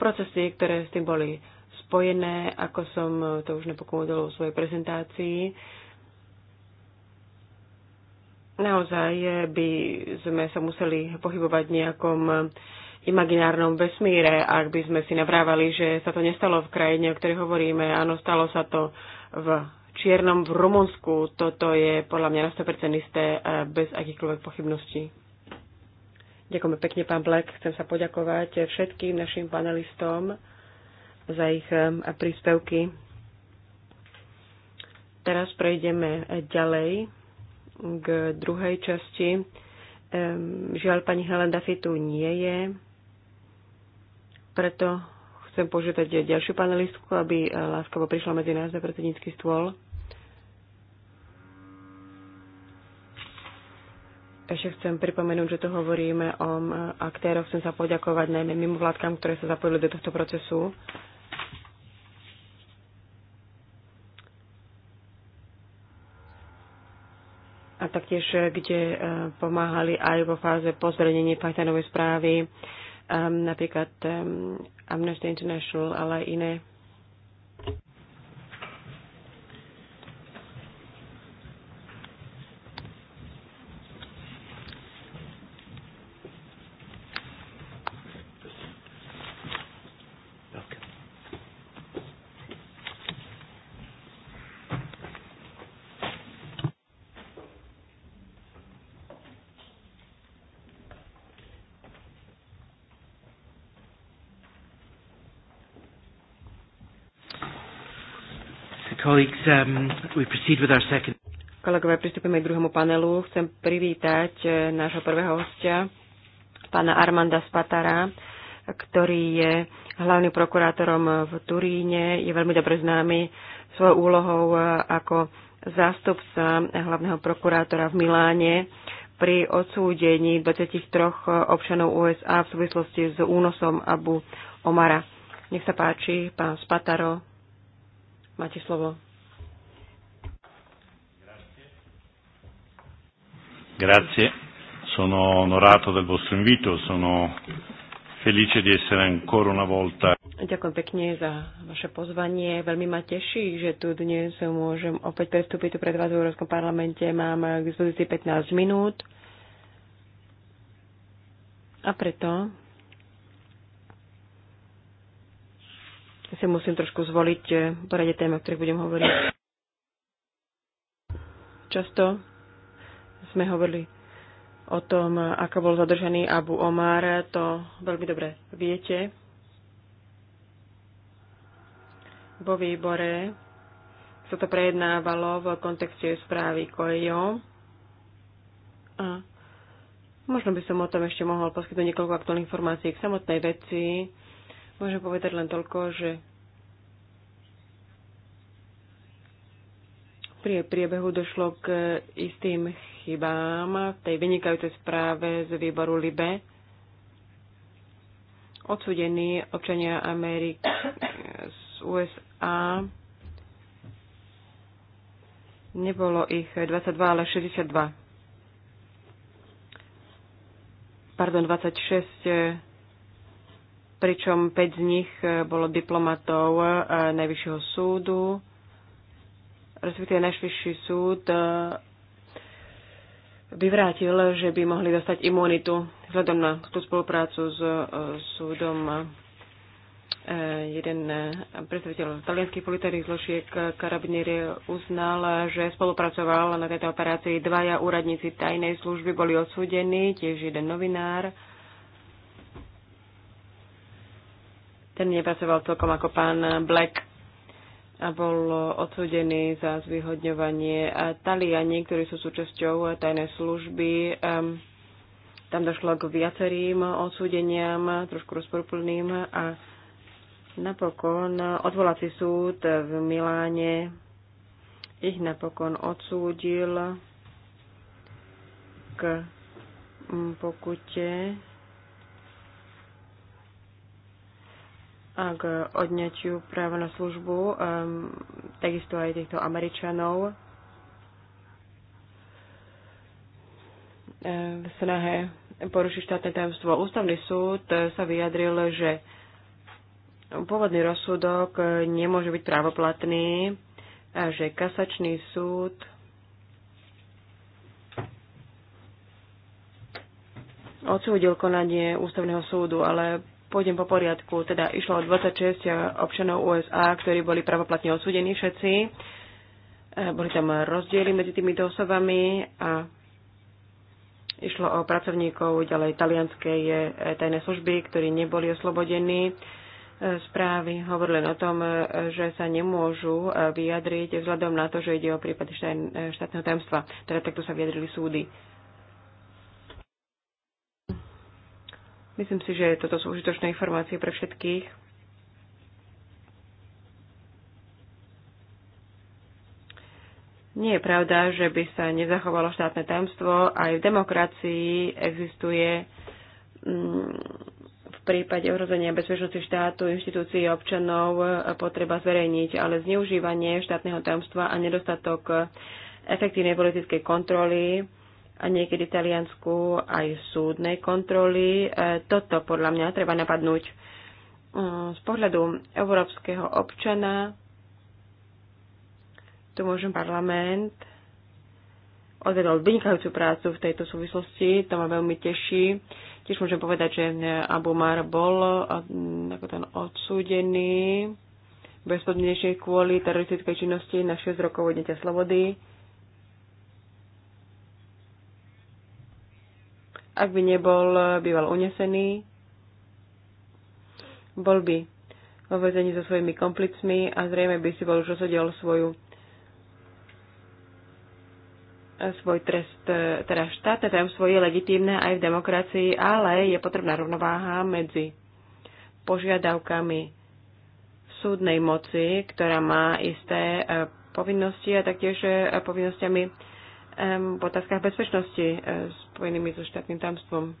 Speaker 3: procesy, ktoré s tým boli spojené, ako som to už nepokomodala v svojej prezentácii. Naozaj by sme sa museli pohybovať v nejakom imaginárnom vesmíre, ak by sme si navrávali, že sa to nestalo v krajine, o ktorej hovoríme. Áno, stalo sa to v Čiernom v Rumunsku. Toto je podľa mňa na 100% isté, bez akýchkoľvek pochybností. Ďakujeme pekne, pán Black. Chcem sa poďakovať všetkým našim panelistom za ich príspevky. Teraz prejdeme e, ďalej k druhej časti. Žiaľ, pani Helena Fitu nie je, preto chcem požiadať e, ďalšiu panelistku, aby e, láskavo prišla medzi nás na predsednícky stôl. Ešte chcem pripomenúť, že tu hovoríme o aktéroch. Chcem sa poďakovať najmä mimovládkam, ktoré sa zapojili do tohto procesu. taktiež eh, kde eh, pomáhali aj vo fáze po zverejnení Pythonovej správy, ehm, napríklad ehm, Amnesty International, ale aj iné Um, Kolegové, pristúpime k druhému panelu. Chcem privítať eh, nášho prvého hostia, pána Armanda Spatara, ktorý je hlavným prokurátorom v Turíne. Je veľmi dobre známy svojou úlohou eh, ako zástupca hlavného prokurátora v Miláne pri odsúdení 23 občanov USA v súvislosti s únosom Abu Omara. Nech sa páči, pán Spataro, máte slovo.
Speaker 2: Grazie, sono onorato del vostro invito, sono felice di essere ancora una volta.
Speaker 3: Ďakujem pekne za vaše pozvanie. Veľmi ma teší, že tu dnes môžem opäť prestúpiť tu pred vás v Európskom parlamente. Mám k dispozícii 15 minút. A preto si musím trošku zvoliť poradie tém, o ktorých budem hovoriť. Často sme hovorili o tom, ako bol zadržaný Abu Omar, to veľmi dobre viete. Vo výbore sa to prejednávalo v kontexte správy Kojo. A možno by som o tom ešte mohol poskytnúť niekoľko aktuálnych informácií k samotnej veci. Môžem povedať len toľko, že pri jej priebehu došlo k istým chybám v tej vynikajúcej správe z výboru LIBE. Odsudení občania Ameriky z USA nebolo ich 22, ale 62. Pardon, 26 e, pričom 5 z nich e, bolo diplomatov e, Najvyššieho súdu respektíve najvyšší súd e, vyvrátil, že by mohli dostať imunitu vzhľadom na tú spoluprácu s e, súdom. E, jeden predstaviteľ talianských politických zložiek Karabinieri uznal, že spolupracoval na tejto operácii. Dvaja úradníci tajnej služby boli odsúdení, tiež jeden novinár. Ten nepracoval celkom ako pán Black a bol odsúdený za zvyhodňovanie. Taliani, ktorí sú súčasťou tajnej služby, tam došlo k viacerým odsúdeniam, trošku rozporúplným a napokon odvolací súd v Miláne ich napokon odsúdil k mm, pokute a k odňaťu práva na službu, um, takisto aj týchto Američanov ehm, v snahe porušiť štátne tajomstvo. Ústavný súd sa vyjadril, že pôvodný rozsudok nemôže byť právoplatný, a že kasačný súd odsúdil konanie ústavného súdu, ale Pôjdem po poriadku. Teda išlo o 26 eh, občanov USA, ktorí boli pravoplatne osúdení všetci. Eh, boli tam rozdiely medzi týmito osobami a išlo o pracovníkov ďalej talianskej eh, tajnej služby, ktorí neboli oslobodení. Správy hovorili o tom, že sa nemôžu vyjadriť vzhľadom na to, že ide o prípady štátneho tajomstva. Teda takto sa vyjadrili súdy. Myslím si, že toto sú užitočné informácie pre všetkých. Nie je pravda, že by sa nezachovalo štátne tajomstvo. Aj v demokracii existuje mm, v prípade ohrozenia bezpečnosti štátu, inštitúcií občanov potreba zverejniť, ale zneužívanie štátneho tajomstva a nedostatok efektívnej politickej kontroly a niekedy v Taliansku aj súdnej kontroly. E, toto podľa mňa treba napadnúť mm, z pohľadu európskeho občana. Tu môžem parlament odvedol vynikajúcu prácu v tejto súvislosti, to ma veľmi teší. Tiež môžem povedať, že Abumar bol e, ako ten odsúdený bezpodmienečne kvôli teroristickej činnosti na 6 rokov odnetia slobody. Ak by nebol e, býval unesený, bol by vo vezení so svojimi komplicmi a zrejme by si bol už osadil svoju e, svoj trest, e, teda štátne tajomstvo teda je legitímne aj v demokracii, ale je potrebná rovnováha medzi požiadavkami súdnej moci, ktorá má isté povinnosti a taktiež povinnosťami v otázkach bezpečnosti e, spojenými so štátnym tamstvom.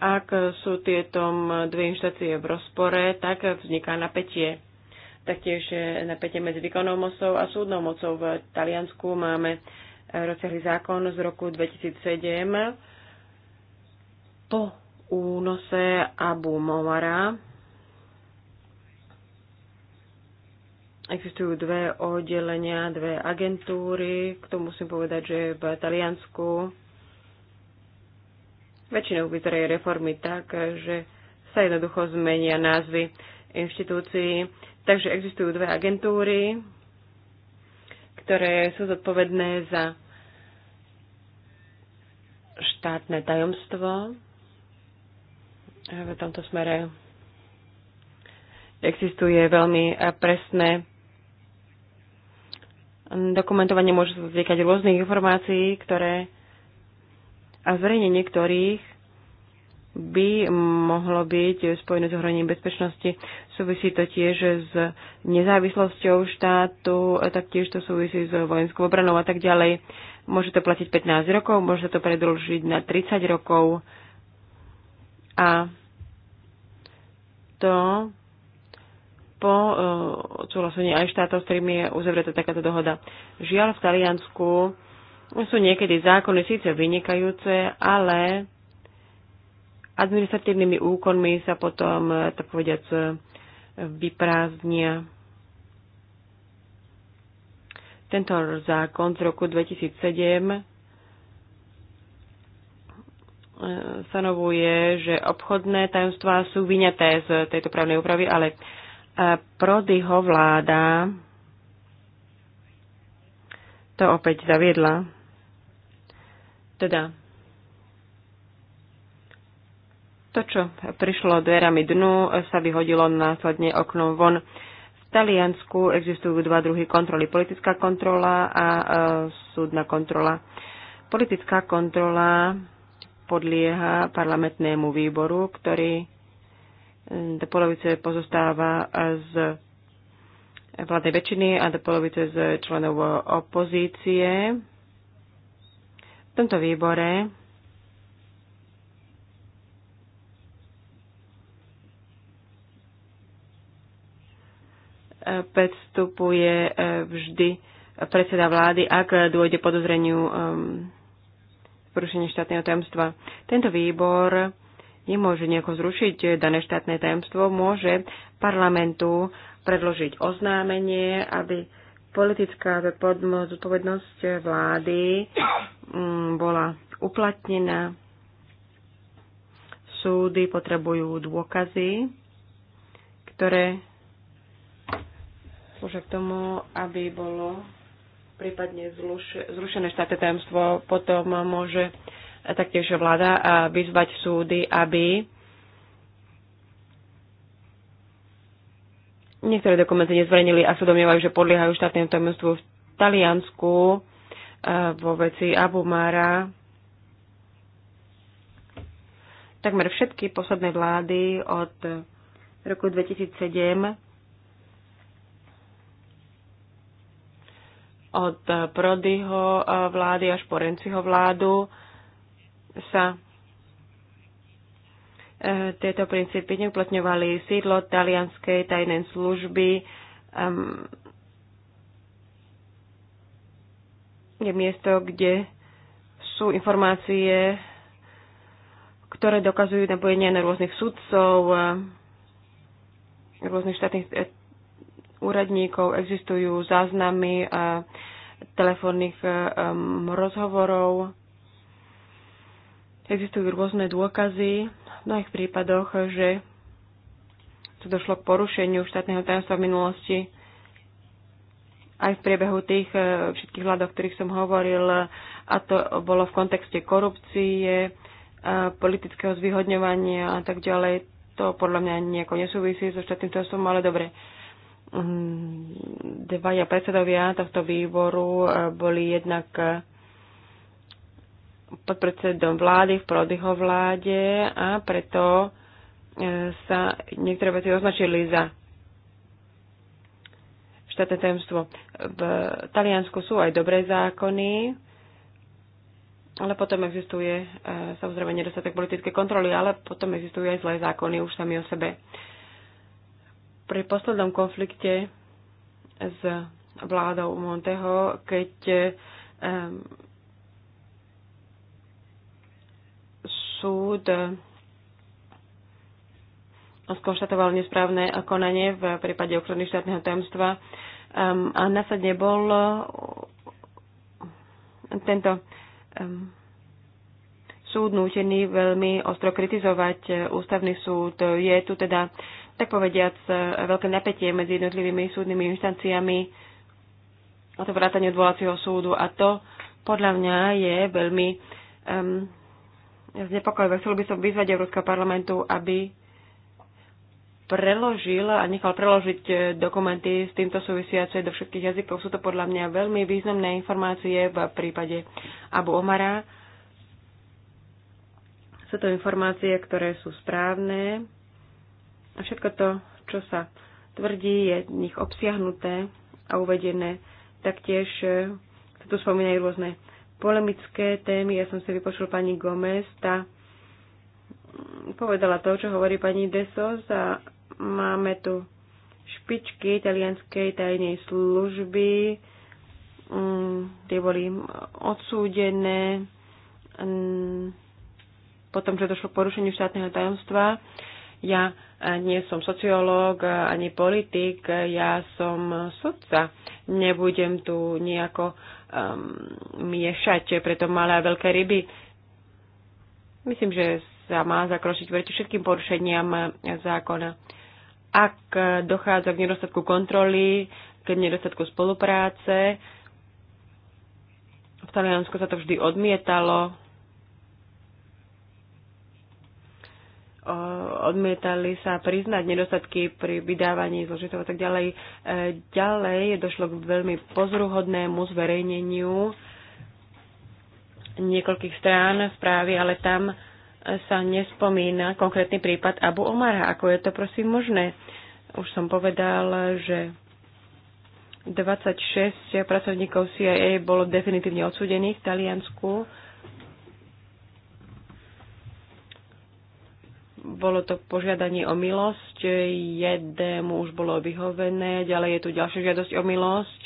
Speaker 3: Ak sú tieto dve inštácie v rozpore, tak vzniká napätie. Taktiež e, napätie medzi výkonnou mocou a súdnou mocou. V Taliansku máme e, rozsiahly zákon z roku 2007 po únose Abu Momara, Existujú dve oddelenia, dve agentúry. K tomu musím povedať, že v Taliansku väčšinou vyzerajú reformy tak, že sa jednoducho zmenia názvy inštitúcií. Takže existujú dve agentúry, ktoré sú zodpovedné za štátne tajomstvo. V tomto smere existuje veľmi presné Dokumentovanie môže sa týkať rôznych informácií, ktoré a zverejne niektorých by mohlo byť spojené s ohrozením bezpečnosti. Súvisí to tiež s nezávislosťou štátu, taktiež to súvisí s vojenskou obranou a tak ďalej. Môže to platiť 15 rokov, môže to predlžiť na 30 rokov a to po eh, odsúhlasení aj štátov, s ktorými je uzavretá takáto dohoda. Žiaľ, v Taliansku sú niekedy zákony síce vynikajúce, ale administratívnymi úkonmi sa potom, eh, tak povediac, eh, vyprázdnia. Tento zákon z roku 2007 stanovuje, že obchodné tajomstvá sú vyňaté z tejto právnej úpravy, ale Prodyho vláda to opäť zaviedla. Teda to, čo prišlo dverami dnu, sa vyhodilo následne oknom von. V Taliansku existujú dva druhy kontroly. Politická kontrola a e, súdna kontrola. Politická kontrola podlieha parlamentnému výboru, ktorý Hm, do polovice pozostáva z vládnej väčšiny a do polovice z členov opozície. V tomto výbore predstupuje eh, vždy predseda vlády, ak dôjde podozreniu ehm, porušenie štátneho tajomstva. Tento výbor nemôže nejako zrušiť eh, dané štátne tajomstvo, môže parlamentu predložiť oznámenie, aby politická zodpovednosť vlády mm, bola uplatnená. Súdy potrebujú dôkazy, ktoré slúžia k tomu, aby bolo prípadne zrušené štátne tajomstvo. Potom môže taktiež vláda vyzvať súdy, aby niektoré dokumenty nezverejnili a sa domnievajú, že podliehajú štátnym tajomstvu v Taliansku vo veci Abu Mara. Takmer všetky posledné vlády od roku 2007 od Prodyho vlády až po Renciho vládu sa e, tieto princípy neuplatňovali. Sídlo talianskej tajnej služby je miesto, kde sú informácie, ktoré dokazujú napojenie na rôznych sudcov, e, rôznych štátnych e, úradníkov, existujú záznamy telefónnych um, rozhovorov Existujú rôzne dôkazy v mnohých prípadoch, že to došlo k porušeniu štátneho tajomstva v minulosti aj v priebehu tých e, všetkých vlád, o ktorých som hovoril, a to bolo v kontexte korupcie, e, politického zvyhodňovania a tak ďalej. To podľa mňa nejako nesúvisí so štátnym tajomstvom, ale dobre. Mm, dvaja predsedovia tohto výboru e, boli jednak podpredsedom vlády v Prodyho vláde a preto e, sa niektoré veci označili za štátne tajomstvo. V Taliansku sú aj dobré zákony, ale potom existuje e, samozrejme nedostatek politické kontroly, ale potom existujú aj zlé zákony už sami o sebe. Pri poslednom konflikte s vládou Monteho, keď um, súd eh, skonštatoval nesprávne konanie v prípade ochrany štátneho tajomstva a následne bol eh, tento súd nútený veľmi ostro kritizovať eh, ústavný súd. Je tu teda, tak povediac, veľké napätie medzi jednotlivými súdnymi inštanciami a to vrátanie odvolacieho súdu a to podľa mňa je veľmi um, znepokojivé. Chcel by som vyzvať Európskeho parlamentu, aby preložil a nechal preložiť e, dokumenty s týmto súvisiace do všetkých jazykov. Sú to podľa mňa veľmi významné informácie v prípade Abu Omara. Sú to informácie, ktoré sú správne a všetko to, čo sa tvrdí, je v nich obsiahnuté a uvedené. Taktiež e, sa tu spomínajú rôzne polemické témy. Ja som si vypočul pani Gomez, tá povedala to, čo hovorí pani Desos a máme tu špičky italianskej tajnej služby. Mm, tie boli odsúdené mm, potom, že došlo k porušeniu štátneho tajomstva. Ja nie som sociológ ani politik, ja som sudca. Nebudem tu nejako um, miešať preto malé a veľké ryby. Myslím, že sa má zakročiť proti všetkým porušeniam zákona. Ak dochádza k nedostatku kontroly, k nedostatku spolupráce, v Taliansku sa to vždy odmietalo, odmietali sa priznať nedostatky pri vydávaní zložitov a tak ďalej. E, ďalej došlo k veľmi pozruhodnému zverejneniu niekoľkých strán správy, ale tam sa nespomína konkrétny prípad Abu Omara. Ako je to prosím možné? Už som povedal, že 26 pracovníkov CIA bolo definitívne odsúdených v Taliansku Bolo to požiadanie o milosť, jednému už bolo vyhovené, ďalej je tu ďalšia žiadosť o milosť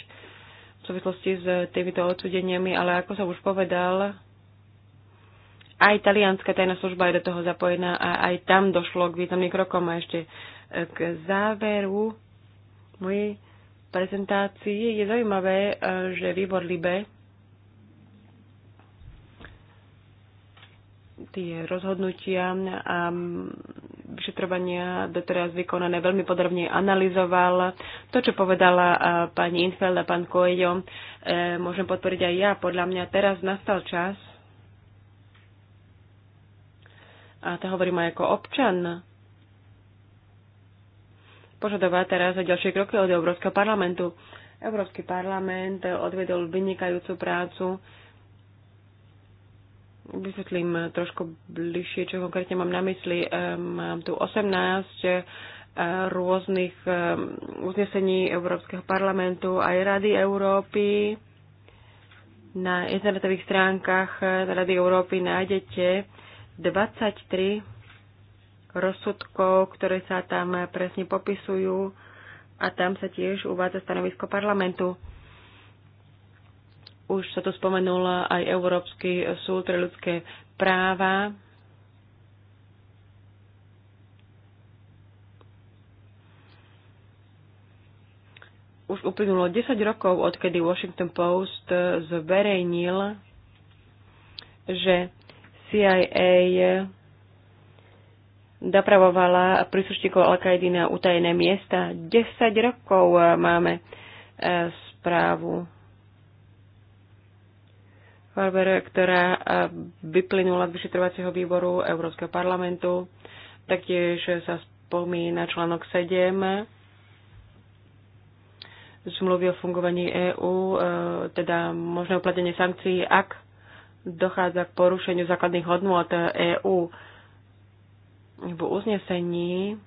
Speaker 3: v súvislosti s týmito odsudeniami, ale ako som už povedal, aj talianská tajná služba je do toho zapojená a aj tam došlo k významným krokom. A ešte e, k záveru mojej prezentácii je zaujímavé, e, že výbor LIBE tie rozhodnutia a vyšetrovania doteraz vykonané veľmi podrobne analyzoval. To, čo povedala eh, pani Infeld a pán Koejo, eh, môžem podporiť aj ja. Podľa mňa teraz nastal čas, a to hovorím aj ako občan, požadovať teraz ďalšie kroky od Európskeho parlamentu. Európsky parlament odvedol vynikajúcu prácu Vysvetlím trošku bližšie, čo konkrétne mám na mysli. Mám tu 18 eh, rôznych uznesení Európskeho parlamentu aj Rady Európy. Na internetových stránkach eh, Rady Európy nájdete 23 rozsudkov, ktoré sa tam presne popisujú a tam sa tiež uvádza stanovisko parlamentu. Už sa to spomenul aj Európsky súd pre ľudské práva. Už uplynulo 10 rokov, odkedy Washington Post zverejnil, že CIA dopravovala príslušníkov al na utajené miesta. 10 rokov máme eh, správu Farber, ktorá eh, vyplynula z vyšetrovacieho výboru Európskeho parlamentu. Taktiež sa spomína článok 7 zmluvy o fungovaní EÚ, eh, teda možné uplatenie sankcií, ak dochádza k porušeniu základných hodnôt EÚ. V uznesení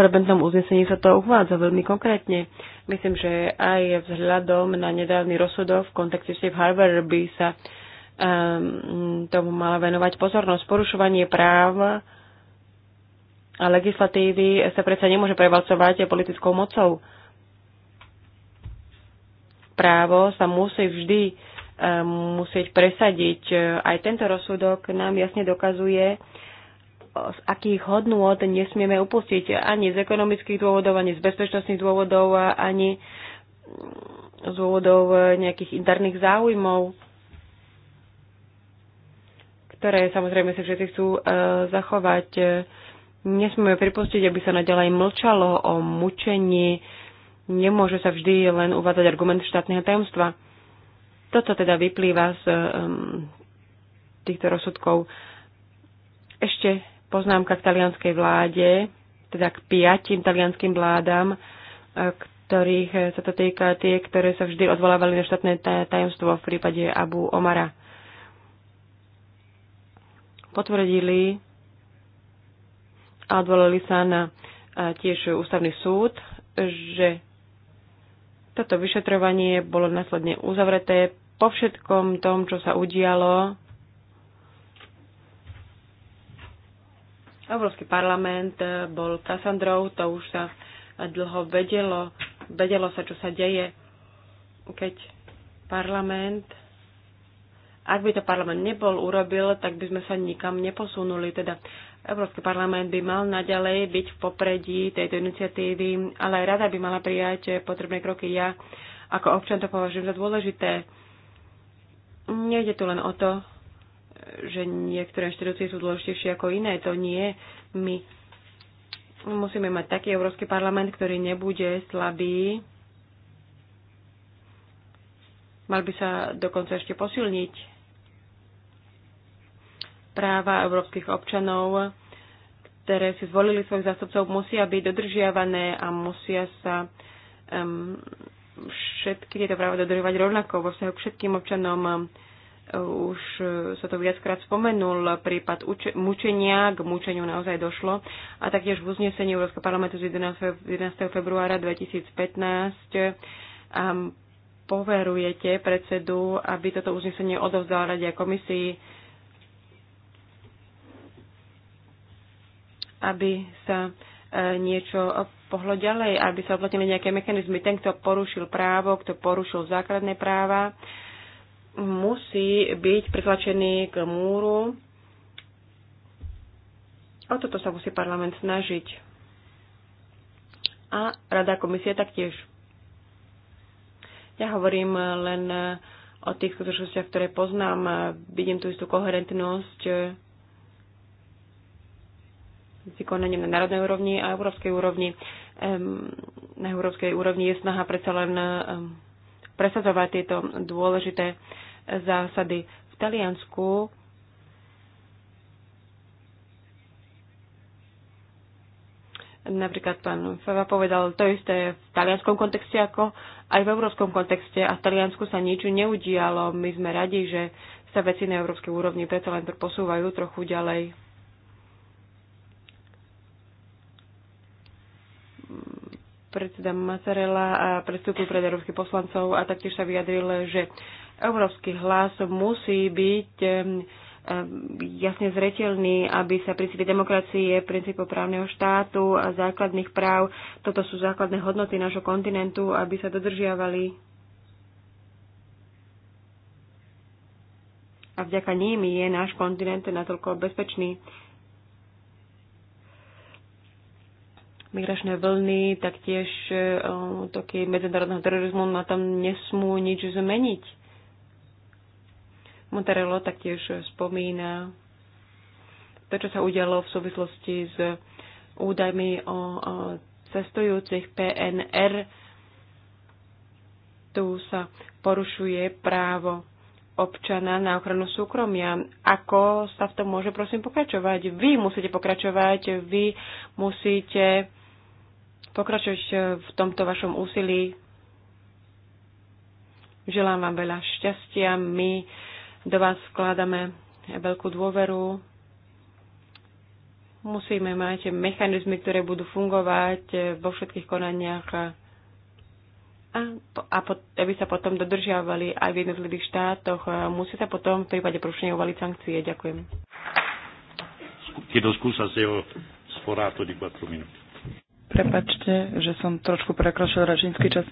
Speaker 3: parlamentnom uznesení sa to uvádza veľmi konkrétne. Myslím, že aj vzhľadom na nedávny rozsudok v kontekste Steve Harbour by sa um, tomu mala venovať pozornosť. Porušovanie práv a legislatívy sa predsa nemôže prevalcovať politickou mocou. Právo sa musí vždy um, musieť presadiť. Aj tento rozsudok nám jasne dokazuje, z akých hodnôt nesmieme upustiť ani z ekonomických dôvodov, ani z bezpečnostných dôvodov, ani z dôvodov nejakých interných záujmov, ktoré samozrejme si všetci chcú e, zachovať. Nesmieme pripustiť, aby sa naďalej mlčalo o mučení. Nemôže sa vždy len uvádzať argument štátneho tajomstva. Toto teda vyplýva z týchto rozsudkov. Ešte poznámka k talianskej vláde, teda k piatim talianským vládam, e, ktorých e, sa to týka tie, ktoré sa vždy odvolávali na štátne tajomstvo v prípade Abu Omara. Potvrdili a odvolali sa na e, tiež ústavný súd, že toto vyšetrovanie bolo následne uzavreté po všetkom tom, čo sa udialo Európsky parlament e, bol Kassandrou, to už sa dlho vedelo, vedelo sa, čo sa deje, keď parlament, ak by to parlament nebol urobil, tak by sme sa nikam neposunuli. Teda Európsky parlament by mal naďalej byť v popredí tejto iniciatívy, ale aj rada by mala prijať potrebné kroky. Ja ako občan to považujem za dôležité. Nejde tu len o to, že niektoré inštitúcie sú dôležitejšie ako iné. To nie. My musíme mať taký Európsky parlament, ktorý nebude slabý. Mal by sa dokonca ešte posilniť práva európskych občanov, ktoré si zvolili svojich zástupcov, musia byť dodržiavané a musia sa um, všetky tieto práva dodržovať rovnako vo vzťahu k všetkým občanom už e, sa to viackrát spomenul, prípad mučenia, k mučeniu naozaj došlo. A taktiež v uznesení Európskeho parlamentu z 11. februára 2015 um, e, poverujete predsedu, aby toto uznesenie odovzdal Rade a komisii, aby sa e, niečo pohlo ďalej, aby sa oplatnili nejaké mechanizmy. Ten, kto porušil právo, kto porušil základné práva, musí byť pritlačený k múru. O toto sa musí parlament snažiť. A Rada komisie taktiež. Ja hovorím len o tých skutočnostiach, ktoré poznám. Vidím tu istú koherentnosť s vykonaním na národnej úrovni a európskej úrovni. Na európskej úrovni je snaha predsa len presadzovať tieto dôležité zásady. V Taliansku napríklad pán Fava povedal to isté v talianskom kontexte ako aj v európskom kontexte a v Taliansku sa nič neudialo. My sme radi, že sa veci na európskej úrovni preto len posúvajú trochu ďalej. predseda Macarela predstupu pred európskych poslancov a taktiež sa vyjadril, že európsky hlas musí byť jasne zretelný, aby sa princípy demokracie, princípov právneho štátu a základných práv, toto sú základné hodnoty nášho kontinentu, aby sa dodržiavali. A vďaka ním je náš kontinent natoľko bezpečný. migračné vlny, taktiež e, toky medzinárodného terorizmu na no tom nesmú nič zmeniť. Monterello taktiež spomína to, čo sa udialo v súvislosti s údajmi o, o cestujúcich PNR. Tu sa porušuje právo občana na ochranu súkromia. Ako sa v tom môže prosím pokračovať? Vy musíte pokračovať, vy musíte pokračovať e, v tomto vašom úsilí. Želám vám veľa šťastia. My do vás vkladáme veľkú dôveru. Musíme mať mechanizmy, ktoré budú fungovať e, vo všetkých konaniach a, a pot, aby sa potom dodržiavali aj v jednotlivých štátoch. Musí sa potom v prípade porušenia uvaliť sankcie. Ďakujem.
Speaker 2: Chiedo scusa se ho sforato 4 minúty.
Speaker 4: Prepačte, že som trošku prekročil račínsky čas.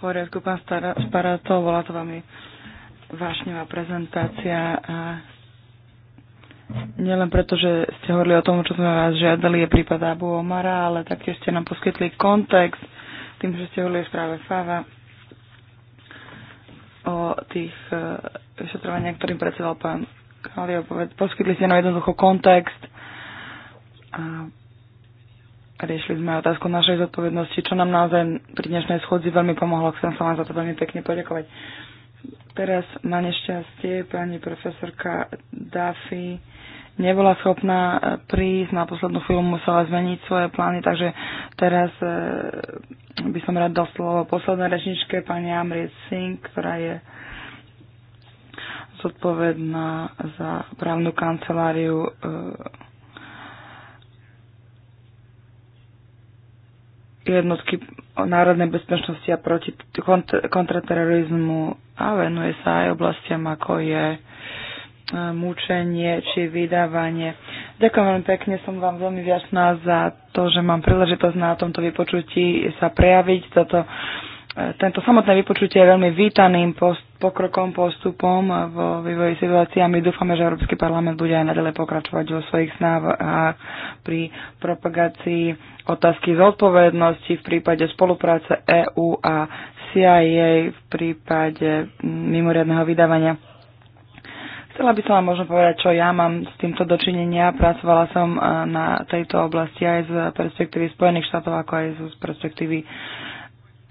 Speaker 4: V poriadku, pán Sparato, bola to veľmi vášnevá prezentácia a nielen preto, že ste hovorili o tom, čo sme vás žiadali, je prípad Abu Omara, ale taktiež ste nám poskytli kontext tým, že ste hovorili správe Fava o tých e, vyšetrovaniach, ktorým predsedal pán Kalio. Poskytli ste nám jednoducho kontext a riešili sme otázku našej zodpovednosti, čo nám naozaj pri dnešnej schodzi veľmi pomohlo. Chcem sa vám za to veľmi pekne poďakovať. Teraz na nešťastie pani profesorka Duffy nebola schopná eh, prísť, na poslednú chvíľu musela zmeniť svoje plány, takže teraz eh, by som rád dal slovo poslednej rečničke pani Amrit Singh, ktorá je zodpovedná za právnu kanceláriu eh, jednotky o národnej bezpečnosti a proti kont- kontraterorizmu a venuje sa aj oblastiam, ako je e, mučenie či vydávanie. Ďakujem veľmi pekne, som vám veľmi vďačná za to, že mám príležitosť na tomto vypočutí sa prejaviť. Toto tento samotné vypočutie je veľmi vítaným post, pokrokom, postupom vo vývoji situácií a my dúfame, že Európsky parlament bude aj nadalej pokračovať vo svojich snávach pri propagácii otázky zodpovednosti v prípade spolupráce EÚ a CIA v prípade mimoriadného vydávania. Chcela by som vám možno povedať, čo ja mám s týmto dočinenia. Pracovala som eh, na tejto oblasti aj z perspektívy Spojených štátov, ako aj z perspektívy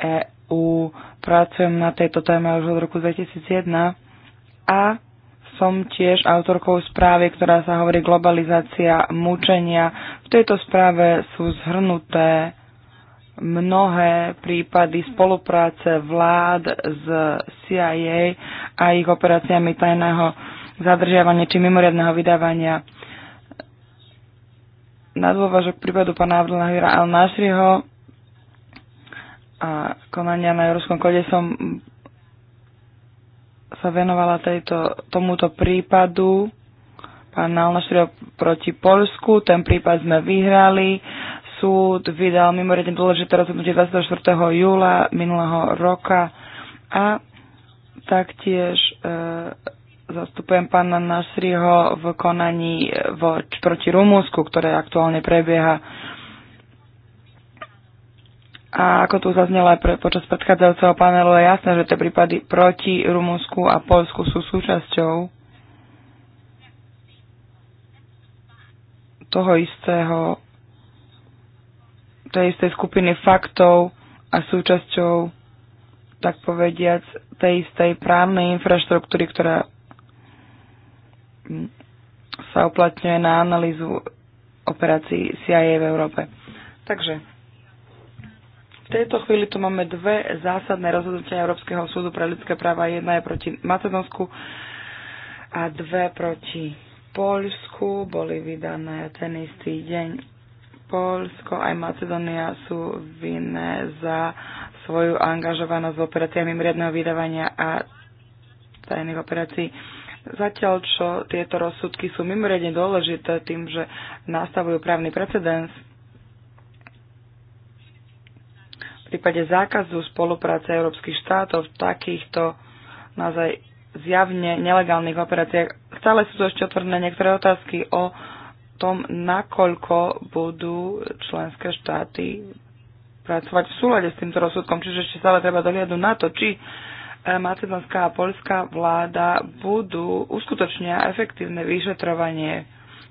Speaker 4: e EÚ. Pracujem na tejto téme už od roku 2001 a som tiež autorkou správy, ktorá sa hovorí globalizácia mučenia. V tejto správe sú zhrnuté mnohé prípady spolupráce vlád s CIA a ich operáciami tajného zadržiavania či mimoriadného vydávania. Na dôvažok prípadu pána Abdullahira al-Nashriho a konania na Európskom kode som sa venovala tejto, tomuto prípadu pán Nalnaštrio proti Polsku. Ten prípad sme vyhrali. Súd vydal mimoriadne dôležité rozhodnutie 24. júla minulého roka a taktiež e, zastupujem pána Nasriho v konaní e, vo, proti Rumúnsku, ktoré aktuálne prebieha a ako tu zaznelo aj pre, počas predchádzajúceho panelu, je jasné, že tie prípady proti Rumunsku a Polsku sú súčasťou toho istého, tej istej skupiny faktov a súčasťou, tak povediac, tej istej právnej infraštruktúry, ktorá mm, sa uplatňuje na analýzu operácií CIA v Európe. Takže v tejto chvíli tu máme dve zásadné rozhodnutia Európskeho súdu pre ľudské práva. Jedna je proti Macedónsku a dve proti Polsku. Boli vydané ten istý deň. Polsko aj Macedónia sú vinné za svoju angažovanosť v operáciách mimoriadného vydávania a tajných operácií. Zatiaľ, čo tieto rozsudky sú mimoriadne dôležité tým, že nastavujú právny precedens, V prípade zákazu spolupráce európskych štátov v takýchto naozaj zjavne nelegálnych operáciách stále sú to ešte otvorené niektoré otázky o tom, nakoľko budú členské štáty pracovať v súlade s týmto rozsudkom. Čiže ešte stále treba dohliadnúť na to, či e, macedonská a polská vláda budú uskutočnia efektívne vyšetrovanie,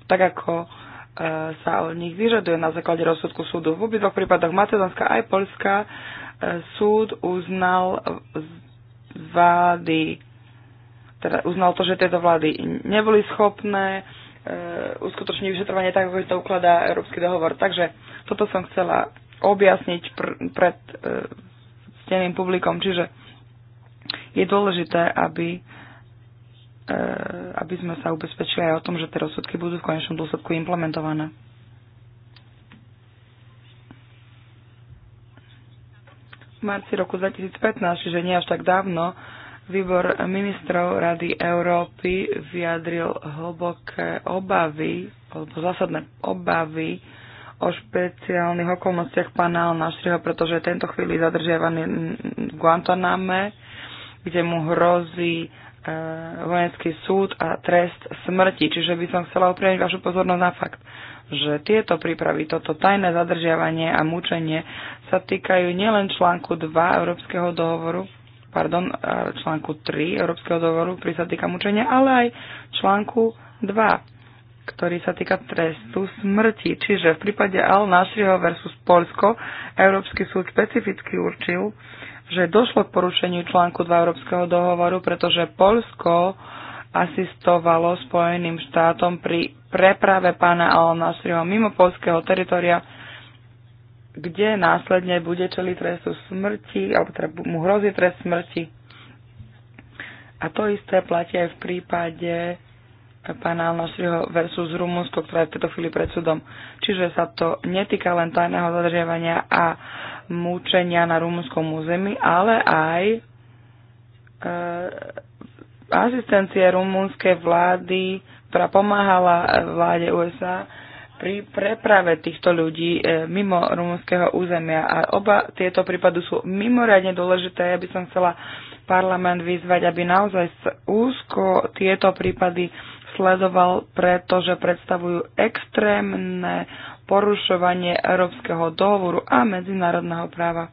Speaker 4: tak ako E, sa od nich vyžaduje na základe rozsudku súdu. V obidvoch prípadoch Macedónska aj Polska e, súd uznal vlády, teda uznal to, že tieto vlády neboli schopné e, uskutočniť vyšetrovanie tak, ako to ukladá Európsky dohovor. Takže toto som chcela objasniť pr- pred e, steným publikom. Čiže je dôležité, aby Eh, aby sme sa ubezpečili aj o tom, že tie rozsudky budú v konečnom dôsledku implementované. V marci roku 2015, čiže nie až tak dávno, výbor ministrov Rady Európy vyjadril hlboké obavy, alebo zásadné obavy o špeciálnych okolnostiach pána Alnašriho, pretože tento chvíli zadržiavaný v Guantaname, kde mu hrozí E, vojenský súd a trest smrti. Čiže by som chcela upriamiť vašu pozornosť na fakt, že tieto prípravy, toto tajné zadržiavanie a mučenie sa týkajú nielen článku 2 Európskeho dohovoru, pardon, e, článku 3 Európskeho dohovoru, ktorý sa týka mučenia, ale aj článku 2, ktorý sa týka trestu smrti. Čiže v prípade Al Nasriho versus Polsko Európsky súd špecificky určil, že došlo k porušeniu článku 2 Európskeho dohovoru, pretože Polsko asistovalo Spojeným štátom pri preprave pána Al-Nasriho mimo polského teritoria, kde následne bude čeliť trestu smrti, alebo teda mu hrozí trest smrti. A to isté platí aj v prípade pána Alnosriho versus Rumunsko, ktorá je v tejto chvíli pred súdom. Čiže sa to netýka len tajného zadržiavania a múčenia na rumunskom území, ale aj e, asistencie rumunskej vlády, ktorá pomáhala vláde USA pri preprave týchto ľudí e, mimo rumunského územia. A oba tieto prípady sú mimoriadne dôležité. Ja by som chcela parlament vyzvať, aby naozaj úzko tieto prípady sledoval, pretože predstavujú extrémne porušovanie Európskeho dohovoru a medzinárodného práva.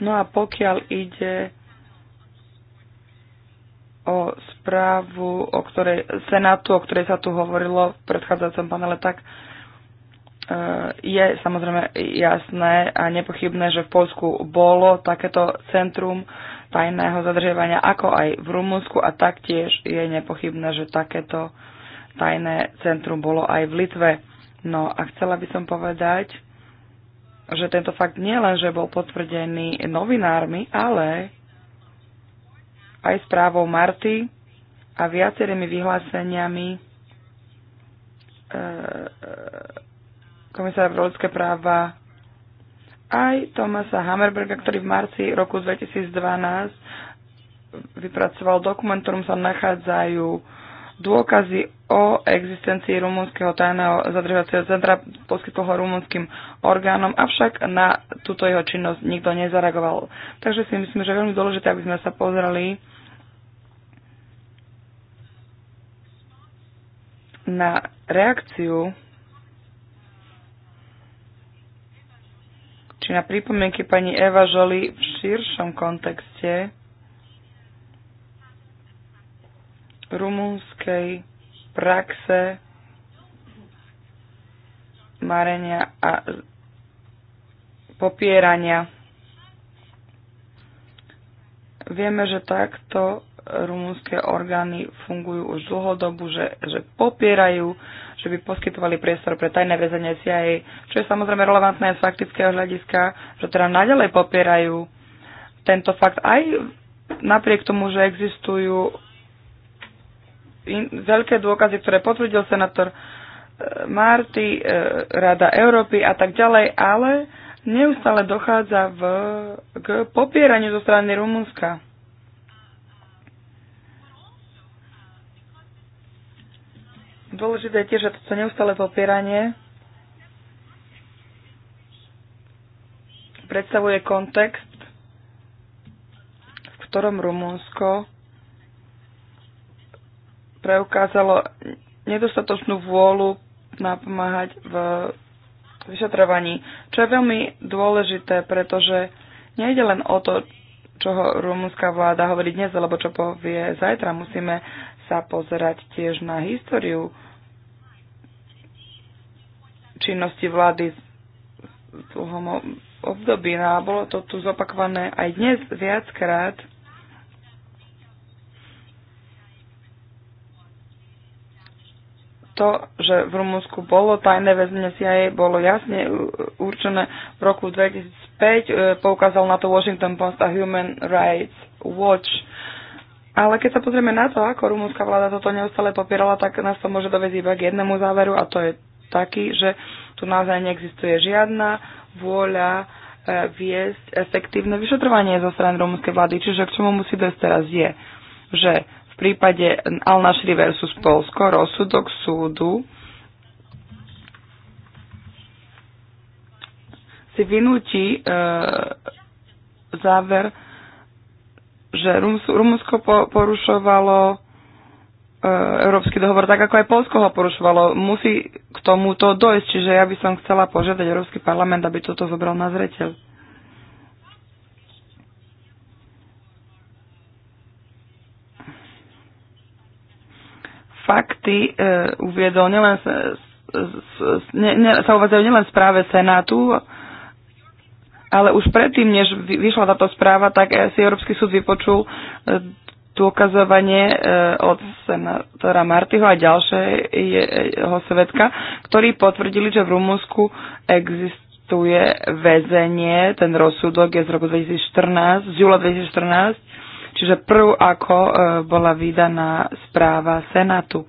Speaker 4: No a pokiaľ ide o správu o ktorej, Senátu, o ktorej sa tu hovorilo v predchádzajúcom panele, tak e, je samozrejme jasné a nepochybné, že v Polsku bolo takéto centrum tajného zadržiavania, ako aj v Rumunsku a taktiež je nepochybné, že takéto tajné centrum bolo aj v Litve. No a chcela by som povedať, že tento fakt nie len, že bol potvrdený novinármi, ale aj správou Marty a viacerými vyhláseniami e, e komisára pre ľudské práva aj Tomasa Hammerberga, ktorý v marci roku 2012 vypracoval dokument, ktorom sa nachádzajú dôkazy o existencii rumunského tajného zadržovacieho centra poskytol ho rumunským orgánom, avšak na túto jeho činnosť nikto nezareagoval. Takže si myslím, že je veľmi dôležité, aby sme sa pozreli na reakciu či na pripomienky pani Eva Žoli v širšom kontexte rumúnskej praxe marenia a popierania. Vieme, že takto rumúnske orgány fungujú už dlhodobu, že, že popierajú že by poskytovali priestor pre tajné väzenie CIA, čo je samozrejme relevantné z faktického hľadiska, že teda naďalej popierajú tento fakt aj napriek tomu, že existujú in, veľké dôkazy, ktoré potvrdil senátor e, Marty, e, Rada Európy a tak ďalej, ale neustále dochádza v, k popieraniu zo strany Rumunska. Dôležité je tiež, že toto neustále popieranie predstavuje kontext, v ktorom Rumunsko preukázalo nedostatočnú vôľu napomáhať v vyšetrovaní, čo je veľmi dôležité, pretože nejde len o to, čo rumúnska vláda hovorí dnes, alebo čo povie zajtra. Musíme sa pozerať tiež na históriu činnosti vlády v dlhom období. No a bolo to tu zopakované aj dnes viackrát. To, že v Rumunsku bolo tajné väzenie CIA, bolo jasne určené v roku 2005, e, poukázal na to Washington Post a Human Rights Watch. Ale keď sa pozrieme na to, ako rumúnska vláda toto neustále popierala, tak nás to môže dovedieť iba k jednému záveru a to je taký, že tu naozaj neexistuje žiadna vôľa e, viesť efektívne vyšetrovanie zo strany rumúnskej vlády. Čiže k čomu musí dojsť teraz je, že v prípade Al-Nashri versus Polsko rozsudok súdu si vynúti e, záver, že Rumunsko porušovalo E, európsky dohovor, tak ako aj Polsko ho porušovalo. Musí k tomuto dojsť, čiže ja by som chcela požiadať Európsky parlament, aby toto zobral na zreteľ. Fakty e, uviedol nielen s,
Speaker 1: s, ne,
Speaker 4: ne, sa uvádzajú nielen v správe Senátu, ale už predtým, než vyšla táto správa, tak e, si Európsky súd vypočul e, tu ukazovanie e, od senátora Martyho a ďalšieho svetka, ktorí potvrdili, že v Rumunsku existuje väzenie, ten rozsudok je z roku 2014, z júla 2014, čiže prv ako e, bola vydaná správa Senátu.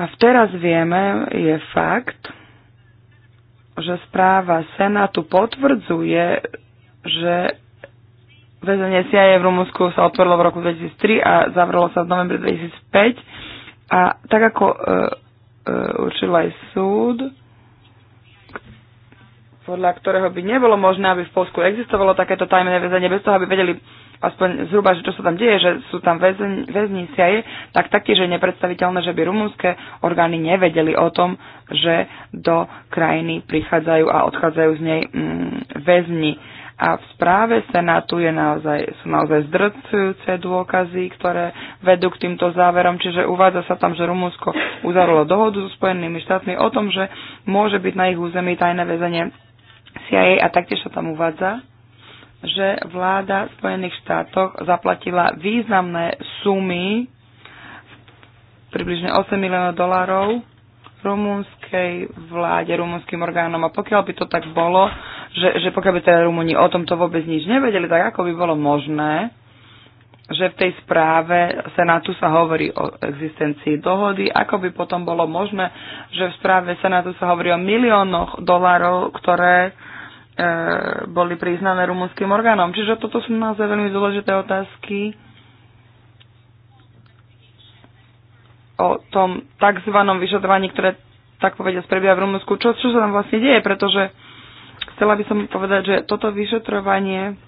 Speaker 4: A teraz vieme, je fakt, že správa Senátu potvrdzuje, že Väzenie CIA v Rumunsku sa otvorilo v roku 2003 a zavrelo sa v novembri 2005. A tak ako uh, uh, určil aj súd, podľa ktorého by nebolo možné, aby v Polsku existovalo takéto tajné väzenie bez toho, aby vedeli aspoň zhruba, že čo sa tam deje, že sú tam väzen, väzni CIA, tak taktiež je nepredstaviteľné, že by rumúnske orgány nevedeli o tom, že do krajiny prichádzajú a odchádzajú z nej mm, väzni. A v správe Senátu je naozaj, sú naozaj zdrcujúce dôkazy, ktoré vedú k týmto záverom, čiže uvádza sa tam, že Rumunsko uzavrelo dohodu so Spojenými štátmi o tom, že môže byť na ich území tajné väzenie CIA a taktiež sa tam uvádza, že vláda v Spojených štátoch zaplatila významné sumy, približne 8 miliónov dolárov, rumúnskej vláde, rumúnským orgánom. A pokiaľ by to tak bolo, že, že pokiaľ by teda Rumúni o tomto vôbec nič nevedeli, tak ako by bolo možné, že v tej správe Senátu sa hovorí o existencii dohody, ako by potom bolo možné, že v správe Senátu sa hovorí o miliónoch dolárov, ktoré e, boli priznané rumunským orgánom. Čiže toto sú naozaj veľmi dôležité otázky o tom tzv. vyšetrovaní, ktoré tak povediať prebieha v Rumunsku. Čo, čo sa tam vlastne deje, pretože Chcela by som povedať, že toto vyšetrovanie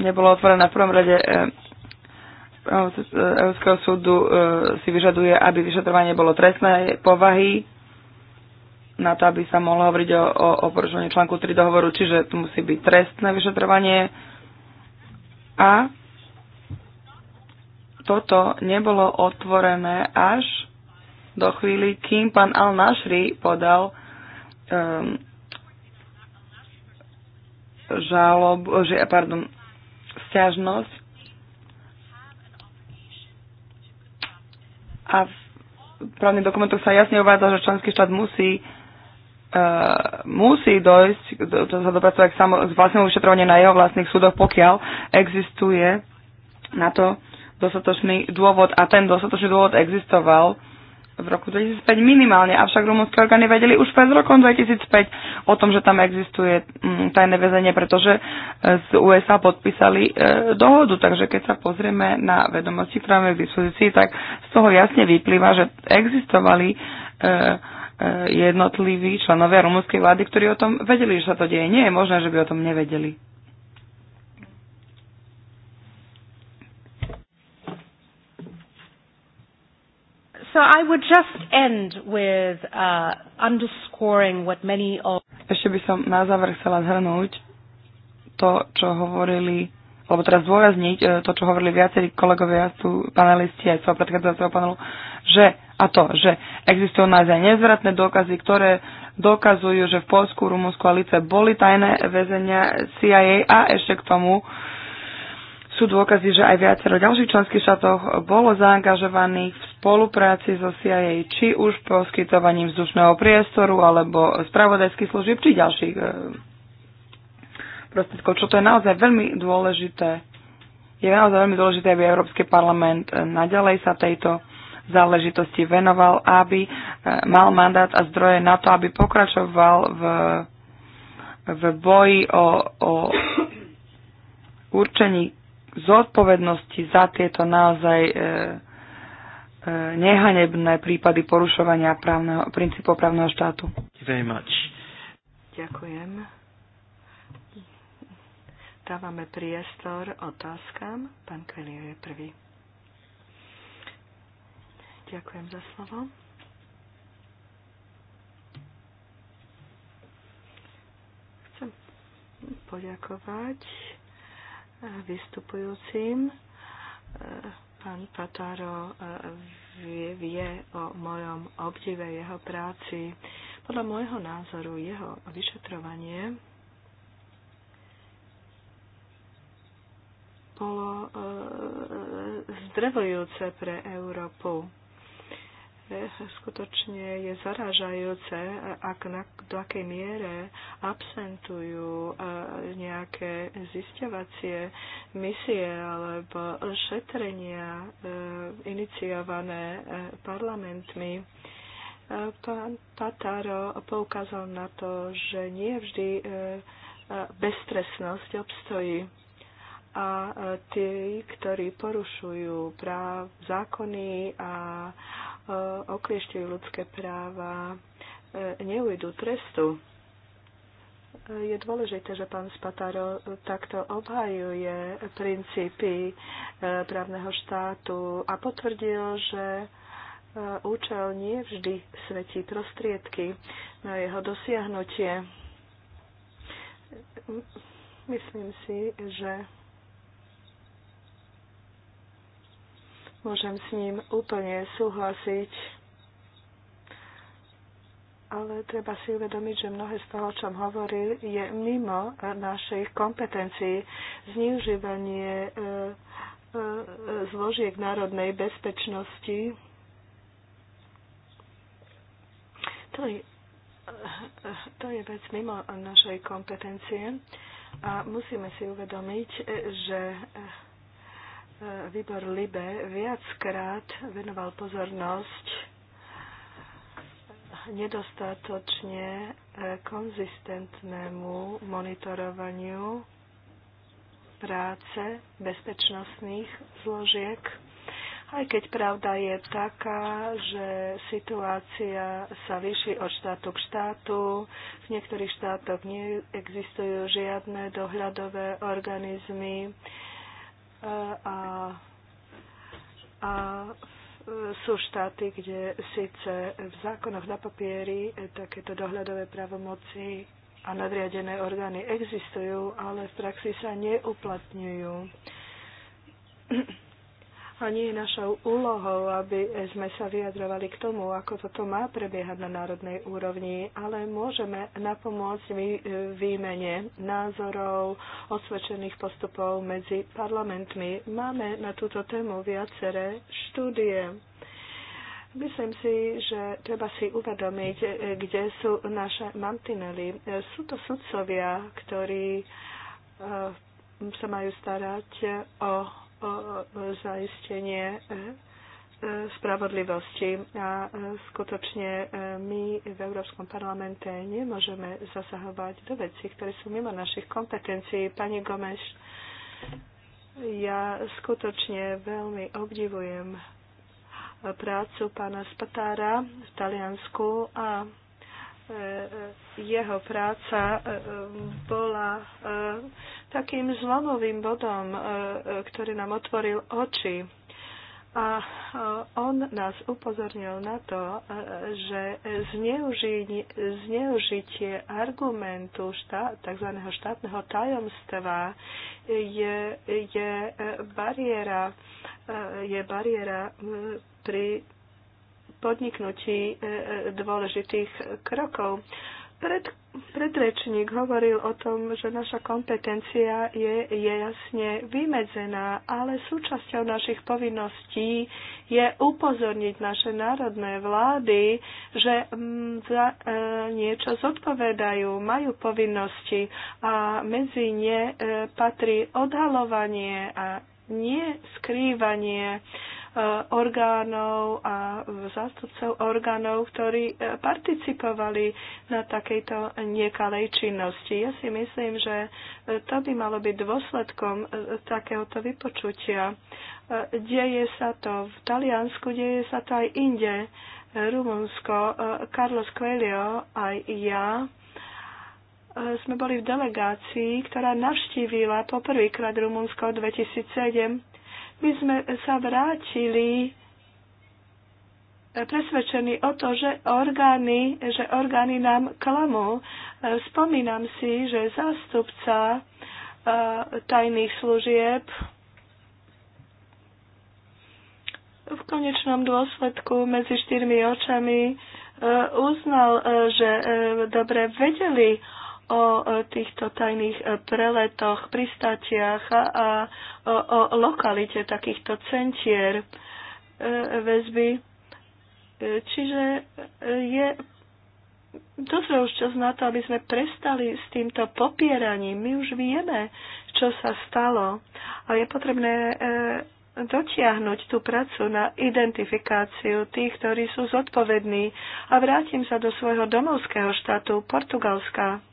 Speaker 4: nebolo otvorené v prvom rade eh, eh, Európskeho súdu eh, si vyžaduje, aby vyšetrovanie bolo trestnej povahy na to, aby sa mohlo hovoriť o, o, článku 3 dohovoru, čiže tu musí byť trestné vyšetrovanie a toto nebolo otvorené až do chvíli, kým pán Al-Nashri podal um, žalob, že, pardon, sťažnosť a v právnych dokumentoch sa jasne uvádza, že členský štát musí Uh, musí dojsť, do to sa dopracovať k, samo, k vlastnému vyšetrovaniu na jeho vlastných súdoch, pokiaľ existuje na to dostatočný dôvod a ten dostatočný dôvod existoval v roku 2005 minimálne, avšak rumunské orgány vedeli už pred rokom 2005 o tom, že tam existuje mm, tajné väzenie, pretože e, z USA podpísali e, dohodu. Takže keď sa pozrieme na vedomosti, ktoré máme k dispozícii, tak z toho jasne vyplýva, že existovali e, jednotliví členovia rumunskej vlády, ktorí o tom vedeli, že sa to deje. Nie je možné, že by o tom nevedeli. so I would just end with uh, underscoring what many of... Ešte by som na záver chcela zhrnúť to, čo hovorili lebo teraz zdôrazniť e, to, čo hovorili viacerí kolegovia, sú panelisti aj svoj predchádzajúceho panelu, že a to, že existujú naozaj nezvratné dôkazy, ktoré dokazujú, že v Polsku, Rumunsku a Lice boli tajné väzenia CIA a ešte k tomu sú dôkazy, že aj viacero ďalších členských štátov bolo zaangažovaných v spolupráci so CIA, či už poskytovaním vzdušného priestoru, alebo spravodajských služieb, či ďalších eh, prostriedkov, čo to je naozaj veľmi dôležité. Je naozaj veľmi dôležité, aby Európsky parlament eh, naďalej sa tejto záležitosti venoval, aby eh, mal mandát a zdroje na to, aby pokračoval v, v boji o, o určení zodpovednosti za tieto naozaj e, e, nehanebné prípady porušovania právneho, princípov právneho štátu.
Speaker 2: Ďakujem. Dávame priestor otázkam. Pán Kelier je prvý. Ďakujem za slovo. Chcem poďakovať vystupujúcim. E, pán Pataro e, vie, vie o mojom obdive jeho práci. Podľa môjho názoru jeho vyšetrovanie bolo e, zdrevojúce pre Európu skutočne je zaražajúce, ak na, do akej miere absentujú e, nejaké zisťovacie misie alebo šetrenia e, iniciované e, parlamentmi. Pán Pataro poukázal na to, že nie vždy bestresnosť obstojí a tí, ktorí porušujú práv, zákony a E, okliešťujú ľudské práva, e, neujdu trestu. E, je dôležité, že pán Spataro takto obhajuje princípy právneho štátu a potvrdil, že účel nie vždy svetí prostriedky na jeho dosiahnutie. Myslím si, že Môžem s ním úplne súhlasiť, ale treba si uvedomiť, že mnohé z toho, čo hovoril, je mimo našej kompetencií. Zneužívanie e, e, zložiek národnej bezpečnosti. To je, to je vec mimo našej kompetencie a musíme si uvedomiť, e, že výbor LIBE viackrát venoval pozornosť nedostatočne eh, konzistentnému monitorovaniu práce bezpečnostných zložiek aj keď pravda je taká, že situácia sa líši od štátu k štátu. V niektorých štátoch neexistujú žiadne dohľadové organizmy a, a sú štáty, kde síce v zákonoch na papieri takéto dohľadové právomoci a nadriadené orgány existujú, ale v praxi sa neuplatňujú a nie je našou úlohou, aby sme sa vyjadrovali k tomu, ako toto má prebiehať na národnej úrovni, ale môžeme napomôcť e, výmene názorov, osvedčených postupov medzi parlamentmi. Máme na túto tému viaceré štúdie. Myslím si, že treba si uvedomiť, e, kde sú naše mantinely. E, sú to sudcovia, ktorí sa majú starať o o zaistenie e, e, spravodlivosti. A e, skutočne my v Európskom parlamente nemôžeme zasahovať do vecí, ktoré sú mimo našich kompetencií. Pani Gomeš, ja skutočne veľmi obdivujem prácu pána Spatára v Taliansku a Eh, eh, jeho práca eh, bola takým zlomovým bodom, ktorý nám otvoril oči. A on nás upozornil na to, že zneužitie argumentu tzv. štátneho tajomstva je, je bariéra, je bariéra hm, pri podniknutí e, e, dôležitých krokov. Pred, predrečník hovoril o tom, že naša kompetencia je, je jasne vymedzená, ale súčasťou našich povinností je upozorniť naše národné vlády, že m, mm, za e, niečo zodpovedajú, majú povinnosti a medzi ne e, patrí odhalovanie a nie skrývanie. E, Eh, orgánov a zástupcov orgánov, ktorí eh, participovali na takejto nekalej činnosti. Ja si myslím, že eh, to by malo byť dôsledkom takéhoto vypočutia. Deje sa to v Taliansku, deje sa to aj inde. Rumunsko, Carlos Coelho, aj ja sme boli v delegácii, ktorá navštívila poprvýkrát Rumunsko 2007 by sme sa vrátili e, presvedčení o to, že orgány, že orgány nám klamú. E, spomínam si, že zástupca e, tajných služieb v konečnom dôsledku medzi štyrmi očami uznal, že dobre vedeli o týchto tajných e, preletoch, pristatiach a o lokalite takýchto centier e, väzby. E, čiže je dozrel už čas na to, aby sme prestali s týmto popieraním. My už vieme, čo sa stalo a je potrebné dotiahnuť tú prácu na identifikáciu tých, ktorí sú zodpovední a vrátim sa do svojho domovského štátu Portugalska.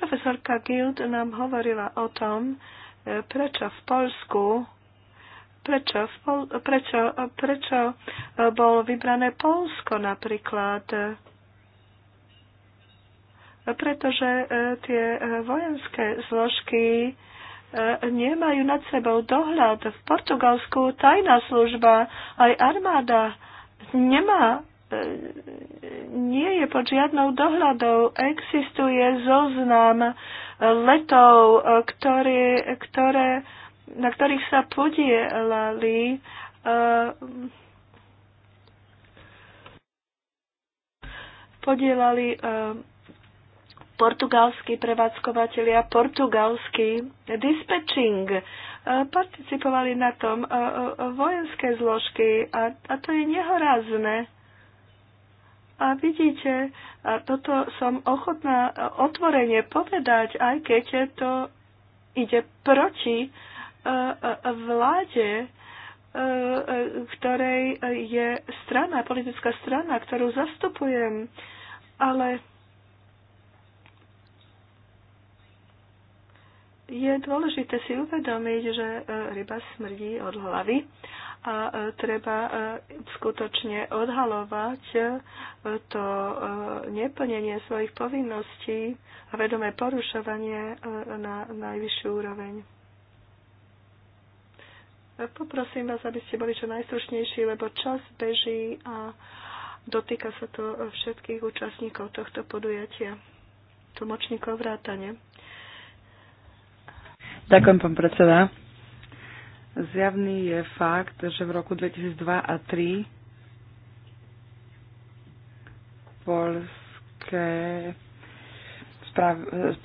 Speaker 2: Profesorka Gild nám hovorila o tom, e, prečo v Polsku prečo, prečo, e, prečo e, bol vybrané Polsko napríklad. Pretože tie vojenské zložky nemajú nad sebou dohľad. V Portugalsku tajná služba, aj armáda nemá nie je pod žiadnou dohľadou. Existuje zoznam e, letov, e, ktoré, ktoré, na ktorých sa podielali e, podielali portugalskí prevádzkovateľia, portugalský dispečing. Participovali na tom vojenské zložky a, a to je nehorázne a vidíte, a toto som ochotná e, otvorenie povedať, aj keď to ide proti e, e, vláde, ktorej je strana, politická strana, ktorú zastupujem. Ale je dôležité si uvedomiť, že ryba smrdí od hlavy a e, treba e, skutočne odhalovať e, to neplnenie svojich povinností a vedomé porušovanie na najvyššiu úroveň. Poprosím vás, aby ste boli čo najstručnejší, lebo čas beží a dotýka sa to všetkých účastníkov tohto podujatia, tlmočníkov vrátane.
Speaker 4: Ďakujem, pán predseda. Zjavný je fakt, že v roku 2002 a 2003 polské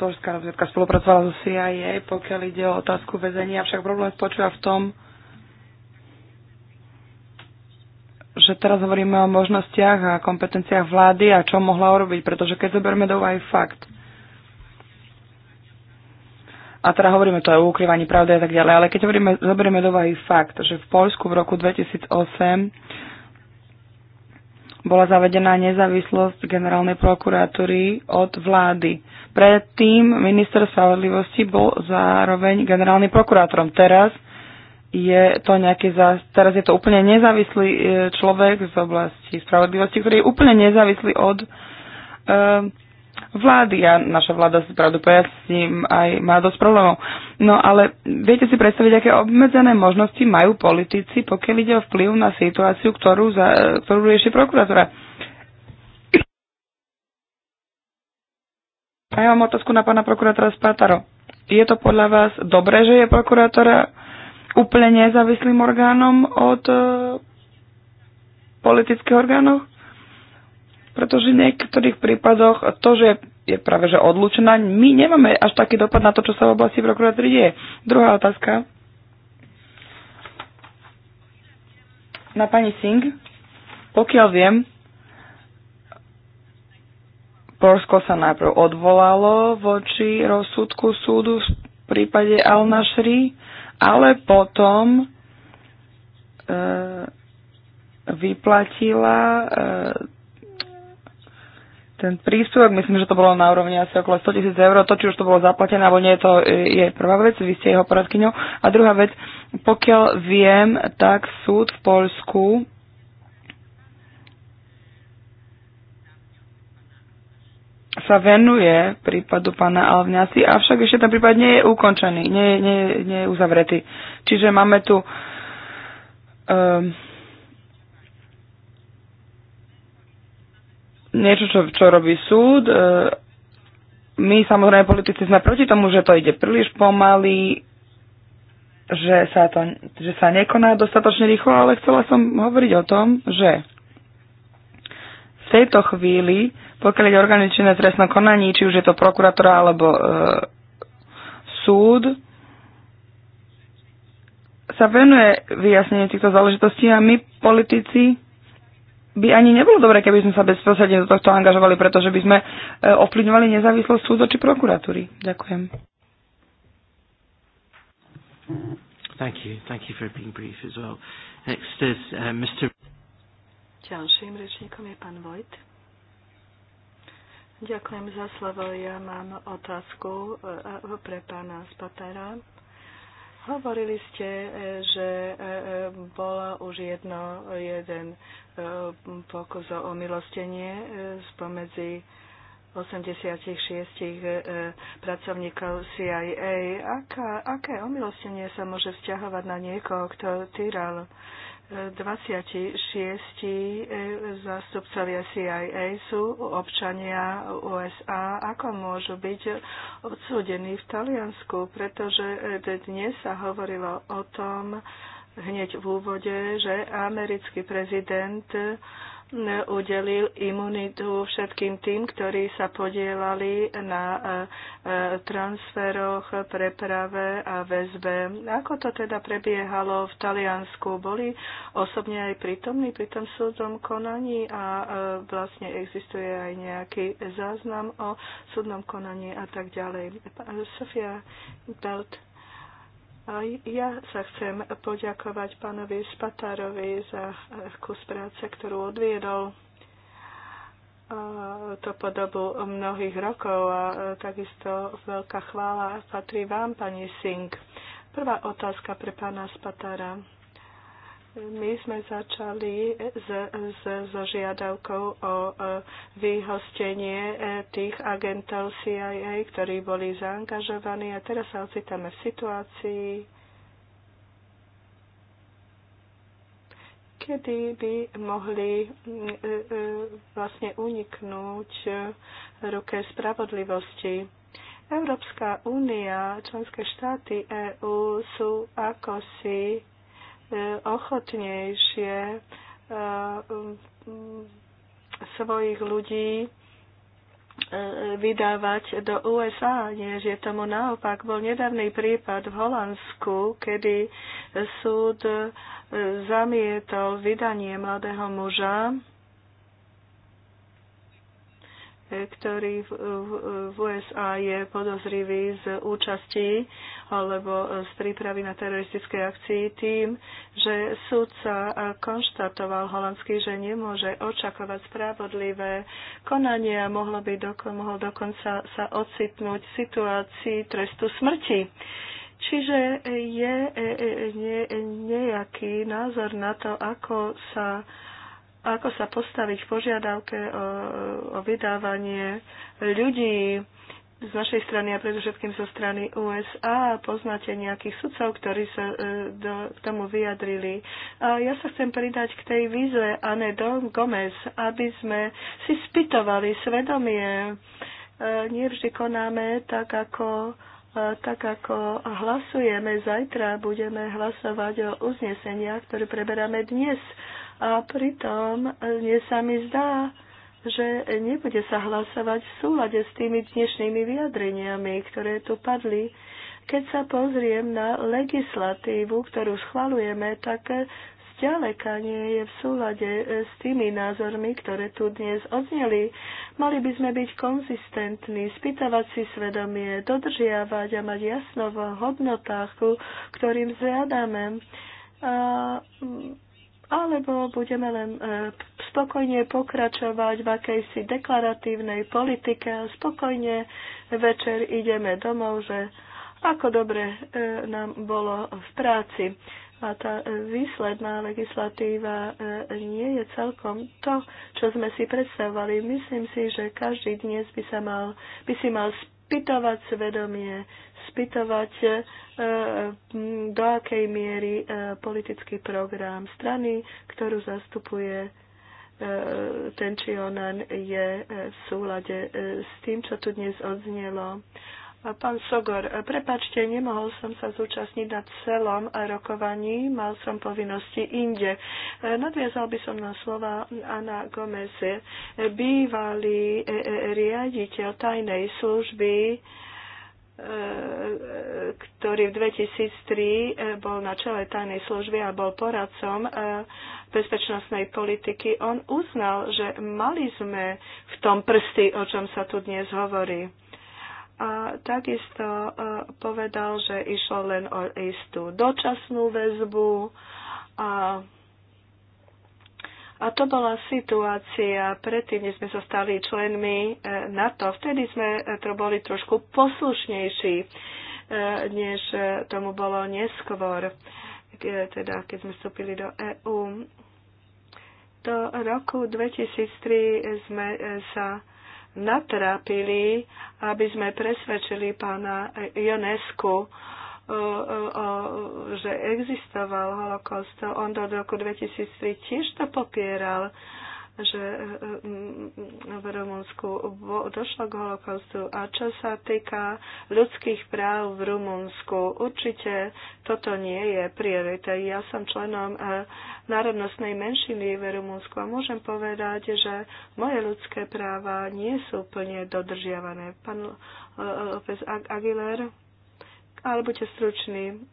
Speaker 4: polská rozvedka spolupracovala so CIA, pokiaľ ide o otázku väzenia, avšak problém spočíva v tom, že teraz hovoríme o možnostiach a kompetenciách vlády a čo mohla urobiť, pretože keď zoberme do úvahy fakt, a teda hovoríme to aj o ukrývaní pravdy a tak ďalej, ale keď hovoríme, zoberieme do vahy fakt, že v Polsku v roku 2008 bola zavedená nezávislosť generálnej prokuratúry od vlády. Predtým minister spravodlivosti bol zároveň generálnym prokurátorom. Teraz je to nejaký za, teraz je to úplne nezávislý e, človek z oblasti spravodlivosti, ktorý je úplne nezávislý od uh, vlády a naša vláda si pravdu pojasním aj má dosť problémov. No ale viete si predstaviť, aké obmedzené možnosti majú politici, pokiaľ ide o vplyv na situáciu, ktorú, za, ktorú rieši prokuratúra. A ja mám otázku na pána prokurátora Spátaro. Je to podľa vás dobré, že je prokurátora úplne nezávislým orgánom od uh, politických orgánov? pretože v niektorých prípadoch to, že je práve že odlučená, my nemáme až taký dopad na to, čo sa v oblasti prokuratúry deje. Druhá otázka. Na pani Singh, pokiaľ viem, Polsko sa najprv odvolalo voči rozsudku súdu v prípade Al-Nashri, ale potom e, vyplatila e, ten príspevok, myslím, že to bolo na úrovni asi okolo 100 tisíc eur, to, či už to bolo zaplatené, alebo nie, to je prvá vec, vy ste jeho poradkyňou. A druhá vec, pokiaľ viem, tak súd v Polsku sa venuje prípadu pána Alvňasi, avšak ešte ten prípad nie je ukončený, nie, nie, nie je uzavretý. Čiže máme tu um, niečo, čo, čo robí súd. E, my samozrejme politici sme proti tomu, že to ide príliš pomaly, že sa, to, že sa nekoná dostatočne rýchlo, ale chcela som hovoriť o tom, že v tejto chvíli, pokiaľ je organičné trestné konanie, či už je to prokurátora alebo e, súd, sa venuje vyjasnenie týchto záležitostí a my politici by ani nebolo dobré, keby sme sa bezprostredne do tohto angažovali, pretože by sme e, ovplyvňovali nezávislosť súdu či prokuratúry.
Speaker 1: Ďakujem. Thank you. Thank you for being brief as well. Next is uh, Mr.
Speaker 2: Ďalším rečníkom je pán Vojt. Ďakujem za slovo. Ja mám otázku e, pre pána Spatera. Hovorili ste, e, že bola už jedno, jeden E, pokus o milostenie e, spomedzi 86 e, pracovníkov CIA. Aká, aké omilostenie sa môže vzťahovať na niekoho, kto týral 26 zástupcovia CIA sú občania USA. Ako môžu byť odsúdení v Taliansku? Pretože dnes sa hovorilo o tom, hneď v úvode, že americký prezident udelil imunitu všetkým tým, ktorí sa podielali na e, e, transferoch, preprave a väzbe. Ako to teda prebiehalo v Taliansku? Boli osobne aj prítomní pri tom súdnom konaní a e, vlastne existuje aj nejaký záznam o súdnom konaní a tak ďalej. Sofia Belt. A ja sa chcem poďakovať pánovi Spatárovi za kus práce, ktorú odviedol to po dobu mnohých rokov a takisto veľká chvála patrí vám, pani Singh. Prvá otázka pre pána Spatára my sme začali s, s, so žiadavkou o e, vyhostenie e, tých agentov CIA, ktorí boli zaangažovaní a teraz sa ocitáme v situácii, kedy by mohli e, vlastne uniknúť ruke spravodlivosti. Európska únia, členské štáty EÚ sú ako si ochotnejšie eh, svojich ľudí eh, vydávať do USA, než je tomu naopak. Bol nedávny prípad v Holandsku, kedy súd eh, zamietol vydanie mladého muža ktorý v, v USA je podozrivý z účasti alebo z prípravy na teroristické akcii tým, že súdca konštatoval holandský, že nemôže očakávať spravodlivé konanie a mohlo by doko, mohol dokonca sa ocitnúť v situácii trestu smrti. Čiže je nejaký názor na to, ako sa ako sa postaviť v požiadavke o, e, o vydávanie ľudí z našej strany a predovšetkým zo strany USA. Poznáte nejakých sudcov, ktorí sa e, do, k tomu vyjadrili. A ja sa chcem pridať k tej výzve Anne Don Gomez, aby sme si spytovali svedomie. E, nie vždy konáme tak, ako e, tak ako hlasujeme zajtra, budeme hlasovať o uzneseniach, ktoré preberáme dnes. A pritom mne sa mi zdá, že nebude sa hlasovať v súlade s tými dnešnými vyjadreniami, ktoré tu padli. Keď sa pozriem na legislatívu, ktorú schvalujeme, tak zďaleka nie je v súlade e, s tými názormi, ktoré tu dnes odzneli. Mali by sme byť konzistentní, spýtavať si svedomie, dodržiavať a mať jasno v hodnotách, ktorým zriadame. A alebo budeme len e, spokojne pokračovať v akejsi deklaratívnej politike a spokojne večer ideme domov, že ako dobre e, nám bolo v práci. A tá výsledná legislatíva e, nie je celkom to, čo sme si predstavovali. Myslím si, že každý dnes by, sa mal, by si mal spýtovať svedomie, spýtovať, e, e, do akej miery e, politický program strany, ktorú zastupuje ten či onen je v súlade s tým, čo tu dnes odznelo. Pán Sogor, prepačte, nemohol som sa zúčastniť na celom rokovaní, mal som povinnosti inde. Nadviazal by som na slova Ana Gomeze, bývalý e, e, riaditeľ tajnej služby, e, ktorý v 2003 bol na čele tajnej služby a bol poradcom bezpečnostnej politiky, on uznal, že mali sme v tom prsty, o čom sa tu dnes hovorí a takisto e, povedal, že išlo len o istú dočasnú väzbu a a to bola situácia predtým, než sme sa stali členmi e, NATO. Vtedy sme e, to boli trošku poslušnejší, než tomu bolo neskôr, teda keď sme vstúpili do EÚ. Do roku 2003 sme sa natrápili, aby sme presvedčili pána Ionesku, e, e, že existoval holokost. On do roku 2003 tiež to popieral že e, e, v Rumunsku došlo k holokaustu. A čo sa týka ľudských práv v Rumunsku, určite toto nie je priorita. Ja som členom e, národnostnej menšiny v Rumunsku a môžem povedať, že moje ľudské práva nie sú plne dodržiavané. Pán López Aguilera, ale buďte stručný.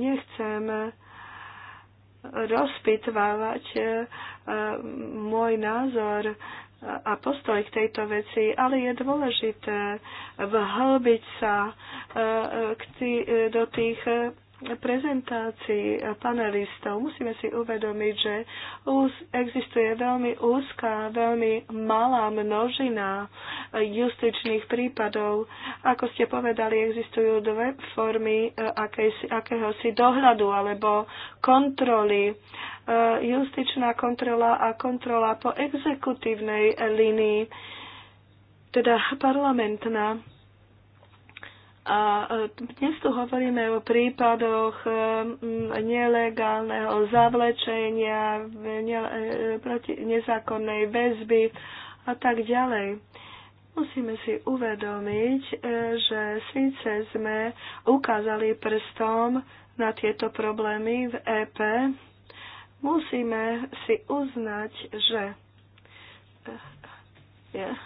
Speaker 2: Nechcem rozpitvávať e, môj názor a postoj k tejto veci, ale je dôležité vhlbiť sa e, e, do tých prezentácii panelistov musíme si uvedomiť, že existuje veľmi úzká, veľmi malá množina justičných prípadov. Ako ste povedali, existujú dve formy e, akéhosi dohľadu alebo kontroly. E, justičná kontrola a kontrola po exekutívnej línii, teda parlamentná a e, dnes tu hovoríme o prípadoch e, nelegálneho zavlečenia, e, nezákonnej väzby a tak ďalej. Musíme si uvedomiť, že síce sme ukázali prstom na tieto problémy v EP, musíme si uznať, že yeah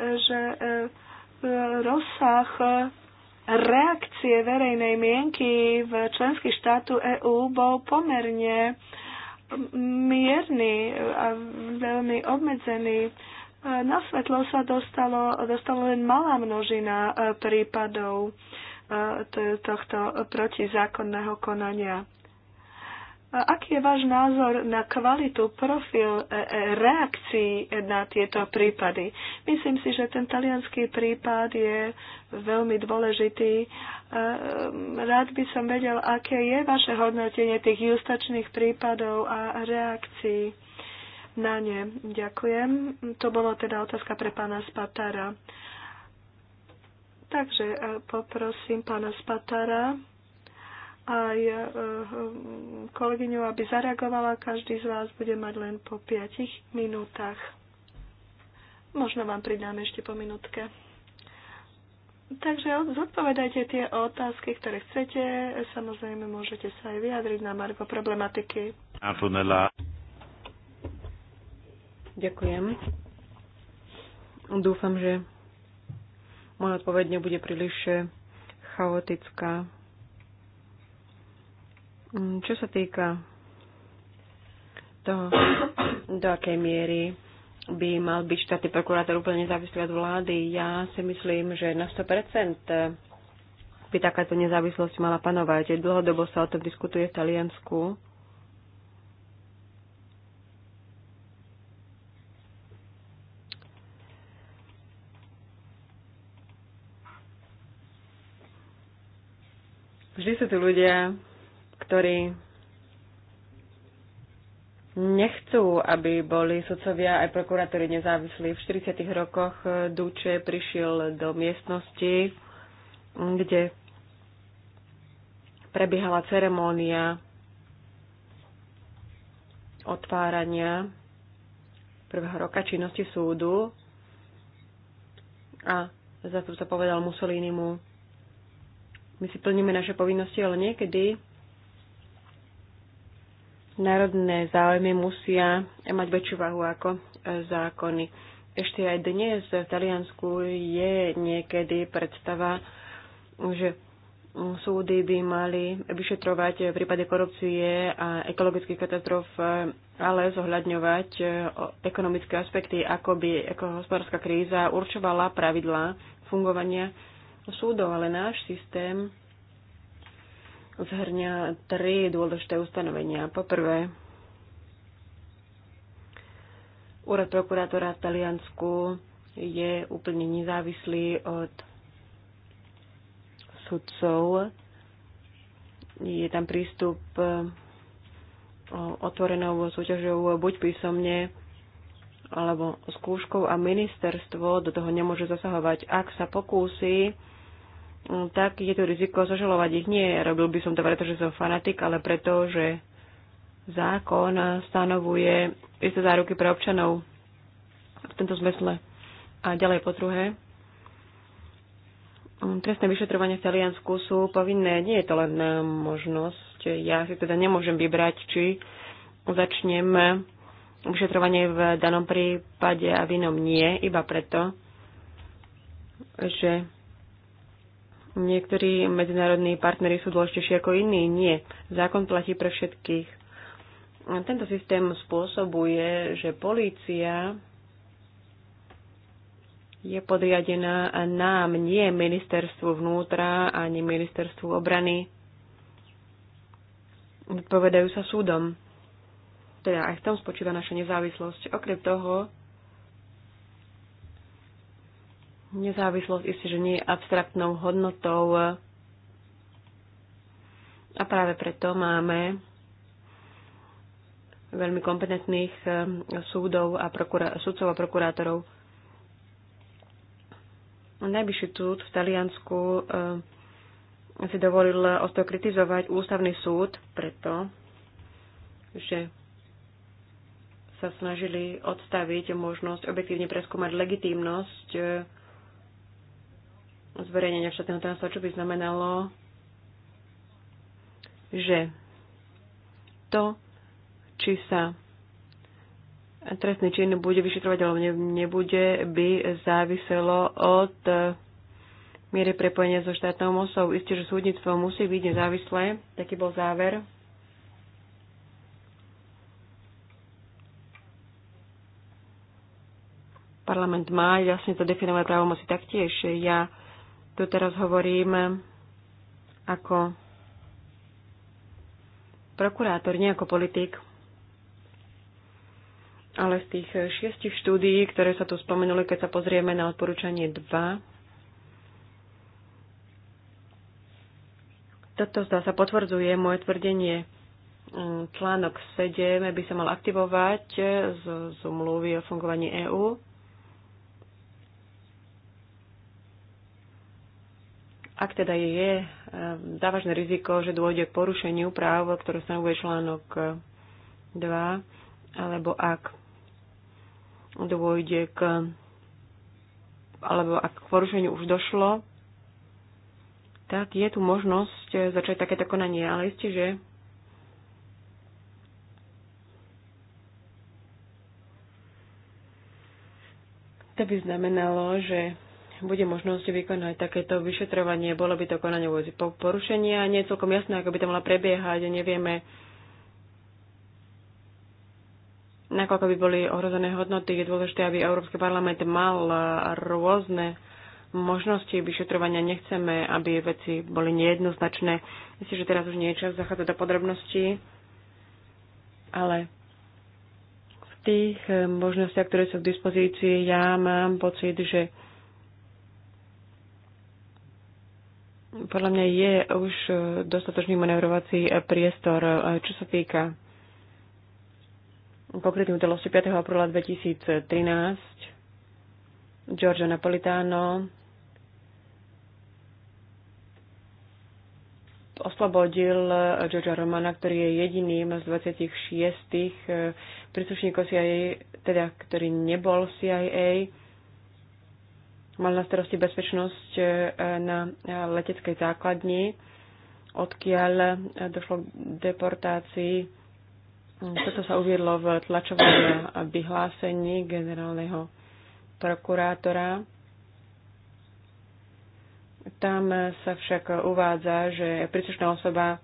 Speaker 2: že e, rozsah e, reakcie verejnej mienky v členských štátu EÚ bol pomerne mierny a veľmi obmedzený. E, na svetlo sa dostalo, dostalo len malá množina prípadov tohto protizákonného konania. Aký je váš názor na kvalitu, profil e, e, reakcií na tieto prípady? Myslím si, že ten talianský prípad je veľmi dôležitý. E, rád by som vedel, aké je vaše hodnotenie tých justačných prípadov a reakcií na ne. Ďakujem. To bolo teda otázka pre pána Spatara. Takže poprosím pána Spatara aj eh, hm, kolegyňu, aby zareagovala. Každý z vás bude mať len po 5 minútach. Možno vám pridám ešte po minútke. Takže zodpovedajte tie otázky, ktoré chcete. Samozrejme, môžete sa aj vyjadriť na Marko problematiky.
Speaker 1: Antonella.
Speaker 3: Ďakujem. Dúfam, že moja odpoveď nebude príliš chaotická. Mm, čo sa týka toho, do akej miery by mal byť štátny prokurátor úplne nezávislý od vlády, ja si myslím, že na 100% by takáto nezávislosť mala panovať. Dlhodobo sa o tom diskutuje v Taliansku. Vždy sú tu ľudia, ktorí nechcú, aby boli sudcovia aj prokurátori nezávislí. V 40. rokoch eh, Duče prišiel do miestnosti, kde prebiehala ceremónia otvárania prvého roka činnosti súdu a sa povedal Mussolinimu, my si plníme naše povinnosti, ale niekedy národné záujmy musia mať väčšiu váhu ako e, zákony. Ešte aj dnes v Taliansku je niekedy predstava, že súdy by mali vyšetrovať prípade korupcie a ekologických katastrof, e, ale zohľadňovať e, ekonomické aspekty, ako by hospodárska kríza určovala pravidlá fungovania súdov, ale náš systém zhrňa tri dôležité ustanovenia. Po prvé, Úrad prokurátora v Taliansku je úplne nezávislý od sudcov. Je tam prístup e, otvorenou súťažou buď písomne alebo skúškou a ministerstvo do toho nemôže zasahovať. Ak sa pokúsi Mm, tak je tu riziko zažalovať ich. Nie, robil by som to preto, že som fanatik, ale preto, že zákon stanovuje isté záruky pre občanov v tomto zmysle. A ďalej po druhé, mm, trestné vyšetrovanie v Taliansku sú povinné. Nie je to len e, možnosť. Ja si teda nemôžem vybrať, či začnem e, vyšetrovanie v danom prípade a v inom nie, iba preto, že Niektorí medzinárodní partnery sú dôležitejší ako iní. Nie. Zákon platí pre všetkých. Tento systém spôsobuje, že polícia je podriadená nám, nie ministerstvu vnútra ani ministerstvu obrany. Odpovedajú sa súdom. Teda aj v tom spočíva naša nezávislosť. Okrem toho, Nezávislosť isté, že nie je abstraktnou hodnotou a práve preto máme veľmi kompetentných eh, súdov a prokura- súdcov a prokurátorov. Najvyšší súd v Taliansku eh, si dovolil ostro kritizovať ústavný súd, preto, že sa snažili odstaviť možnosť objektívne preskúmať legitímnosť eh, zverejnenia štátneho tajomstva, čo by znamenalo, že to, či sa trestný čin bude vyšetrovať alebo nebude, by záviselo od miery prepojenia so štátnou mocou. Isté, že súdnictvo musí byť nezávislé, taký bol záver. Parlament má jasne to definovať právomoci taktiež. Ja tu teraz hovorím ako prokurátor, nie ako politik. Ale z tých šiestich štúdií, ktoré sa tu spomenuli, keď sa pozrieme na odporúčanie 2, toto zdá sa potvrdzuje moje tvrdenie. Článok 7 by sa mal aktivovať z umluvy o fungovaní EÚ Ak teda je závažné eh, riziko, že dôjde k porušeniu práv, ktoré stanovuje článok 2, eh, alebo ak dôjde k alebo ak k porušeniu už došlo, tak je tu možnosť eh, začať takéto konanie. Ale isté, že to by znamenalo, že bude možnosť vykonať takéto vyšetrovanie. Bolo by to konanie vozi porušenia. Nie je celkom jasné, ako by to mala prebiehať. Nevieme, nakoľko by boli ohrozené hodnoty. Je dôležité, aby Európsky parlament mal rôzne možnosti vyšetrovania. Nechceme, aby veci boli nejednoznačné. Myslím, že teraz už nie je čas zachádzať do podrobností, ale v tých možnostiach, ktoré sú k dispozícii, ja mám pocit, že podľa mňa je už e, dostatočný manevrovací e, priestor, e, čo sa týka konkrétnej udalosti 5. apríla 2013. Giorgio Napolitano oslobodil Giorgio Romana, ktorý je jediným z 26 príslušníkov CIA, teda ktorý nebol CIA mal na starosti bezpečnosť e, na e, leteckej základni, odkiaľ e, došlo k deportácii. Toto sa uviedlo v tlačovom vyhlásení generálneho prokurátora. Tam sa však uvádza, že príslušná osoba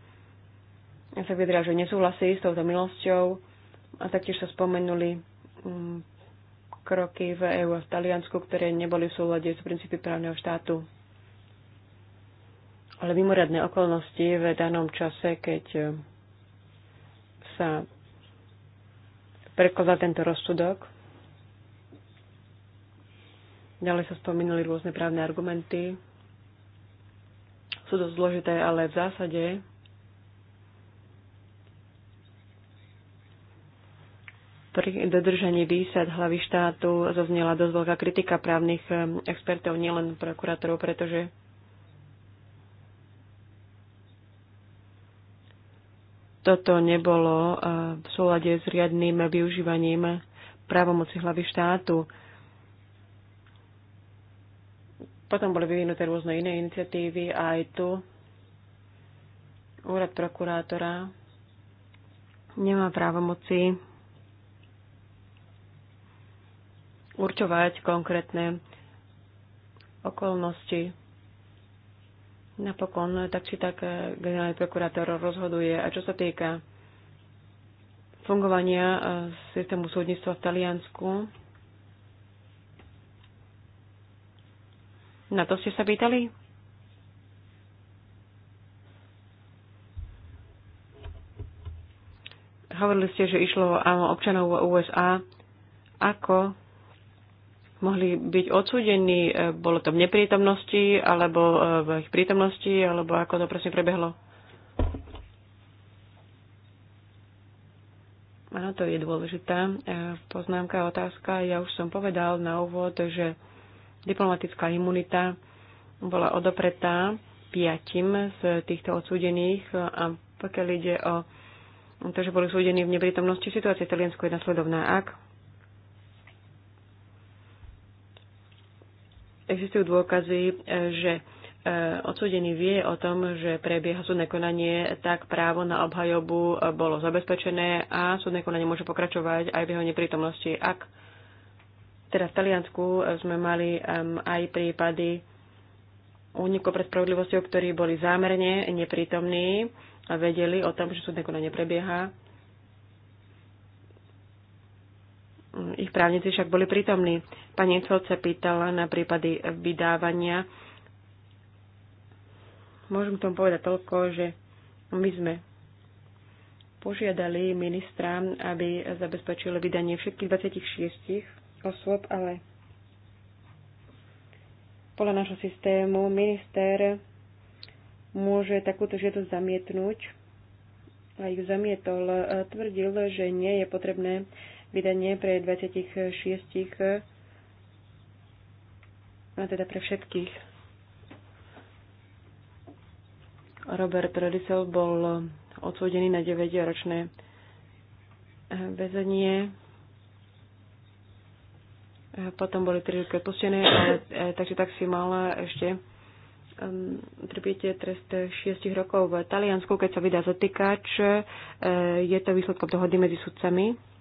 Speaker 3: sa vyjadrila, že nesúhlasí s touto milosťou a taktiež sa spomenuli kroky v EU a v Taliansku, ktoré neboli v súlade s princípy právneho štátu. Ale mimoriadne okolnosti v danom čase, keď eh, sa prekladá tento rozsudok. Ďalej sa spomínali rôzne právne argumenty. Sú dosť zložité, ale v zásade pri dodržaní výsad hlavy štátu zaznela dosť veľká kritika právnych eh, expertov, nielen prokurátorov, pretože toto nebolo eh, v súlade s riadným využívaním právomoci hlavy štátu. Potom boli vyvinuté rôzne iné iniciatívy a aj tu úrad prokurátora nemá právomoci určovať konkrétne okolnosti. Napokon tak či tak generálny prokurátor rozhoduje. A čo sa týka fungovania e, systému súdnictva v Taliansku, na to ste sa pýtali? Hovorili ste, že išlo o občanov USA. Ako mohli byť odsúdení. E, bolo to v neprítomnosti, alebo e, v ich prítomnosti, alebo ako to presne prebehlo? Áno, to je dôležitá e, poznámka a otázka. Ja už som povedal na úvod, že diplomatická imunita bola odopretá piatim z týchto odsúdených a pokiaľ ide o to, že boli súdení v neprítomnosti, situácia v Taliansku je nasledovná. Ak Existujú dôkazy, e, že e, odsudený vie o tom, že prebieha súdne konanie, tak právo na obhajobu e, bolo zabezpečené a súdne konanie môže pokračovať aj v jeho neprítomnosti. Ak teda v Taliansku sme mali aj prípady úniku pred spravodlivosťou, ktorí boli zámerne neprítomní a vedeli o tom, že súdne konanie prebieha Hm, ich právnici však boli prítomní. Pani Feld sa pýtala na prípady vydávania. Môžem k tomu povedať toľko, že my sme požiadali ministra, aby zabezpečil vydanie všetkých 26 osôb, ale podľa nášho systému minister môže takúto žiadosť zamietnúť a ich zamietol. Tvrdil, že nie je potrebné vydanie pre 26 a teda pre všetkých. Robert Rodisov bol odsúdený na 9-ročné eh, väzenie. Eh, potom boli 3 roky odpustené, ale, eh, takže tak si mal ešte um, trpíte trest 6 rokov v Taliansku, keď sa vydá zatýkač. je to výsledkom dohody medzi sudcami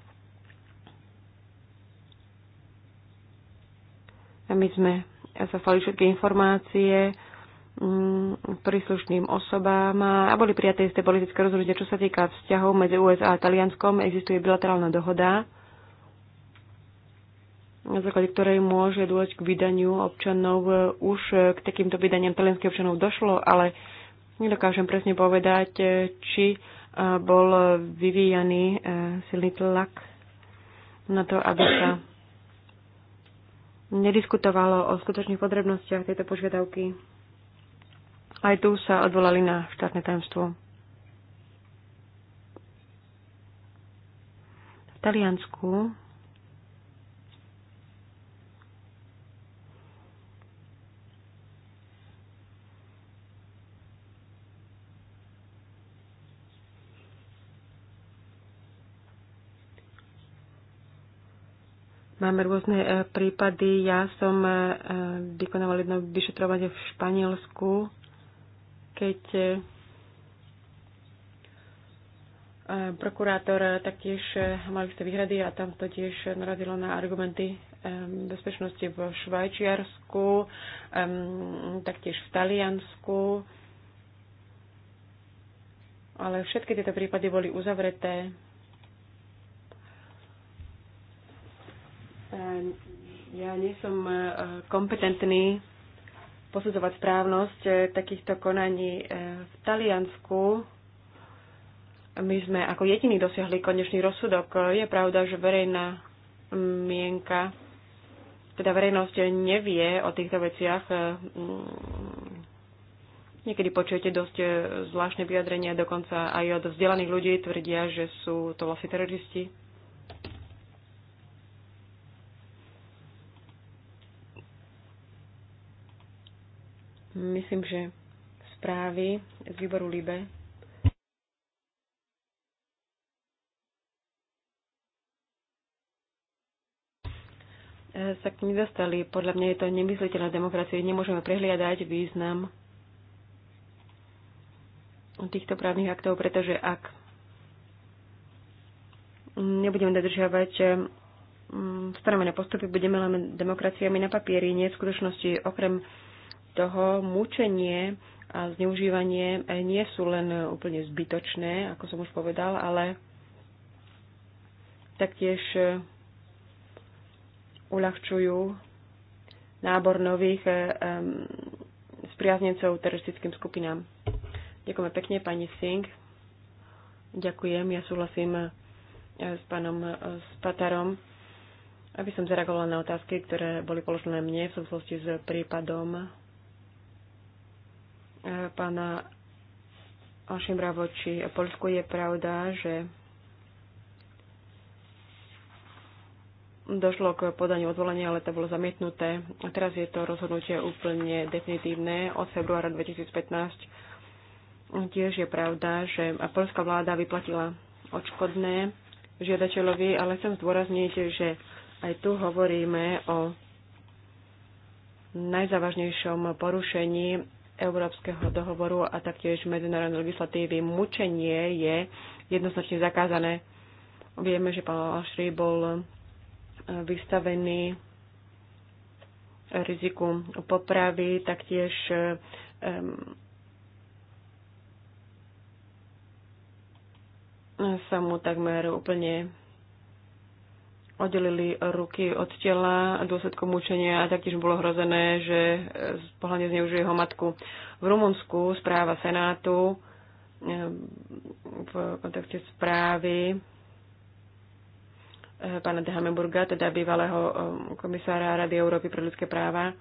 Speaker 3: My sme zaslali všetky informácie mm, príslušným osobám a boli prijaté isté politické rozhodnutie, čo sa týka vzťahov medzi USA a Talianskom. Existuje bilaterálna dohoda, na základe ktorej môže dôjsť k vydaniu občanov. Už k takýmto vydaniam talianských občanov došlo, ale nedokážem presne povedať, či eh, bol vyvíjaný eh, silný tlak na to, aby sa nediskutovalo o skutočných podrobnostiach tejto požiadavky. Aj tu sa odvolali na štátne tajomstvo. V Taliansku Máme rôzne e, prípady. Ja som e, e, vykonával jedno vyšetrovanie v Španielsku, keď prokurátor taktiež mal isté výhrady a tam to tiež narazilo na argumenty bezpečnosti v Švajčiarsku, taktiež v Taliansku. Ale všetky tieto prípady boli uzavreté Ja nie som e, kompetentný posudzovať správnosť e, takýchto konaní e, v Taliansku. My sme ako jediní dosiahli konečný rozsudok. Je pravda, že verejná mienka, teda verejnosť nevie o týchto veciach. Mm, niekedy počujete dosť zvláštne vyjadrenia, dokonca aj od vzdelaných ľudí tvrdia, že sú to vlastne teroristi. Myslím, že správy z výboru LIBE e, sa k nim dostali. Podľa mňa je to nemysliteľná demokracie. Nemôžeme prehliadať význam týchto právnych aktov, pretože ak nebudeme dodržiavať e, stanovené postupy, budeme len demokraciami na papieri, nie v skutočnosti. Okrem toho mučenie a zneužívanie eh, nie sú len úplne zbytočné, ako som už povedal, ale taktiež eh, uľahčujú nábor nových eh, spriaznencov teroristickým skupinám. Ďakujeme pekne, pani Singh. Ďakujem, ja súhlasím s pánom Spatarom, aby som zareagovala na otázky, ktoré boli položené mne v súvislosti s prípadom pána Alšimra voči Polsku je pravda, že došlo k podaniu odvolenia, ale to bolo zamietnuté. A teraz je to rozhodnutie úplne definitívne od februára 2015. Tiež je pravda, že polská vláda vyplatila odškodné žiadateľovi, ale chcem zdôrazniť, že aj tu hovoríme o najzávažnejšom porušení Európskeho dohovoru a taktiež medzinárodnej legislatívy. Mučenie je jednoznačne zakázané. Vieme, že pán Alšri bol e, vystavený riziku popravy, taktiež um, sa mu takmer úplne oddelili ruky od tela dôsledkom mučenia a taktiež bolo hrozené, že pohľadne zneužije jeho matku. V Rumunsku správa Senátu eh, v kontakte správy eh, pána Dehameburga, teda bývalého eh, komisára Rady Európy pre ľudské práva,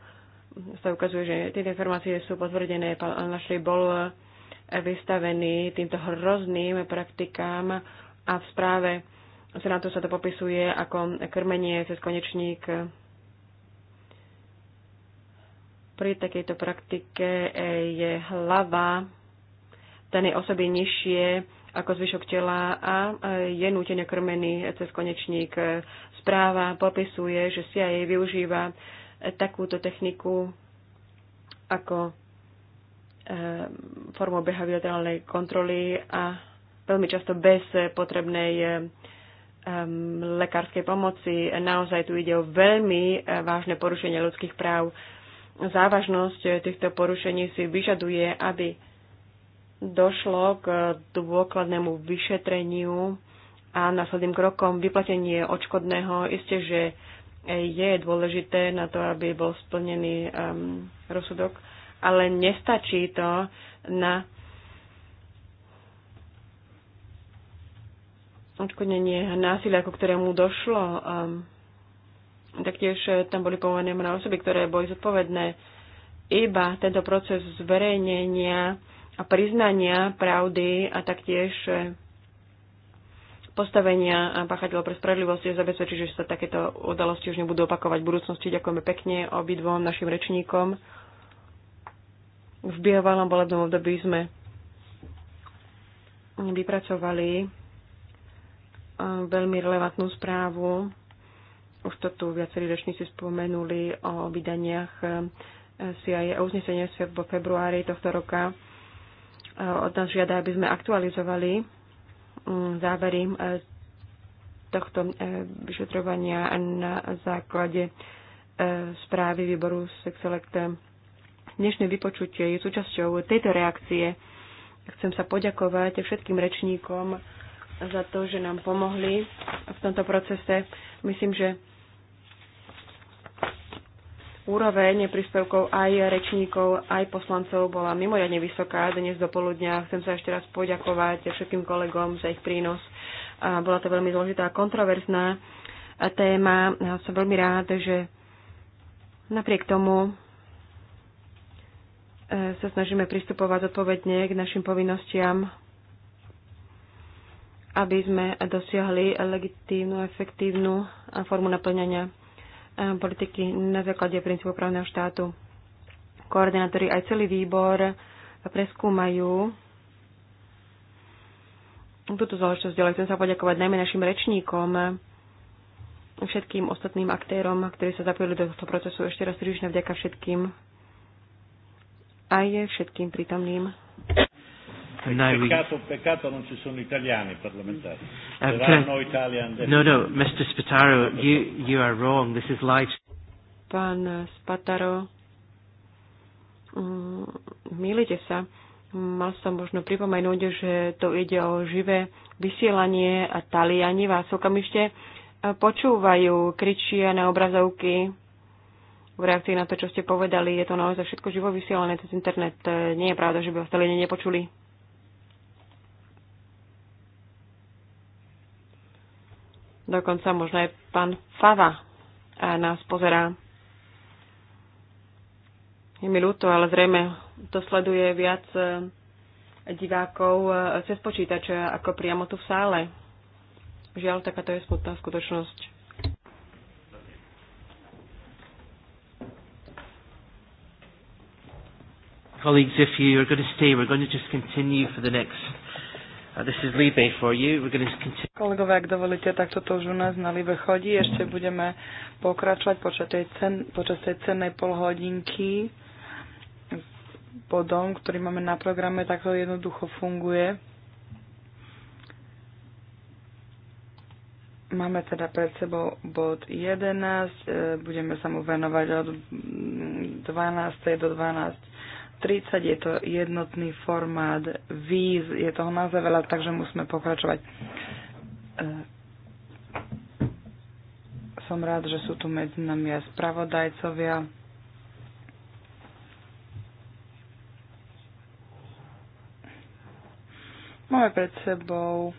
Speaker 3: sa ukazuje, že tieto informácie sú potvrdené. Pán Našli bol vystavený týmto hrozným praktikám a v správe to sa to popisuje ako krmenie cez konečník. Pri takejto praktike je hlava danej osoby nižšie ako zvyšok tela a je nútene krmený cez konečník. Správa popisuje, že CIA využíva takúto techniku ako eh, formou behaviorálnej kontroly a veľmi často bez potrebnej eh, lekárskej pomoci. Naozaj tu ide o veľmi e, vážne porušenie ľudských práv. Závažnosť e, týchto porušení si vyžaduje, aby došlo k dôkladnému vyšetreniu a následným krokom vyplatenie odškodného. Isté, že e, je dôležité na to, aby bol splnený um, rozsudok, ale nestačí to na odškodnenie násilia, ako ktorému došlo. Um, taktiež eh, tam boli povolené mnohé osoby, ktoré boli zodpovedné. Iba tento proces zverejnenia a priznania pravdy a taktiež eh, postavenia páchateľov pre spravodlivosť je zabezpečiť, že sa takéto udalosti už nebudú opakovať v budúcnosti. Ďakujeme pekne obidvom našim rečníkom. V biovalnom volebnom období sme vypracovali veľmi relevantnú správu. Už to tu viacerí rečníci spomenuli o vydaniach eh, CIA a uznesenia sa vo februári tohto roka. Eh, od nás žiada, aby sme aktualizovali mm, závery eh, tohto vyšetrovania na základe správy výboru Sexelect. Dnešné vypočutie je súčasťou tejto reakcie. Chcem sa poďakovať všetkým rečníkom za to, že nám pomohli v tomto procese. Myslím, že úroveň príspevkov aj rečníkov, aj poslancov bola mimoriadne vysoká dnes do poludnia. Chcem sa ešte raz poďakovať všetkým kolegom za ich prínos. Bola to veľmi zložitá a kontroverzná téma. Ja som veľmi rád, že napriek tomu e, sa snažíme pristupovať odpovedne k našim povinnostiam aby sme dosiahli legitímnu, efektívnu formu naplňania eh, politiky na základe princípu právneho štátu. Koordinátori aj celý výbor preskúmajú túto záležitosť ďalej. Chcem sa poďakovať najmä našim rečníkom, všetkým ostatným aktérom, ktorí sa zapojili do tohto procesu. Ešte raz srdečne vďaka všetkým aj všetkým prítomným.
Speaker 1: Peccato, we... peccato non ci sono italiani parlamentari. Uh, There are I... no Italian No, no, Mr. Spataro, you, you are wrong. This is live.
Speaker 3: Pán eh, Spataro, mm, milite sa. Mal som možno pripomenúť, že to ide o živé vysielanie a Taliani vás okamžite eh, počúvajú, kričia na obrazovky v reakcii na to, čo ste povedali. Je to naozaj všetko živo vysielané cez internet. Eh, nie je pravda, že by vás Taliani nepočuli. Dokonca možno aj pán Fava e, nás pozerá. Je mi ľúto, ale zrejme to sleduje viac e, divákov e, cez počítače ako priamo tu v sále. Žiaľ, takáto je smutná skutočnosť.
Speaker 1: Colleagues, if you are going to stay, we're going to just continue for the next Uh, this is Libe for you. We're going to continue.
Speaker 4: Kolegové, ak dovolíte, tak toto už u nás na Libe chodí. Ešte budeme pokračovať počas tej, cen, počas tej cennej polhodinky bodom, ktorý máme na programe, tak to jednoducho funguje. Máme teda pred sebou bod 11, e, budeme sa mu venovať od 12. do 12 30, je to jednotný formát víz, je toho naozaj veľa, takže musíme pokračovať. E, som rád, že sú tu medzi nami aj spravodajcovia. Máme pred sebou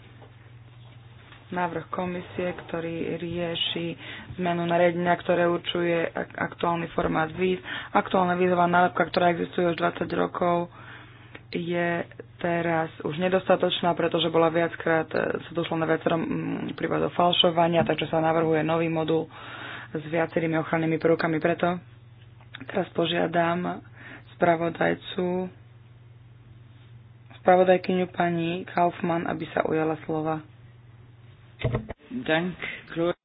Speaker 4: návrh komisie, ktorý rieši zmenu nariadenia, ktoré určuje aktuálny formát víz. Aktuálna vízová nálepka, ktorá existuje už 20 rokov, je teraz už nedostatočná, pretože bola viackrát, e, sa došlo na viacero mm, prípadov falšovania, takže sa navrhuje nový modul s viacerými ochrannými prvkami. Preto teraz požiadam spravodajcu, spravodajkyňu pani Kaufmann, aby sa ujala slova.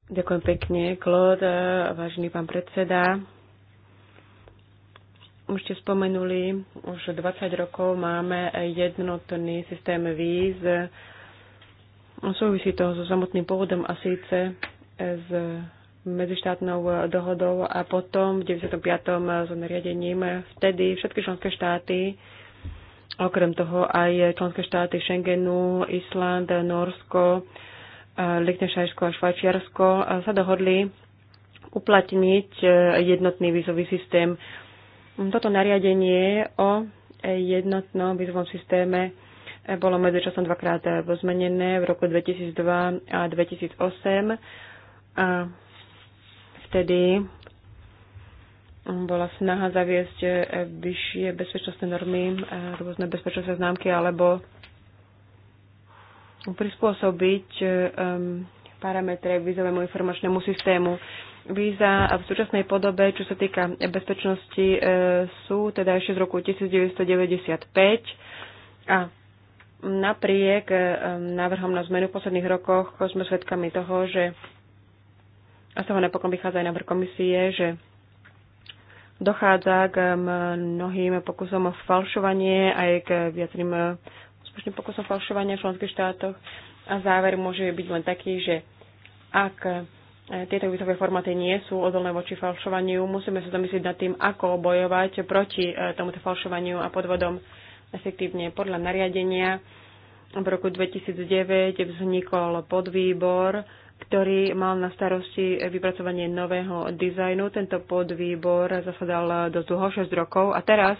Speaker 4: Ďakujem
Speaker 3: pekne, Klod, vážený pán predseda. Už ste spomenuli, už 20 rokov máme jednotný systém víz. Súvisí to so samotným pôvodom a síce s medzištátnou dohodou a potom v 95. s nariadením. Vtedy všetky členské štáty, okrem toho aj členské štáty Schengenu, Island, Norsko, Liechtensteinsko a Švajčiarsko sa dohodli uplatniť e, jednotný vízový systém. Toto nariadenie o jednotnom vízovom systéme e, bolo medzičasom dvakrát pozmenené e, v roku 2002 a 2008. A vtedy bola snaha zaviesť vyššie bezpečnostné normy, rôzne bezpečnostné známky alebo prispôsobiť eh, parametre vízovému informačnému systému. Víza v súčasnej podobe, čo sa týka bezpečnosti, eh, sú teda ešte z roku 1995 a napriek eh, návrhom na zmenu v posledných rokoch sme svedkami toho, že a z toho napokon vychádza aj návrh komisie, že dochádza k mnohým pokusom o falšovanie aj k viacerým bezpečným pokusom falšovania v členských štátoch. A záver môže byť len taký, že ak e, tieto výzové formáty nie sú odolné voči falšovaniu. Musíme sa zamyslieť nad tým, ako bojovať proti e, tomuto falšovaniu a podvodom efektívne podľa nariadenia. V roku 2009 vznikol podvýbor, ktorý mal na starosti vypracovanie nového dizajnu. Tento podvýbor zasadal do dlho 6 rokov a teraz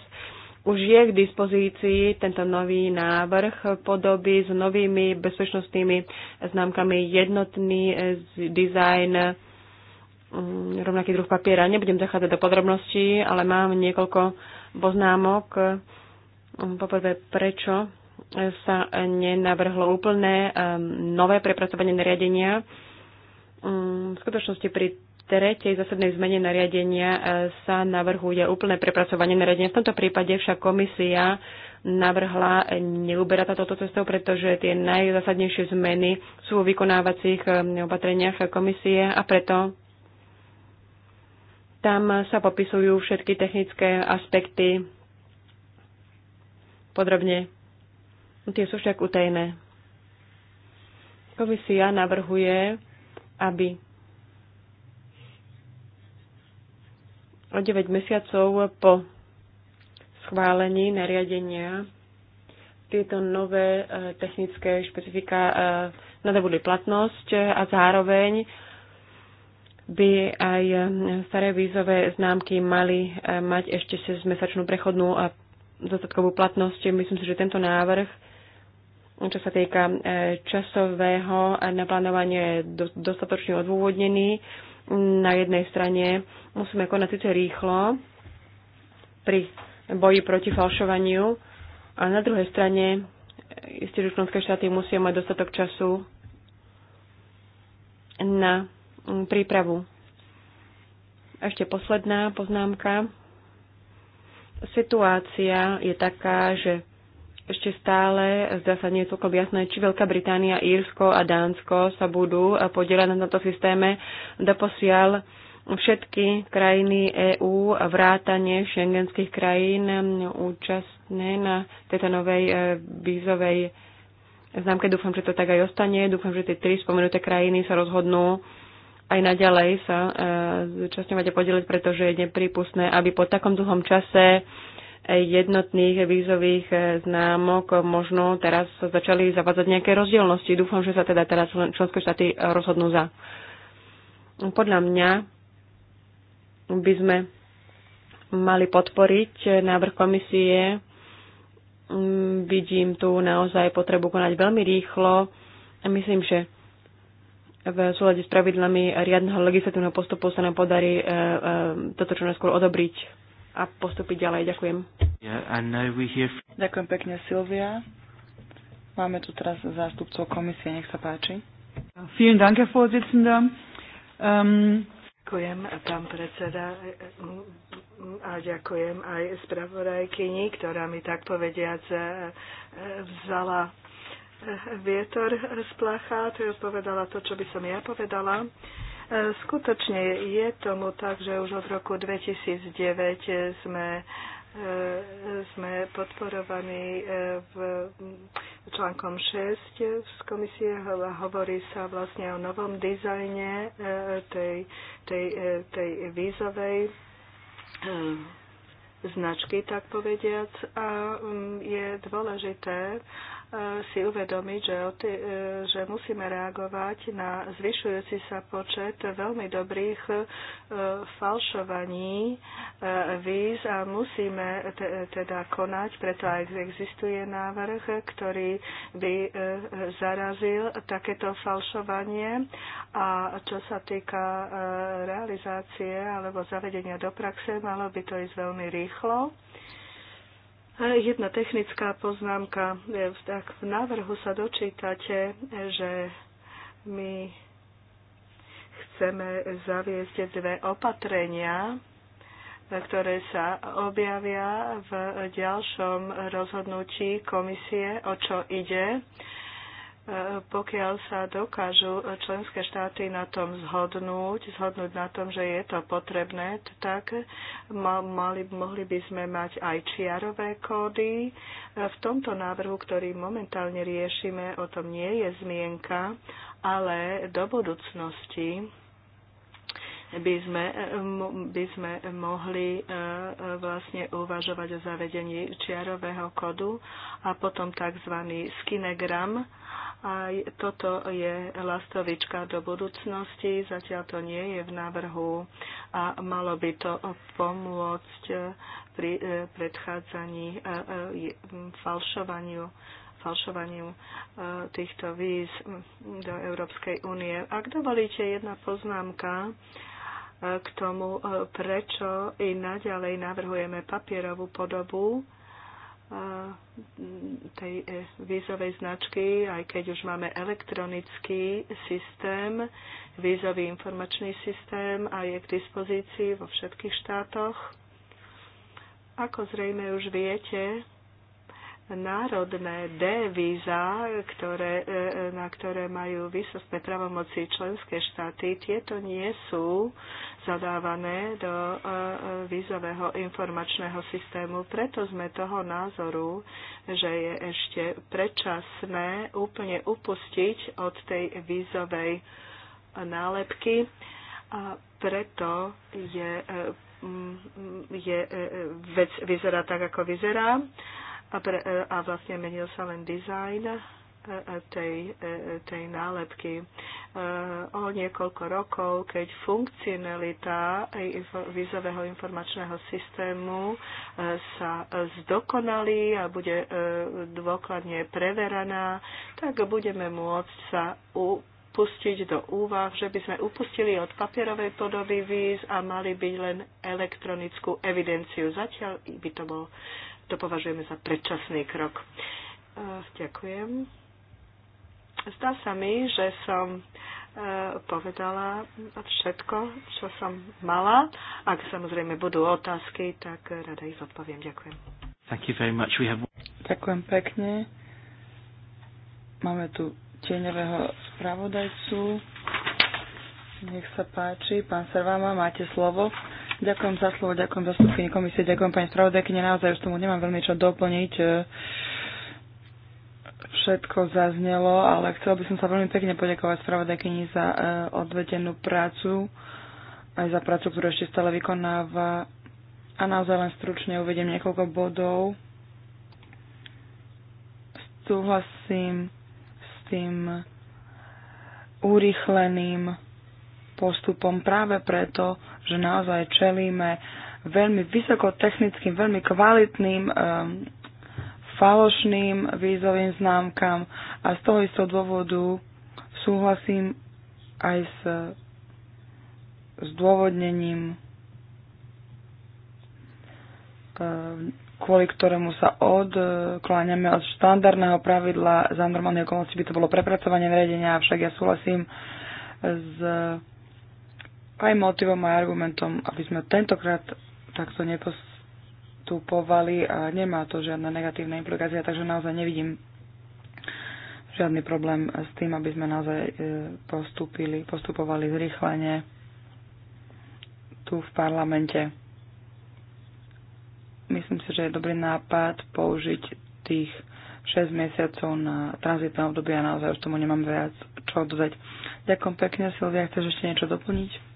Speaker 3: už je k dispozícii tento nový návrh podoby s novými bezpečnostnými známkami jednotný eh, dizajn mm, rovnaký druh papiera. Nebudem zachádzať do podrobností, ale mám niekoľko poznámok. Mm, poprvé, prečo sa nenavrhlo úplné ehm, nové prepracovanie nariadenia. Mm, v skutočnosti pri tretej zásadnej zmene nariadenia e, sa navrhuje úplné prepracovanie nariadenia. V tomto prípade však komisia navrhla neuberať toto cestou, pretože tie najzásadnejšie zmeny sú vo vykonávacích e, opatreniach komisie a preto tam sa popisujú všetky technické aspekty podrobne. Tie sú však utajné. Komisia navrhuje, aby o 9 mesiacov po schválení nariadenia tieto nové e, technické špecifika e, nadobudli platnosť a zároveň by aj e, staré vízové známky mali mať ešte 6-mesačnú prechodnú a dostatkovú platnosť. Myslím si, že tento návrh, čo sa týka časového naplánovania, je dostatočne odôvodnený na jednej strane musíme konať síce rýchlo pri boji proti falšovaniu a na druhej strane isté, že členské štáty musia mať dostatok času na prípravu. Ešte posledná poznámka. Situácia je taká, že ešte stále zdá sa nie je celkom jasné, či Veľká Británia, Írsko a Dánsko sa budú eh, podielať na tomto systéme. Doposiaľ všetky krajiny EÚ vrátane šengenských krajín mm, účastné na tejto novej eh, vízovej známke. Dúfam, že to tak aj ostane. Dúfam, že tie tri spomenuté krajiny sa rozhodnú aj naďalej sa eh, zúčastňovať a podeliť, pretože je nepripustné, aby po takom dlhom čase jednotných vízových eh, známok možno teraz sa začali zavádzať nejaké rozdielnosti. Dúfam, že sa teda teraz členské štáty eh, rozhodnú za. Podľa mňa by sme mali podporiť eh, návrh komisie. Mm, vidím tu naozaj potrebu konať veľmi rýchlo. Myslím, že v súlade s pravidlami riadneho legislatívneho postupu sa nám podarí toto čo najskôr odobriť a postupiť ďalej. Ďakujem.
Speaker 1: Yeah, hear...
Speaker 4: Ďakujem pekne, Silvia. Máme tu teraz zástupcov komisie, nech sa páči. Vielen Dank, Herr Vorsitzender. Um...
Speaker 2: Ďakujem, pán predseda, a ďakujem aj spravodajkyni, ktorá mi tak povediac e, vzala e, vietor z placha, to je odpovedala to, čo by som ja povedala. E, skutočne je tomu tak, že už od roku 2009 sme e, sme podporovaní e, v článkom 6 z komisie. Hovorí sa vlastne o novom dizajne tej, tej, tej vízovej značky, tak povediac. A mm, je dôležité, si uvedomiť, že, tý, e, že musíme reagovať na zvyšujúci sa počet veľmi dobrých e, falšovaní e, víz a musíme teda konať, preto aj existuje návrh, ktorý by zarazil takéto falšovanie a čo sa týka realizácie alebo zavedenia do praxe, malo by to ísť veľmi rýchlo. Jedna technická poznámka. Tak e, v návrhu sa dočítate, e, že my chceme zaviesť dve opatrenia, e, ktoré sa objavia v ďalšom rozhodnutí komisie, o čo ide pokiaľ sa dokážu členské štáty na tom zhodnúť, zhodnúť na tom, že je to potrebné, tak mali, mohli by sme mať aj čiarové kódy. V tomto návrhu, ktorý momentálne riešime, o tom nie je zmienka, ale do budúcnosti by sme, by sme mohli e, vlastne uvažovať o zavedení čiarového kodu a potom tzv. skinegram, a toto je lastovička do budúcnosti, zatiaľ to nie je v návrhu a malo by to pomôcť pri eh, predchádzaní eh, eh, falšovaniu falšovaniu týchto víz do Európskej únie. Ak dovolíte, jedna poznámka k tomu, prečo i naďalej navrhujeme papierovú podobu Mm, tej e, vízovej značky, aj keď už máme elektronický systém, vízový informačný systém a je k dispozícii vo všetkých štátoch. Ako zrejme už viete, národné D víza, ktoré, e, e, na ktoré majú výsostné pravomoci členské štáty, tieto nie sú zadávané do e, vízového informačného systému. Preto sme toho názoru, že je ešte predčasné úplne upustiť od tej vízovej nálepky a preto je, je vec vyzerá tak, ako vyzerá a, pre, e, a vlastne menil sa len dizajn e, e, tej, tej nálepky. O niekoľko rokov, keď funkcionalita vízového informačného systému sa zdokonalí a bude dôkladne preveraná, tak budeme môcť sa u pustiť do úvah, že by sme upustili od papierovej podoby víz a mali byť len elektronickú evidenciu. Zatiaľ by to bol to považujeme za predčasný krok. E, ďakujem. Zdá sa mi, že som e, povedala všetko, čo som mala. Ak samozrejme budú otázky, tak rada ich odpoviem. Ďakujem.
Speaker 1: Thank you very much. We have... Ďakujem pekne. Máme
Speaker 4: tu tieňového spravodajcu. Nech sa páči. Pán Servama, máte slovo. Ďakujem za slovo, ďakujem za skupiny komisie, ďakujem pani spravodajkyne, naozaj už tomu nemám veľmi čo doplniť. Všetko zaznelo, ale chcel by som sa veľmi pekne poďakovať spravodajkyni za e, odvedenú prácu, aj za prácu, ktorú ešte stále vykonáva. A naozaj len stručne uvediem niekoľko bodov. Súhlasím s tým e, urýchleným postupom práve preto, že naozaj čelíme veľmi vysokotechnickým, veľmi kvalitným um, falošným vízovým známkam a z toho istého dôvodu súhlasím aj s zdôvodnením, um, kvôli ktorému sa odkláňame od štandardného pravidla. Za normálne okolnosti by to bolo prepracovanie vedenia, avšak ja súhlasím s aj motivom a argumentom, aby sme tentokrát takto nepostupovali a nemá to žiadna negatívna implikácia, takže naozaj nevidím žiadny problém s tým, aby sme naozaj e, postupili, postupovali zrýchlenie tu v parlamente. Myslím si, že je dobrý nápad použiť tých 6 mesiacov na tranzitné obdobie a naozaj už tomu nemám viac čo dodať. Ďakujem pekne, Silvia, chceš ešte niečo doplniť?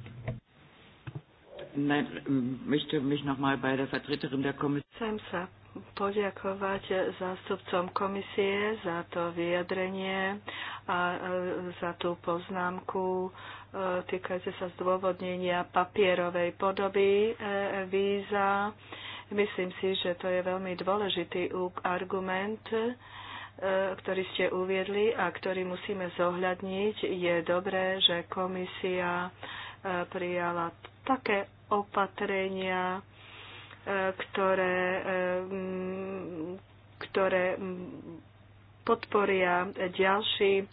Speaker 1: Chcem sa
Speaker 2: poďakovať zástupcom komisie za to vyjadrenie a e, za tú poznámku e, týkajúce sa zdôvodnenia papierovej podoby e, víza. Myslím si, že to je veľmi dôležitý argument, ktorý ste uviedli a ktorý musíme zohľadniť. Je dobré, že komisia prijala také opatrenia, e, ktoré, e, ktoré podporia ďalší, e,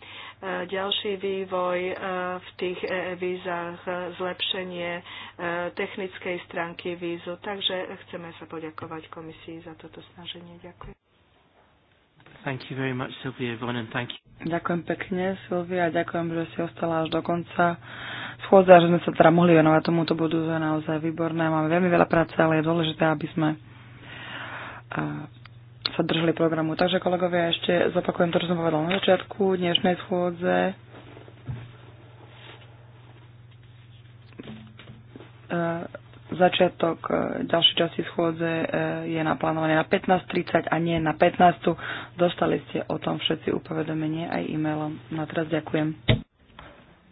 Speaker 2: ďalší vývoj v tých vízach, zlepšenie technickej stránky vízu. Takže chceme sa poďakovať komisii
Speaker 4: za toto snaženie. Ďakujem.
Speaker 1: Thank you very much, Sylvia Yvonne, and thank you.
Speaker 4: Ďakujem pekne, Silvia, ďakujem, že si ostala až do konca Uh, schôdza, že sme sa teda mohli venovať tomuto bodu, je naozaj výborné. Máme veľmi veľa práce, ale je dôležité, aby sme e, sa držali programu. Takže kolegovia, ešte zopakujem to, čo som povedal na začiatku dnešnej schôdze. E, začiatok e, ďalšej časti schôdze je naplánovaný na 15.30 a nie na 15. Dostali ste o tom všetci upovedomenie aj e-mailom. Na no teraz ďakujem.